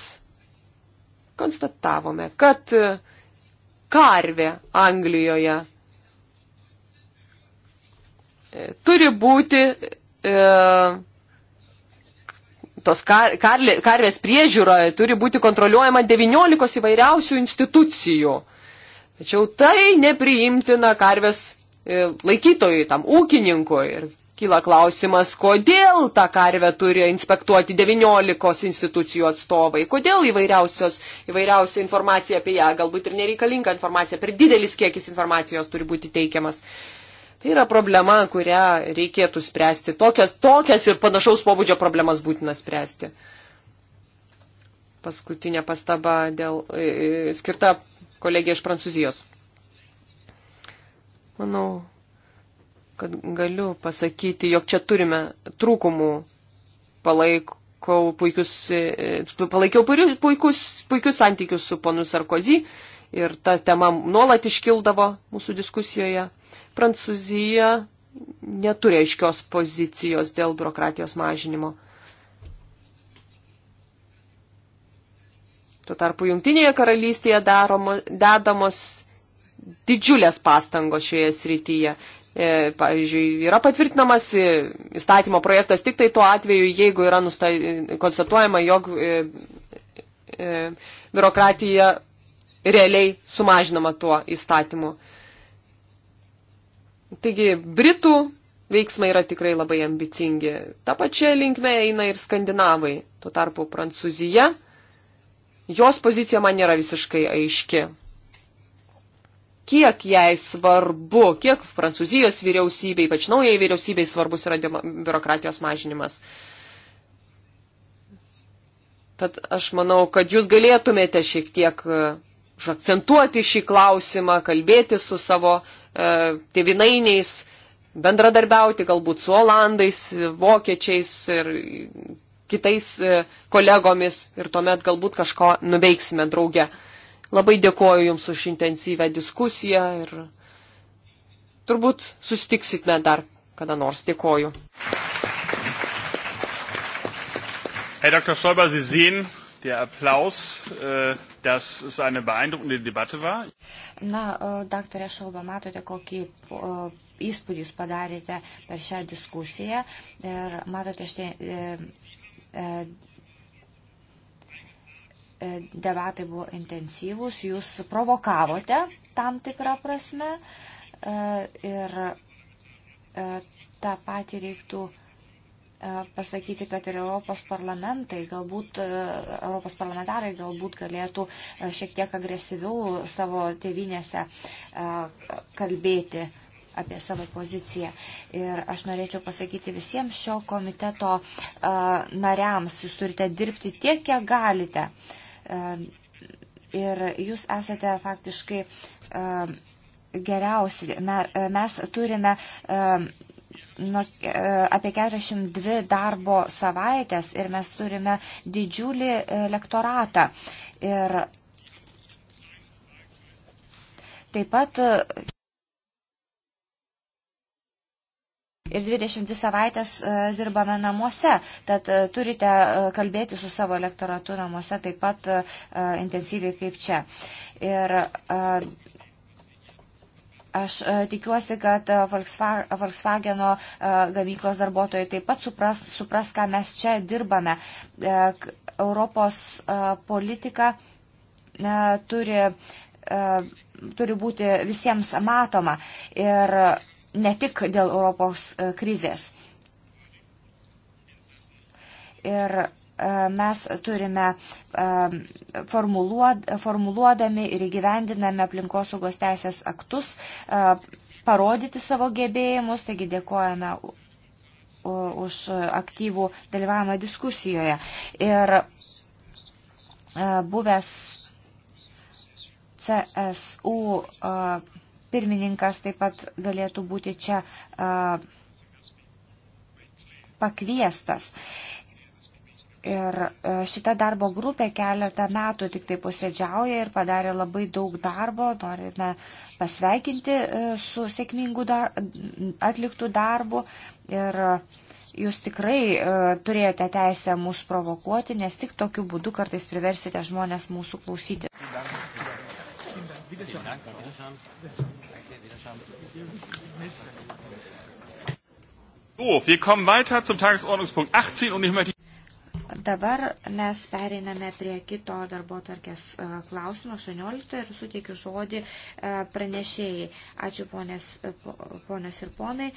konstatavome, kad karvė Anglijoje e, turi būti e, tos kar, karlė, karvės priežiūra turi būti kontroliuojama 19 įvairiausių institucijų. Tačiau tai nepriimtina karvės e, laikytojui, tam ūkininkui. Ir kyla klausimas, kodėl tą karvę turi inspektuoti 19 institucijų atstovai, kodėl įvairiausios, įvairiausia informacija apie ją, galbūt ir nereikalinga informacija, per didelis kiekis informacijos turi būti teikiamas. Uh, Tai yra problema, kurią reikėtų spręsti. Tokias, tokias ir panašaus pobūdžio problemas būtina spręsti. Paskutinė pastaba dėl, e, e skirta kolegija iš Prancūzijos. Manau, kad galiu pasakyti, jog čia turime trūkumų palaikų palaikau puikius, e, e, palaikiau puikus, puikius santykius su ponu Sarkozy ir ta tema nuolat iškildavo mūsų diskusijoje. Prancūzija neturi aiškios pozicijos dėl biurokratijos mažinimo. Tuo tarpu Junktinėje karalystėje daromo, dedamos didžiulės pastangos šioje srityje. E, pavyzdžiui, yra patvirtinamas e, įstatymo projektas tik tai tuo atveju, jeigu yra nusta, konstatuojama, jog e, e, biurokratija realiai sumažinama tuo įstatymu. E, Taigi, Britų veiksmai yra tikrai labai ambicingi. Ta pačia linkme eina ir skandinavai. Tuo tarpu Prancūzija, jos pozicija man nėra visiškai aiški. Kiek jai svarbu, kiek Prancūzijos vyriausybei, ypač naujai vyriausybei svarbus yra biurokratijos mažinimas. Tad aš manau, kad jūs galėtumėte šiek tiek uh, užakcentuoti šį klausimą, kalbėti su savo E, tėvinainiais, bendradarbiauti galbūt su olandais, vokiečiais ir kitais e, kolegomis ir tuomet galbūt kažko nuveiksime drauge. Labai dėkoju Jums už intensyvę diskusiją ir turbūt sustiksime dar kada nors. Dėkoju. Herr Dr. Stoiber, Sie sehen, der Applaus äh, dass es eine beeindruckende Debatte war. Na, daktarė Šalba, matote, kokį įspūdį jūs padarėte per šią diskusiją ir matote štai e, e, e, debatai buvo intensyvūs, jūs provokavote tam tikrą prasme ir tą patį reiktų E, pasakyti, kad ir Europos parlamentai, galbūt e, Europos parlamentarai galbūt galėtų e, šiek tiek agresyviau savo tėvinėse kalbėti apie savo poziciją. Ir aš norėčiau pasakyti visiems šio komiteto nariams, jūs turite dirbti tiek, kiek galite. Ir jūs esate faktiškai geriausi. Mes turime nuo, e, apie 42 darbo savaitės ir mes turime didžiulį e, lektoratą. Ir taip pat. E, ir 20 savaitės dirbame namuose, tad turite kalbėti su savo elektoratu namuose taip pat intensyviai kaip čia. Ir Aš e, tikiuosi, kad e, Volkswageno e, gamyklos darbuotojai taip pat supras, supras ką mes čia dirbame. Europos politika turi, turi būti visiems matoma ir ne tik dėl Europos krizės. Ir E, mes turime e, formuluodami ir įgyvendinami aplinkosaugos teisės aktus e, parodyti savo gebėjimus, taigi dėkojame už aktyvų dalyvavimą diskusijoje. Ir buvęs CSU pirmininkas taip pat galėtų būti čia pakviestas. Ir e, šita darbo grupė keletą metų tik tai posėdžiauja ir padarė labai daug darbo. Norime pasveikinti e, su sėkmingu dar, atliktų darbu. Ir jūs tikrai e, turėjote teisę mus provokuoti, nes tik tokiu būdu kartais priversite žmonės mūsų klausyti. So, wir kommen weiter zum Tagesordnungspunkt 18 und ich möchte Dabar mes pereiname prie kito darbo tarkės e, klausimo 18 ir suteikiu žodį e, pranešėjai. Ačiū ponės, e, ponės ir ponai.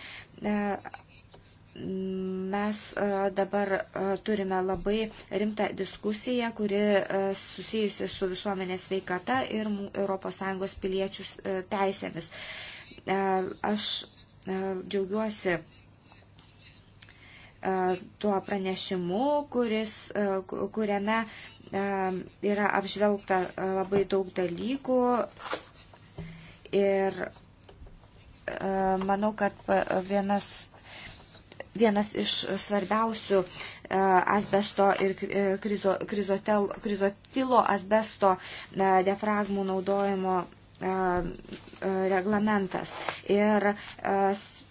Mes dabar turime labai rimtą diskusiją, kuri susijusi su visuomenės veikata ir ES piliečių teisėmis. Aš džiaugiuosi E, tuo pranešimu, kuris, e, kuriame e, yra apžvelgta labai daug dalykų ir manau, kad vienas, vienas iš svarbiausių asbesto ir krizo, krizotel, krizotilo asbesto diafragmų naudojimo reglamentas. Ir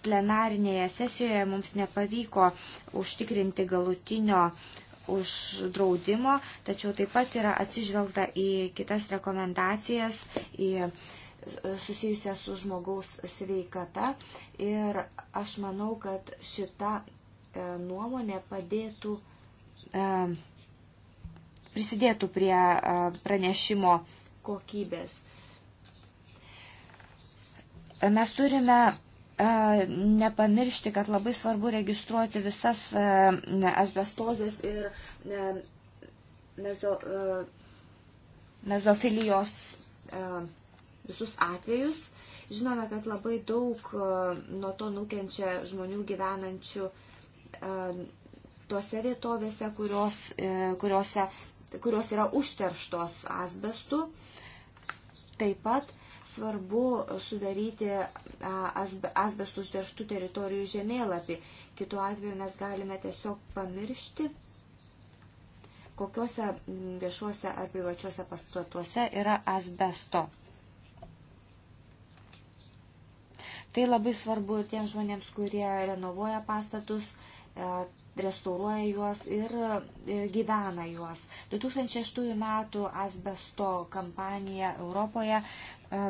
plenarinėje sesijoje mums nepavyko užtikrinti galutinio uždraudimo, tačiau taip pat yra atsižvelgta į kitas rekomendacijas, į e, susijusią su žmogaus sveikata. Ir aš manau, kad šita e, nuomonė padėtų, e, prisidėtų prie pranešimo kokybės. Mes turime e, nepamiršti, kad labai svarbu registruoti visas e, asbestozės ir mezo, e, mezofilijos visus atvejus. Žinome, kad labai daug nuo to nukenčia žmonių gyvenančių tose vietovėse, kurios, kuriuose, kurios yra užterštos asbestų. Taip pat svarbu sudaryti asbestų užterštų teritorijų žemėlapį. Kitu atveju mes galime tiesiog pamiršti, kokiuose viešuose ar privačiuose pastatuose yra asbesto. Tai labai svarbu ir tiems žmonėms, kurie renovuoja pastatus, restauruoja juos ir e, gyvena juos. 2006 metų asbesto kampanija Europoje e, e,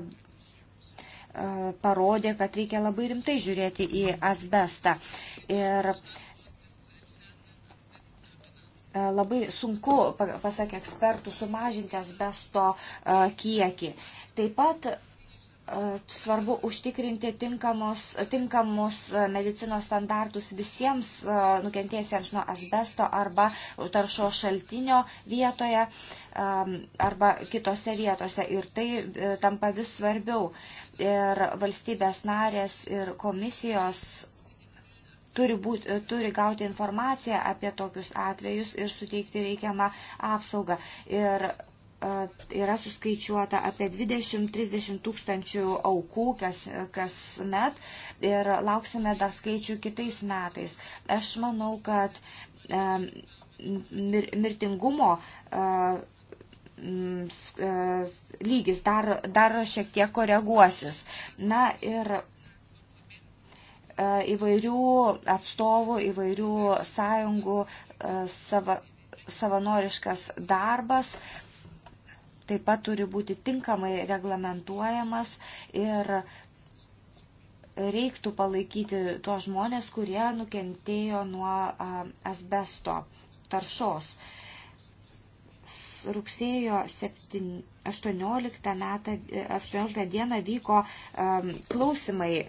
parodė, kad reikia labai rimtai žiūrėti į asbestą. Ir labai sunku, pasak ekspertų, sumažinti asbesto kiekį. Taip pat svarbu užtikrinti tinkamus, tinkamus e, medicinos standartus visiems e, nukentiesiems nuo asbesto arba taršo šaltinio vietoje e, arba kitose vietose. Ir tai tampa vis svarbiau. Ir valstybės narės ir komisijos turi, būt, turi gauti informaciją apie tokius atvejus ir suteikti reikiamą apsaugą. Ir E, yra suskaičiuota apie 20-30 tūkstančių aukų kas, kas met ir lauksime dar skaičių kitais metais. Aš manau, kad e, mir, mirtingumo e, lygis dar, dar šiek tiek koreguosis. Na ir įvairių atstovų, įvairių sąjungų sava, savanoriškas darbas taip pat turi būti tinkamai reglamentuojamas ir reiktų palaikyti tuos žmonės, kurie nukentėjo nuo asbesto taršos. Rugsėjo 18, 18 e, dieną vyko klausimai e,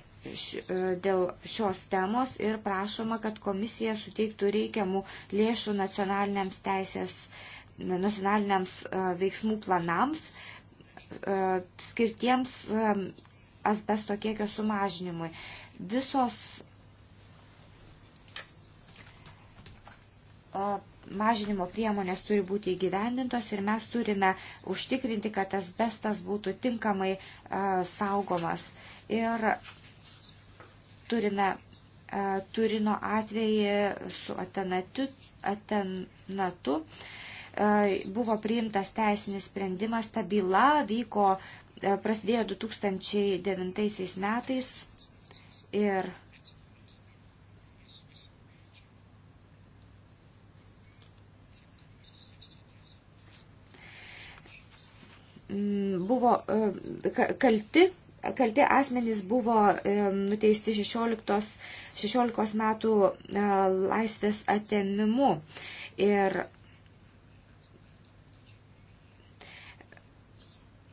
dėl šios temos ir prašoma, kad komisija suteiktų reikiamų lėšų nacionaliniams teisės uh, nacionaliniams e, veiksmų planams e, skirtiems e, asbesto kiekio sumažinimui. Visos mažinimo priemonės turi būti įgyvendintos ir mes turime užtikrinti, kad asbestas būtų tinkamai saugomas. Ir turime Turino atvejį su Atenatu, Atenatu E, buvo priimtas teisinis sprendimas, ta byla vyko, e, prasidėjo 2009 metais ir buvo e, kalti kalti asmenys buvo nuteisti 16, 16 metų laisvės atėmimu. Ir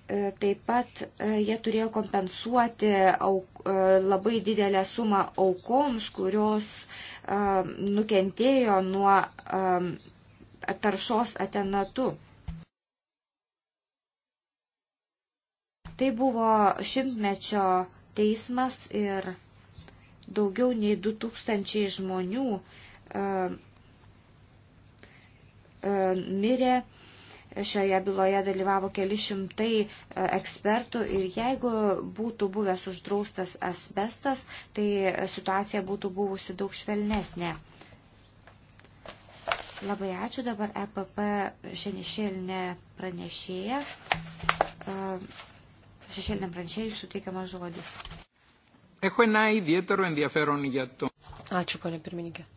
E, taip pat e, jie turėjo kompensuoti auk, e, labai didelę sumą aukoms, kurios nukentėjo nuo taršos atenatu. Tai buvo šimtmečio teismas ir daugiau nei 2000 žmonių mirė Šioje byloje dalyvavo keli šimtai e, ekspertų ir jeigu būtų buvęs uždraustas asbestas, tai situacija būtų buvusi daug švelnesnė. Labai ačiū dabar EPP šešėlinė pranešėja. E, šešėlinė pranešėjai suteikiamas žodis. Ačiū, ponė pirmininkė.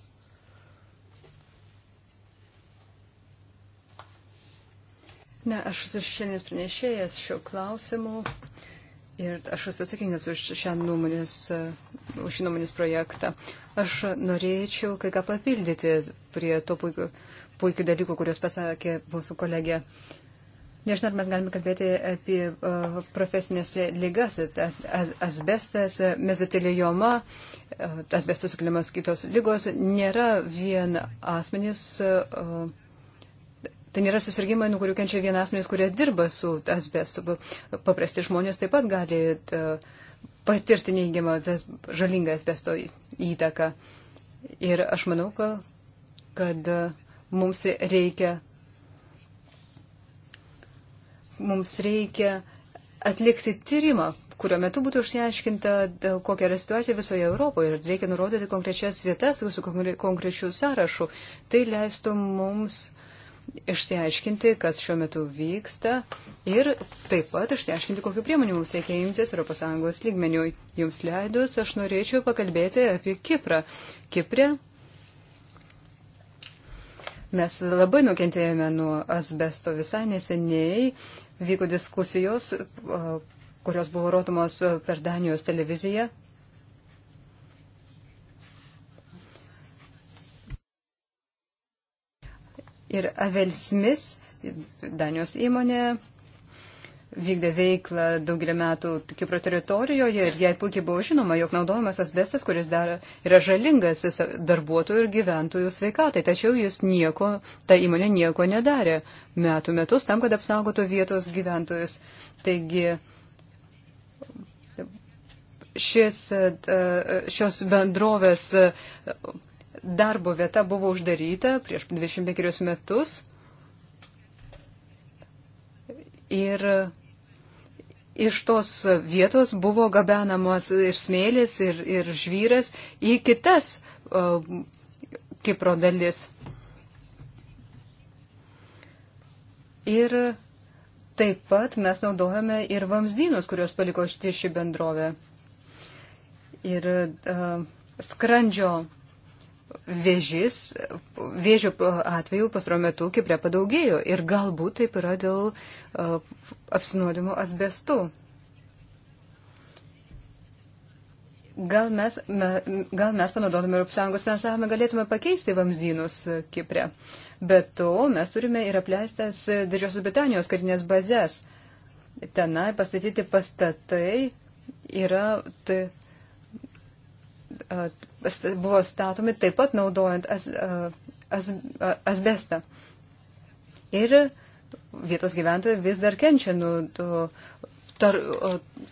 Ne, aš esu šiandien pranešėjas šio klausimu ir aš esu atsakingas už šią nuomonės, e, už šį nuomonės projektą. Aš norėčiau kai ką papildyti prie to puikių, puikių dalykų, kuriuos pasakė mūsų kolegė. Nežinau, ar mes galime kalbėti apie uh, profesinės lygas, asbestas, mezotelioma, uh, asbestas sukeliamas kitos lygos, nėra vien asmenys. Uh, Ten yra susirgymai, nuo kurių kenčia vienas asmenys, kurie dirba su asbestu. Paprasti žmonės taip pat gali e, patirti neįgimą žalingą asbesto įtaką. Ir aš manau, kad e, mums reikia, mums reikia atlikti tyrimą, kurio metu būtų išsiaiškinta, e, kokia yra situacija visoje Europoje ir reikia nurodyti konkrečias vietas su konkrečiu sąrašu. Tai leistų mums išsiaiškinti, kas šiuo metu vyksta ir taip pat išsiaiškinti, kokiu priemonių mums reikia imtis ES lygmenių. Jums leidus, aš norėčiau pakalbėti apie Kiprą. Kiprė mes labai nukentėjome nuo asbesto visai neseniai. Vyko diskusijos, kurios buvo rodomos per Danijos televiziją. ir Avelsmis, Danijos įmonė, vykdė veiklą daugelį metų Kipro teritorijoje ir jai puikiai buvo žinoma, jog naudojamas asbestas, kuris dar yra žalingas darbuotojų ir gyventojų sveikatai. Tačiau jis nieko, ta įmonė nieko nedarė metų metus tam, kad apsaugotų vietos gyventojus. Taigi šis, šios bendrovės darbo vieta buvo uždaryta prieš 25 metus. Ir iš tos vietos buvo gabenamas ir smėlis, ir, ir žvyras į kitas o, Kipro dalis. Ir taip pat mes naudojame ir vamzdynus, kuriuos paliko šiti ši bendrovė. Ir uh, skrandžio vėžis, vėžių atveju pastaruoju metu Kiprė padaugėjo ir galbūt taip yra dėl uh, apsinuodimo asbestų. Gal mes, me, gal mes panaudodami Europos Sąjungos finansavimą galėtume pakeisti vamzdynus Kiprė. Bet to mes turime ir apleistas Didžiosios Britanijos karinės bazės. Tenai pastatyti pastatai yra t, at, buvo statomi taip pat naudojant as, as, asbestą. Ir vietos gyventojai vis dar kenčia nuo tar,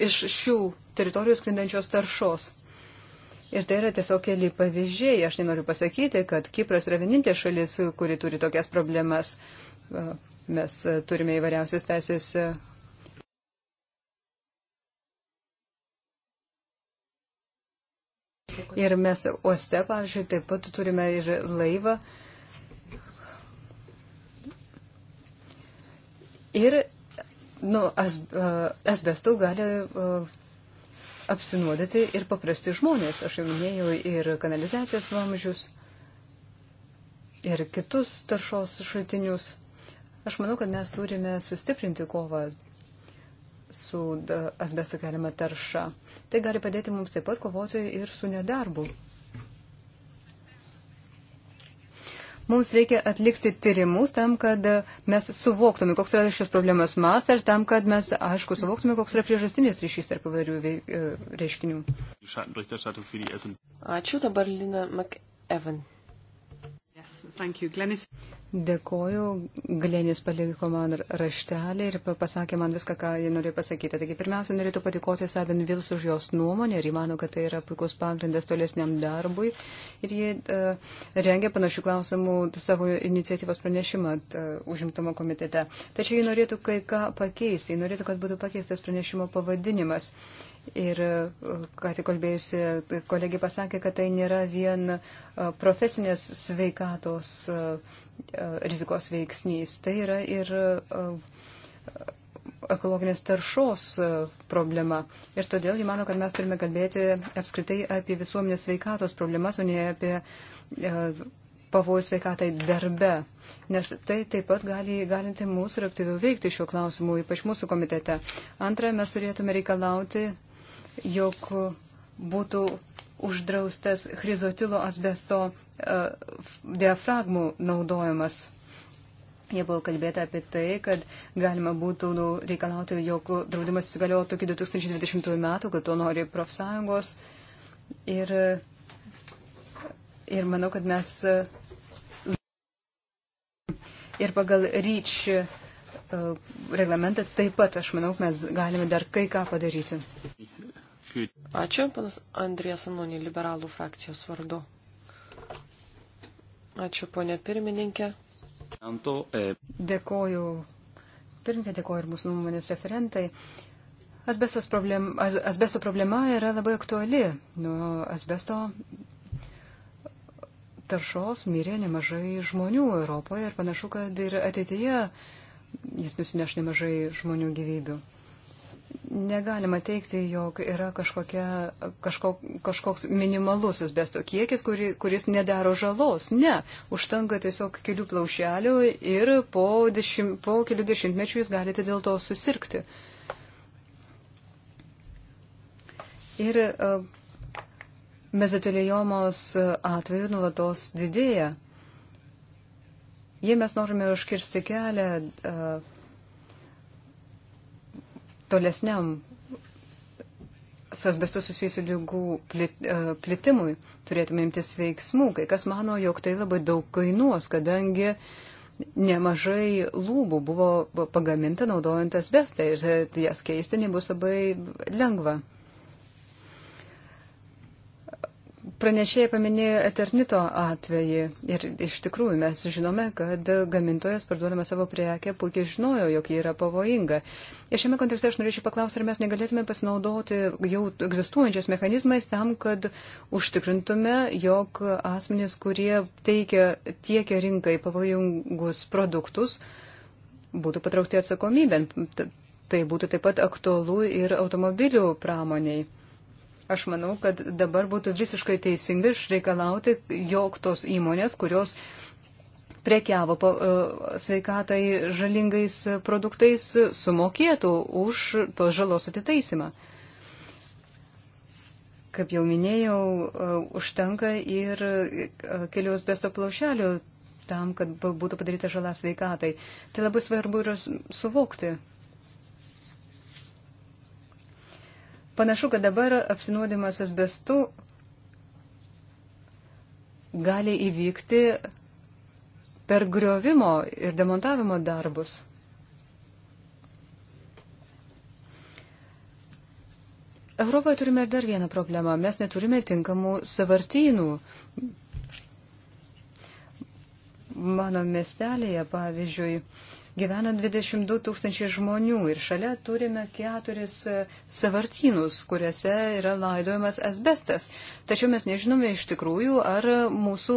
iš šių teritorijų sklindančios taršos. Ir tai yra tiesiog keli pavyzdžiai. Aš nenoriu pasakyti, kad Kipras yra vienintelė šalis, kuri turi tokias problemas. Mes turime įvairiausius teisės Ir mes uoste, pavyzdžiui, taip pat turime ir laivą. Ir nu, as, asbestų gali apsinuodyti ir paprasti žmonės. Aš jau minėjau ir kanalizacijos vamžius, ir kitus taršos šaltinius. Aš manau, kad mes turime sustiprinti kovą su asbesto keliama tarša. Tai gali padėti mums taip pat kovoti ir su nedarbu. Mums reikia atlikti tyrimus tam, kad mes suvoktume, koks yra šios problemos mastas ir tam, kad mes, aišku, suvoktume, koks yra priežastinis ryšys tarp įvairių e, reiškinių. Ačiū dabar, Lina McEvan. Dėkoju, Glenis paliko man raštelį ir pasakė man viską, ką jie norėjo pasakyti. Taigi pirmiausia, norėtų patikoti Sabin Vils už jos nuomonę ir įmano, kad tai yra puikus pagrindas tolesniam darbui. Ir jie uh, rengia panašių klausimų savo iniciatyvos pranešimą uh, užimtumo komitete. Tačiau jie norėtų kai ką pakeisti. Jie norėtų, kad būtų pakeistas pranešimo pavadinimas. Uh, Ir e, ką tik kalbėjusi kolegė pasakė, kad tai nėra vien e, profesinės sveikatos e, rizikos veiksnys, tai yra ir ekologinės taršos problema. Ir todėl ji mano, kad mes turime kalbėti apskritai apie visuomenės sveikatos problemas, o ne apie pavojų sveikatai darbe, nes tai taip pat gali įgalinti mūsų ir aktyviau veikti šiuo klausimu, ypač mūsų komitete. Antra, mes turėtume reikalauti jog būtų uždraustas chrizotilo asbesto e, diafragmų naudojimas. Jie buvo kalbėta apie tai, kad galima būtų nu, reikalauti, jog draudimas įsigaliotų iki 2020 metų, kad to nori profsąjungos. Ir, ir manau, kad mes ir pagal REACH e, reglamentą taip pat, aš manau, mes galime dar kai ką padaryti. Ačiū, panas Andrijas Anonį, liberalų frakcijos vardu. Ačiū, ponė pirmininkė. Dėkoju. Pirmininkė, dėkoju ir mūsų nuomonės referentai. Asbestos problem, asbesto problema yra labai aktuali. Nuo asbesto taršos mirė nemažai žmonių Europoje ir panašu, kad ir ateityje jis nusineš nemažai žmonių gyvybių. Negalima teikti, jog yra kažkokia, kažko, kažkoks minimalus asbesto kiekis, kuri, kuris nedaro žalos. Ne, užtenka tiesiog kelių plaušelių ir po, dešim, po kelių dešimtmečių jūs galite dėl to susirgti. Ir e, mezoteliomos atveju nulatos didėja. Jei mes norime užkirsti kelią. Uh, tolesniam su asbestu susijusių lygų e, plitimui turėtume imtis veiksmų. Kai kas mano, jog tai labai daug kainuos, kadangi nemažai lūbų buvo pagaminta naudojant asbestą ir jas keisti nebus labai lengva. Pranešėjai paminėjo Eternito atvejį ir iš tikrųjų mes žinome, kad gamintojas parduodama savo prekę puikiai žinojo, jog ji yra pavojinga. Ir šiame kontekste aš norėčiau paklausti, ar mes negalėtume pasinaudoti jau egzistuojančiais mechanizmais tam, kad užtikrintume, jog asmenys, kurie teikia, tiekia rinkai pavojingus produktus, būtų patraukti atsakomybėn. Tai būtų taip pat aktualu ir automobilių pramoniai. Aš manau, kad dabar būtų visiškai teisinga išreikalauti, jog tos įmonės, kurios prekiavo po, e, sveikatai žalingais produktais, sumokėtų už tos žalos atitaisimą. Kaip jau minėjau, e, užtenka ir e, kelios besto plaušelio tam, kad būtų padaryta žala sveikatai. Tai labai svarbu yra suvokti. Panašu, kad dabar apsinuodimas asbestu gali įvykti per griovimo ir demontavimo darbus. Europoje turime ir dar vieną problemą. Mes neturime tinkamų savartynų. Mano miestelėje, pavyzdžiui, gyvena 22 tūkstančiai žmonių ir šalia turime keturis e, savartynus, kuriuose yra laidojamas asbestas. Tačiau mes nežinome iš tikrųjų, ar mūsų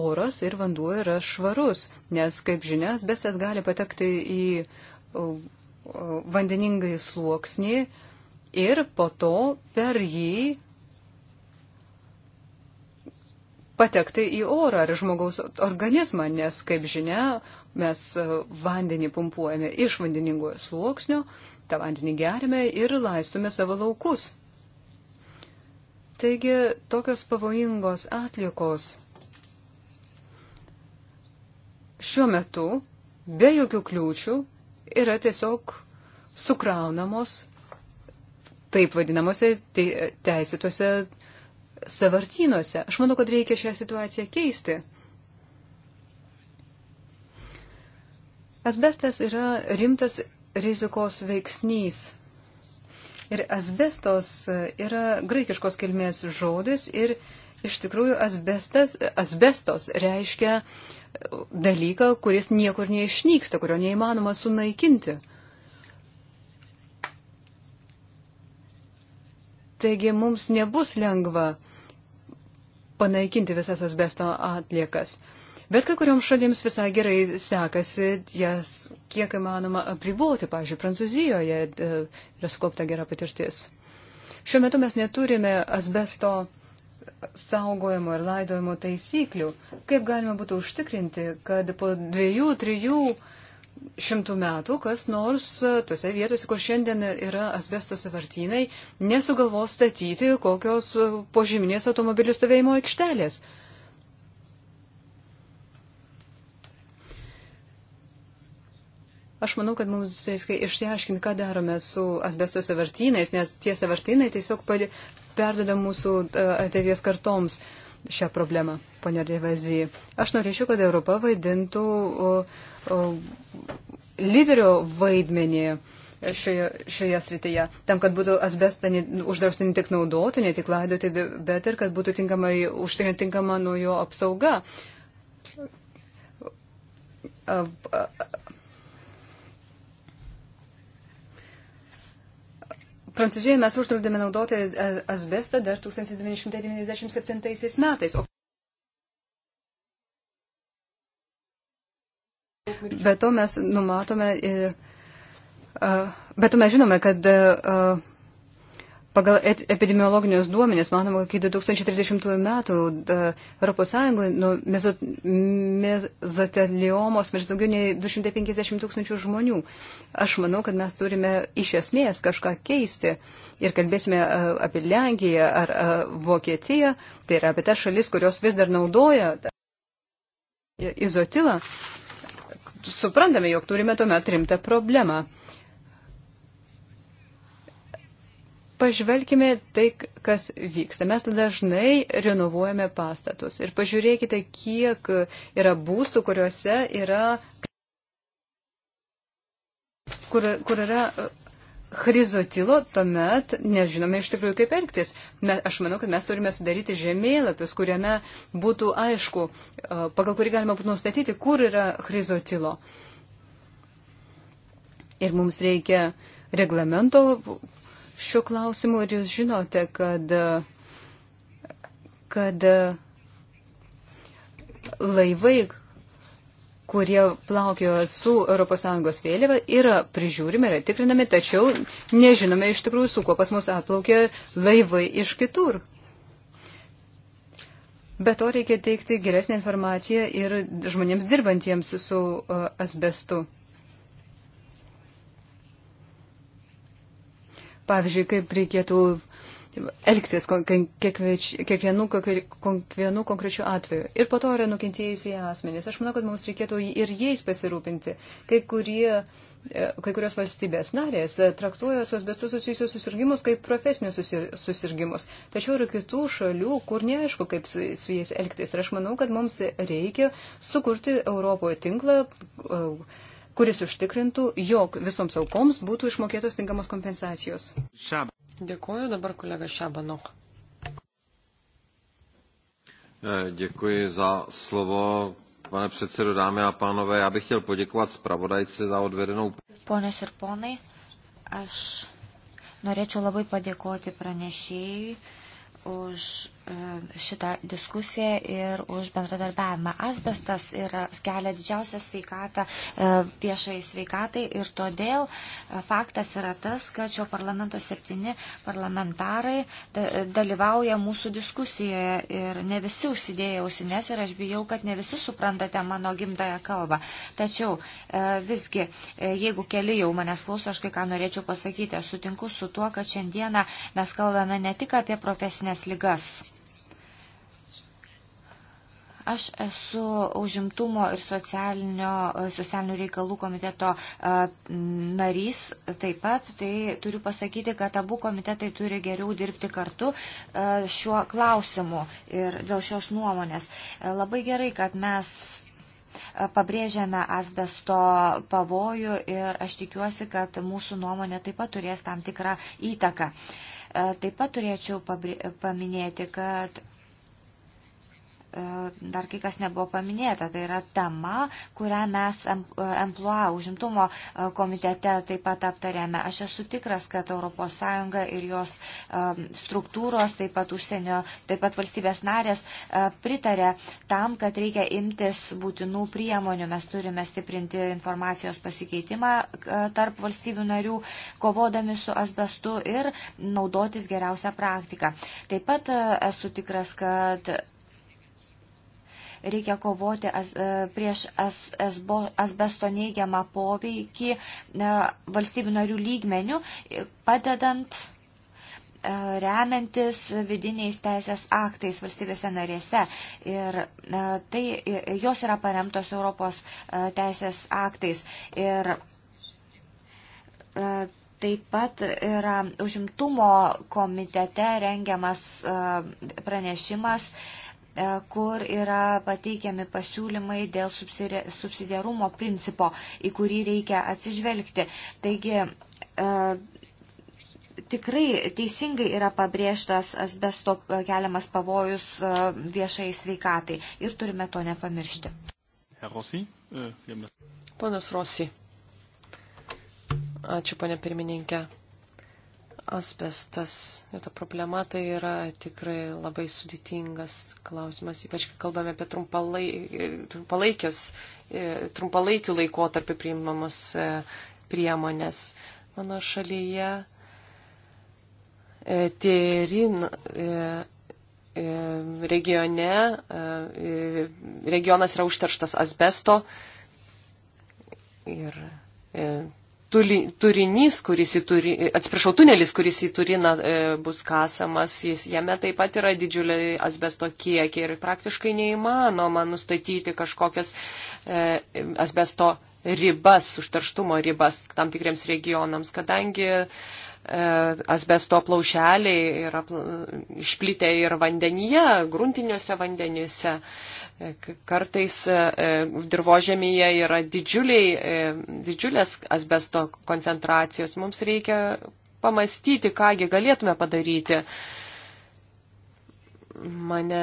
oras ir vanduo yra švarus, nes, kaip žinia, asbestas gali patekti į e, e, vandeningai sluoksnį ir po to per jį patekti į orą ar žmogaus organizmą, nes, kaip žinia, Mes e, vandenį pumpuojame iš vandeningo sluoksnio, tą vandenį gerime ir laistume savo laukus. Taigi tokios pavojingos atlikos šiuo metu be jokių kliūčių yra tiesiog sukraunamos taip vadinamosi teisėtuose savartynuose. Aš manau, kad reikia šią situaciją keisti. Asbestas yra rimtas rizikos veiksnys. Ir asbestos yra graikiškos kilmės žodis ir iš tikrųjų asbestas, asbestos reiškia dalyką, kuris niekur neišnyksta, kurio neįmanoma sunaikinti. Taigi mums nebus lengva panaikinti visas asbesto atliekas. Bet kai kurioms šalims visai gerai sekasi jas kiek įmanoma apriboti. Pavyzdžiui, Prancūzijoje e, yra skopta gera patirtis. Šiuo metu mes neturime asbesto saugojimo ir laidojimo taisyklių. Kaip galima būtų užtikrinti, kad po dviejų, trijų šimtų metų kas nors e, tose vietose, kur šiandien yra asbesto savartinai, nesugalvos statyti kokios e, požyminės automobilių stovėjimo aikštelės. Aš manau, kad mums reikia išsiaiškinti, ką darome su asbesto savartynais, nes tie savartynai tiesiog perdeda mūsų e, ateities kartoms šią problemą, ponė Devazy. Aš norėčiau, kad Europa vaidintų o, o, lyderio vaidmenį šioje, šioje srityje, tam, kad būtų asbestą uždrausta ne tik naudoti, ne tik laidoti, bet ir kad būtų tinkamai užtikrinti tinkama nuo jo apsauga. Prancūzijoje mes uždraudėme naudoti asbestą dar 1997 metais. Be to mes numatome, e, be to mes žinome, kad e, Pagal epidemiologinius duomenės, manoma, iki 2030 metų ES nuo mezoteliomos mirš daugiau nei 250 tūkstančių žmonių. Aš manau, kad mes turime iš esmės kažką keisti ir kalbėsime apie Lenkiją ar Vokietiją, tai yra apie tas šalis, kurios vis dar naudoja izotilą. Suprantame, jog turime tuomet rimtą problemą. pažvelkime tai, kas vyksta. Mes dažnai renovuojame pastatus ir pažiūrėkite, kiek yra būstų, kuriuose yra, kur, kur yra e, Hrizotilo tuomet nežinome iš tikrųjų, kaip elgtis. Me, aš manau, kad mes turime sudaryti žemėlapius, kuriame būtų aišku, e, pagal kurį galima būtų nustatyti, kur yra hrizotilo. Ir mums reikia reglamento, šiuo klausimu ir jūs žinote, kad, kad laivai, kurie plaukioja su ES vėliava, yra prižiūrimi, yra tikrinami, tačiau nežinome iš tikrųjų, su kuo pas mus atplaukia laivai iš kitur. Be to reikia teikti geresnį informaciją ir žmonėms dirbantiems su uh, asbestu. Pavyzdžiui, kaip reikėtų elgtis kiekvienu, kiekvienu konkrečiu atveju. Ir po to yra nukentėjusiai asmenys. Aš manau, kad mums reikėtų ir jais pasirūpinti. Kai, kurie, e, kai kurios valstybės narės e, traktuoja su asbestu susijusius susirgymus kaip profesinius susirgymus. Tačiau yra kitų šalių, kur neaišku, kaip su, su jais elgtis. Ir aš manau, kad mums reikia sukurti Europoje tinklą. Uh, kuris užtikrintų, jog visoms aukoms būtų išmokėtos tinkamos kompensacijos. Šab. Dėkuoju dabar kolega Šabanok. E, děkuji za slovo, pane předsedo, dámy a pánové. Já bych chtěl poděkovat zpravodajce za odvedenou. Pones ir ponai, aš norėčiau labai padėkoti pranešėjai už šitą diskusiją ir už bendradarbiavimą. Asbestas yra, kelia didžiausią sveikatą e, viešai sveikatai ir todėl e, faktas yra tas, kad šio parlamento septyni parlamentarai dalyvauja mūsų diskusijoje ir ne visi užsidėjo ausines ir aš bijau, kad ne visi suprantate mano gimtąją kalbą. Tačiau e, visgi, jeigu keli jau manęs klauso, aš kai ką norėčiau pasakyti, aš sutinku su tuo, kad šiandieną mes kalbame ne tik apie profesinės lygas, Aš esu užimtumo ir socialinių reikalų komiteto e, narys taip pat, tai turiu pasakyti, kad abu komitetai turi geriau dirbti kartu e, šiuo klausimu ir dėl šios nuomonės. E, labai gerai, kad mes pabrėžiame asbesto pavojų ir aš tikiuosi, kad mūsų nuomonė taip pat turės tam tikrą įtaką. Taip pat turėčiau paminėti, kad E, dar kai kas nebuvo paminėta, tai yra tema, kurią mes e, MPLA užimtumo e, komitete taip pat aptarėme. Aš esu tikras, kad ES ir jos struktūros, taip pat užsienio, taip pat valstybės narės pritarė tam, kad reikia imtis būtinų priemonių. Mes turime stiprinti informacijos pasikeitimą tarp valstybių narių, kovodami su asbestu ir naudotis geriausią praktiką. Taip pat esu tikras, kad Reikia kovoti as, e, prieš as, asbo, asbesto neigiamą poveikį e, valstybių narių lygmenių, e, padedant remiantis vidiniais teisės aktais valstybėse narėse. Ir tai, jos yra paremtos Europos teisės aktais. Ir taip pat yra užimtumo komitete rengiamas pranešimas E, kur yra pateikiami pasiūlymai dėl subsidiarumo principo, į kurį reikia atsižvelgti. Taigi, e, tikrai teisingai yra pabrėžtas asbesto keliamas pavojus e, viešai sveikatai ir turime to nepamiršti. Ponas Rosi. Ačiū, ponė pirmininkė asbestas ir ta problema tai yra tikrai labai sudėtingas klausimas, ypač kai kalbame apie trumpalaikės, e, trumpalaikių laikotarpį priimamas e, priemonės. Mano šalyje e, Tyrin regione, regionas yra užterštas asbesto ir turinys, kuris į turi, atsiprašau, tunelis, kuris į Turiną e, bus kasamas, jis, jame taip pat yra didžiuliai asbesto kiekiai ir praktiškai neįmanoma nustatyti kažkokias e, asbesto ribas, užterštumo ribas tam tikriems regionams, kadangi e, asbesto plaušeliai yra išplitę ir vandenyje, gruntiniuose vandenyse. E, E, kartais e, e, dirbožėmėje yra didžiuliai, didžiulės asbesto koncentracijos. Mums reikia pamastyti, kągi galėtume padaryti. Mane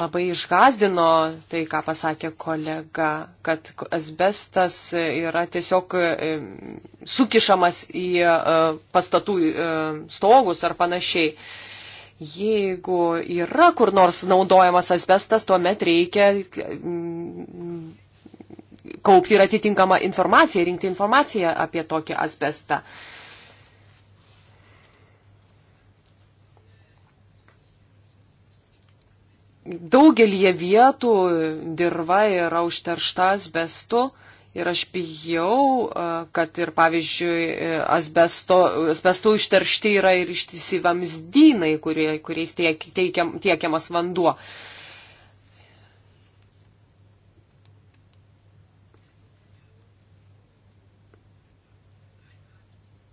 labai išgazdino tai, ką pasakė kolega, kad asbestas yra tiesiog sukišamas į pastatų stogus ar panašiai. Jeigu yra kur nors naudojamas asbestas, tuomet reikia mm, kaupti ir atitinkamą informaciją, rinkti informaciją apie tokį asbestą. Daugelį vietų dirba yra užteršta asbestu. Ir aš bijau, kad ir, pavyzdžiui, e, asbesto, asbestų išteršti yra ir ištisi vamzdynai, kurie, kuriais tiek, teikiam, tiekiamas vanduo. Uh,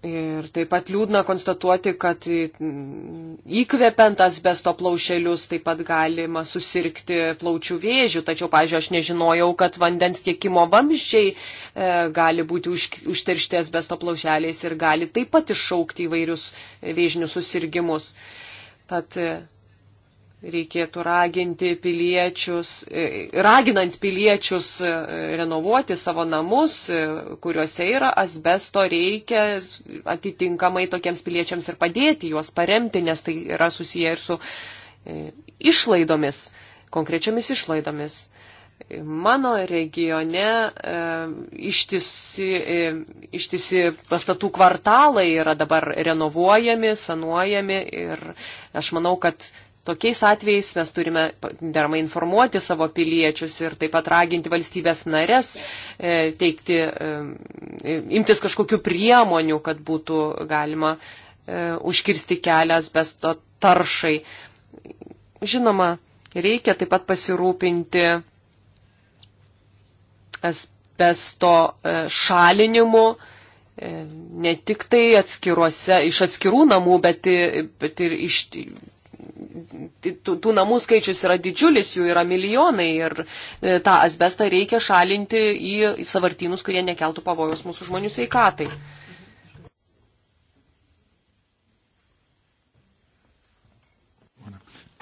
Ir taip pat liūdna konstatuoti, kad įkvepiant asbesto plaušelius taip pat galima susirgti plaučių vėžių, tačiau, pažiūrėjau, aš nežinojau, kad vandens tiekimo vamzdžiai e, gali būti už, užteršti asbesto plaušeliais ir gali taip pat iššaukti įvairius vėžinius susirgymus. Tad e, reikėtų raginti piliečius, raginant piliečius e, renovuoti savo namus, e, kuriuose yra asbesto, reikia atitinkamai tokiems piliečiams ir padėti juos paremti, nes tai yra susiję ir su e, išlaidomis, konkrečiamis išlaidomis. Mano regione e, ištisi, e, ištisi pastatų kvartalai yra dabar renovuojami, sanuojami ir aš manau, kad Tokiais atvejais mes turime deramai informuoti savo piliečius ir taip pat raginti valstybės narės e, teikti, e, imtis kažkokių priemonių, kad būtų galima e, užkirsti kelią asbesto taršai. Žinoma, reikia taip pat pasirūpinti asbesto šalinimu, ne tik tai atskiruose, iš atskirų namų, bet, bet ir iš tų, tų namų skaičius yra didžiulis, jų yra milijonai ir e, tą asbestą reikia šalinti į, į savartynus, kurie nekeltų pavojus mūsų žmonių sveikatai.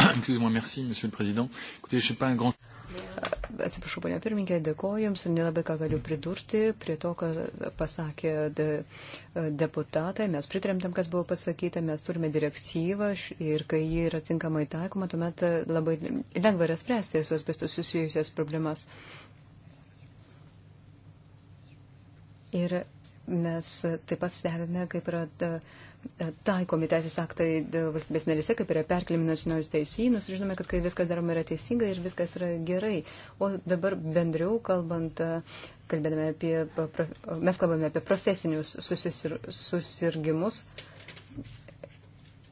Excusez-moi, merci, Monsieur le Président. Écoutez, je ne suis pas un grand. Atsiprašau, ponia pirmininkė, dėkoju Jums ir nelabai ką galiu pridurti prie to, ką pasakė de, deputatai. Mes pritremtam, kas buvo pasakyta, mes turime direktyvą ir kai ji yra tinkamai taikoma, tuomet e, labai lengva yra spręsti su asbestu susijusias problemas. Ir mes taip pat stebime, kaip yra. Da, e, taikomi teisės aktai valstybės narise, kaip yra perkelimi nacionalinius teisynus. Žinome, kad kai viskas daroma yra teisinga ir viskas yra gerai. O dabar bendriau kalbant, kalbėdame apie, mes kalbame apie profesinius susisir, susirgymus.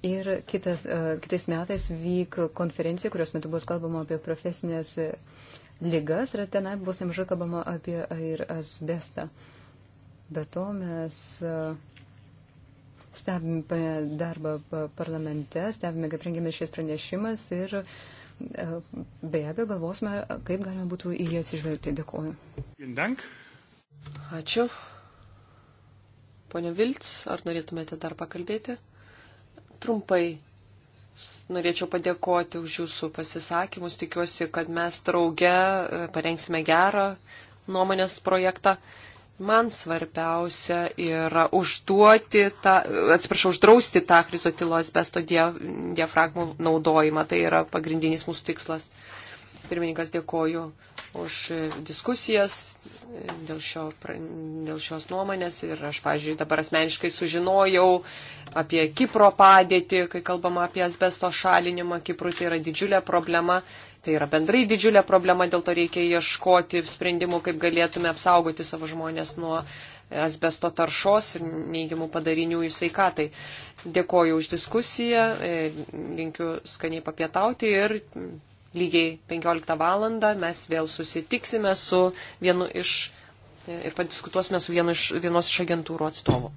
Ir kitas, e, kitais metais vyk konferencija, kurios metu bus kalbama apie profesinės lygas ir tenai bus nemažai kalbama apie ir asbestą. Be to mes uh, stebime darbą parlamente, stebime, kaip rengėme šis pranešimas ir e, be abejo galvosime, kaip galima būtų į jį atsižvelgti. Dėkuoju. Ačiū. Pone Vilts, ar norėtumėte dar pakalbėti? Trumpai norėčiau padėkoti už jūsų pasisakymus. Tikiuosi, kad mes drauge e, parengsime gerą nuomonės projektą. Man svarbiausia yra užduoti tą, atsiprašau, uždrausti tą chrizotilo asbesto diafragmų naudojimą. Tai yra pagrindinis mūsų tikslas. Pirmininkas dėkoju už diskusijas dėl, šio, dėl šios nuomonės. Ir aš, pažiūrėjau, dabar asmeniškai sužinojau apie Kipro padėtį, kai kalbama apie asbesto šalinimą. Kiprui tai yra didžiulė problema. Tai yra bendrai didžiulė problema, dėl to reikia ieškoti sprendimų, kaip galėtume apsaugoti savo žmonės nuo asbesto taršos ir neigiamų padarinių į sveikatai. Dėkoju už diskusiją, e, linkiu skaniai papietauti ir lygiai 15 val. mes vėl susitiksime su vienu iš e, ir padiskutuosime su vienu iš, vienos iš agentūrų atstovų.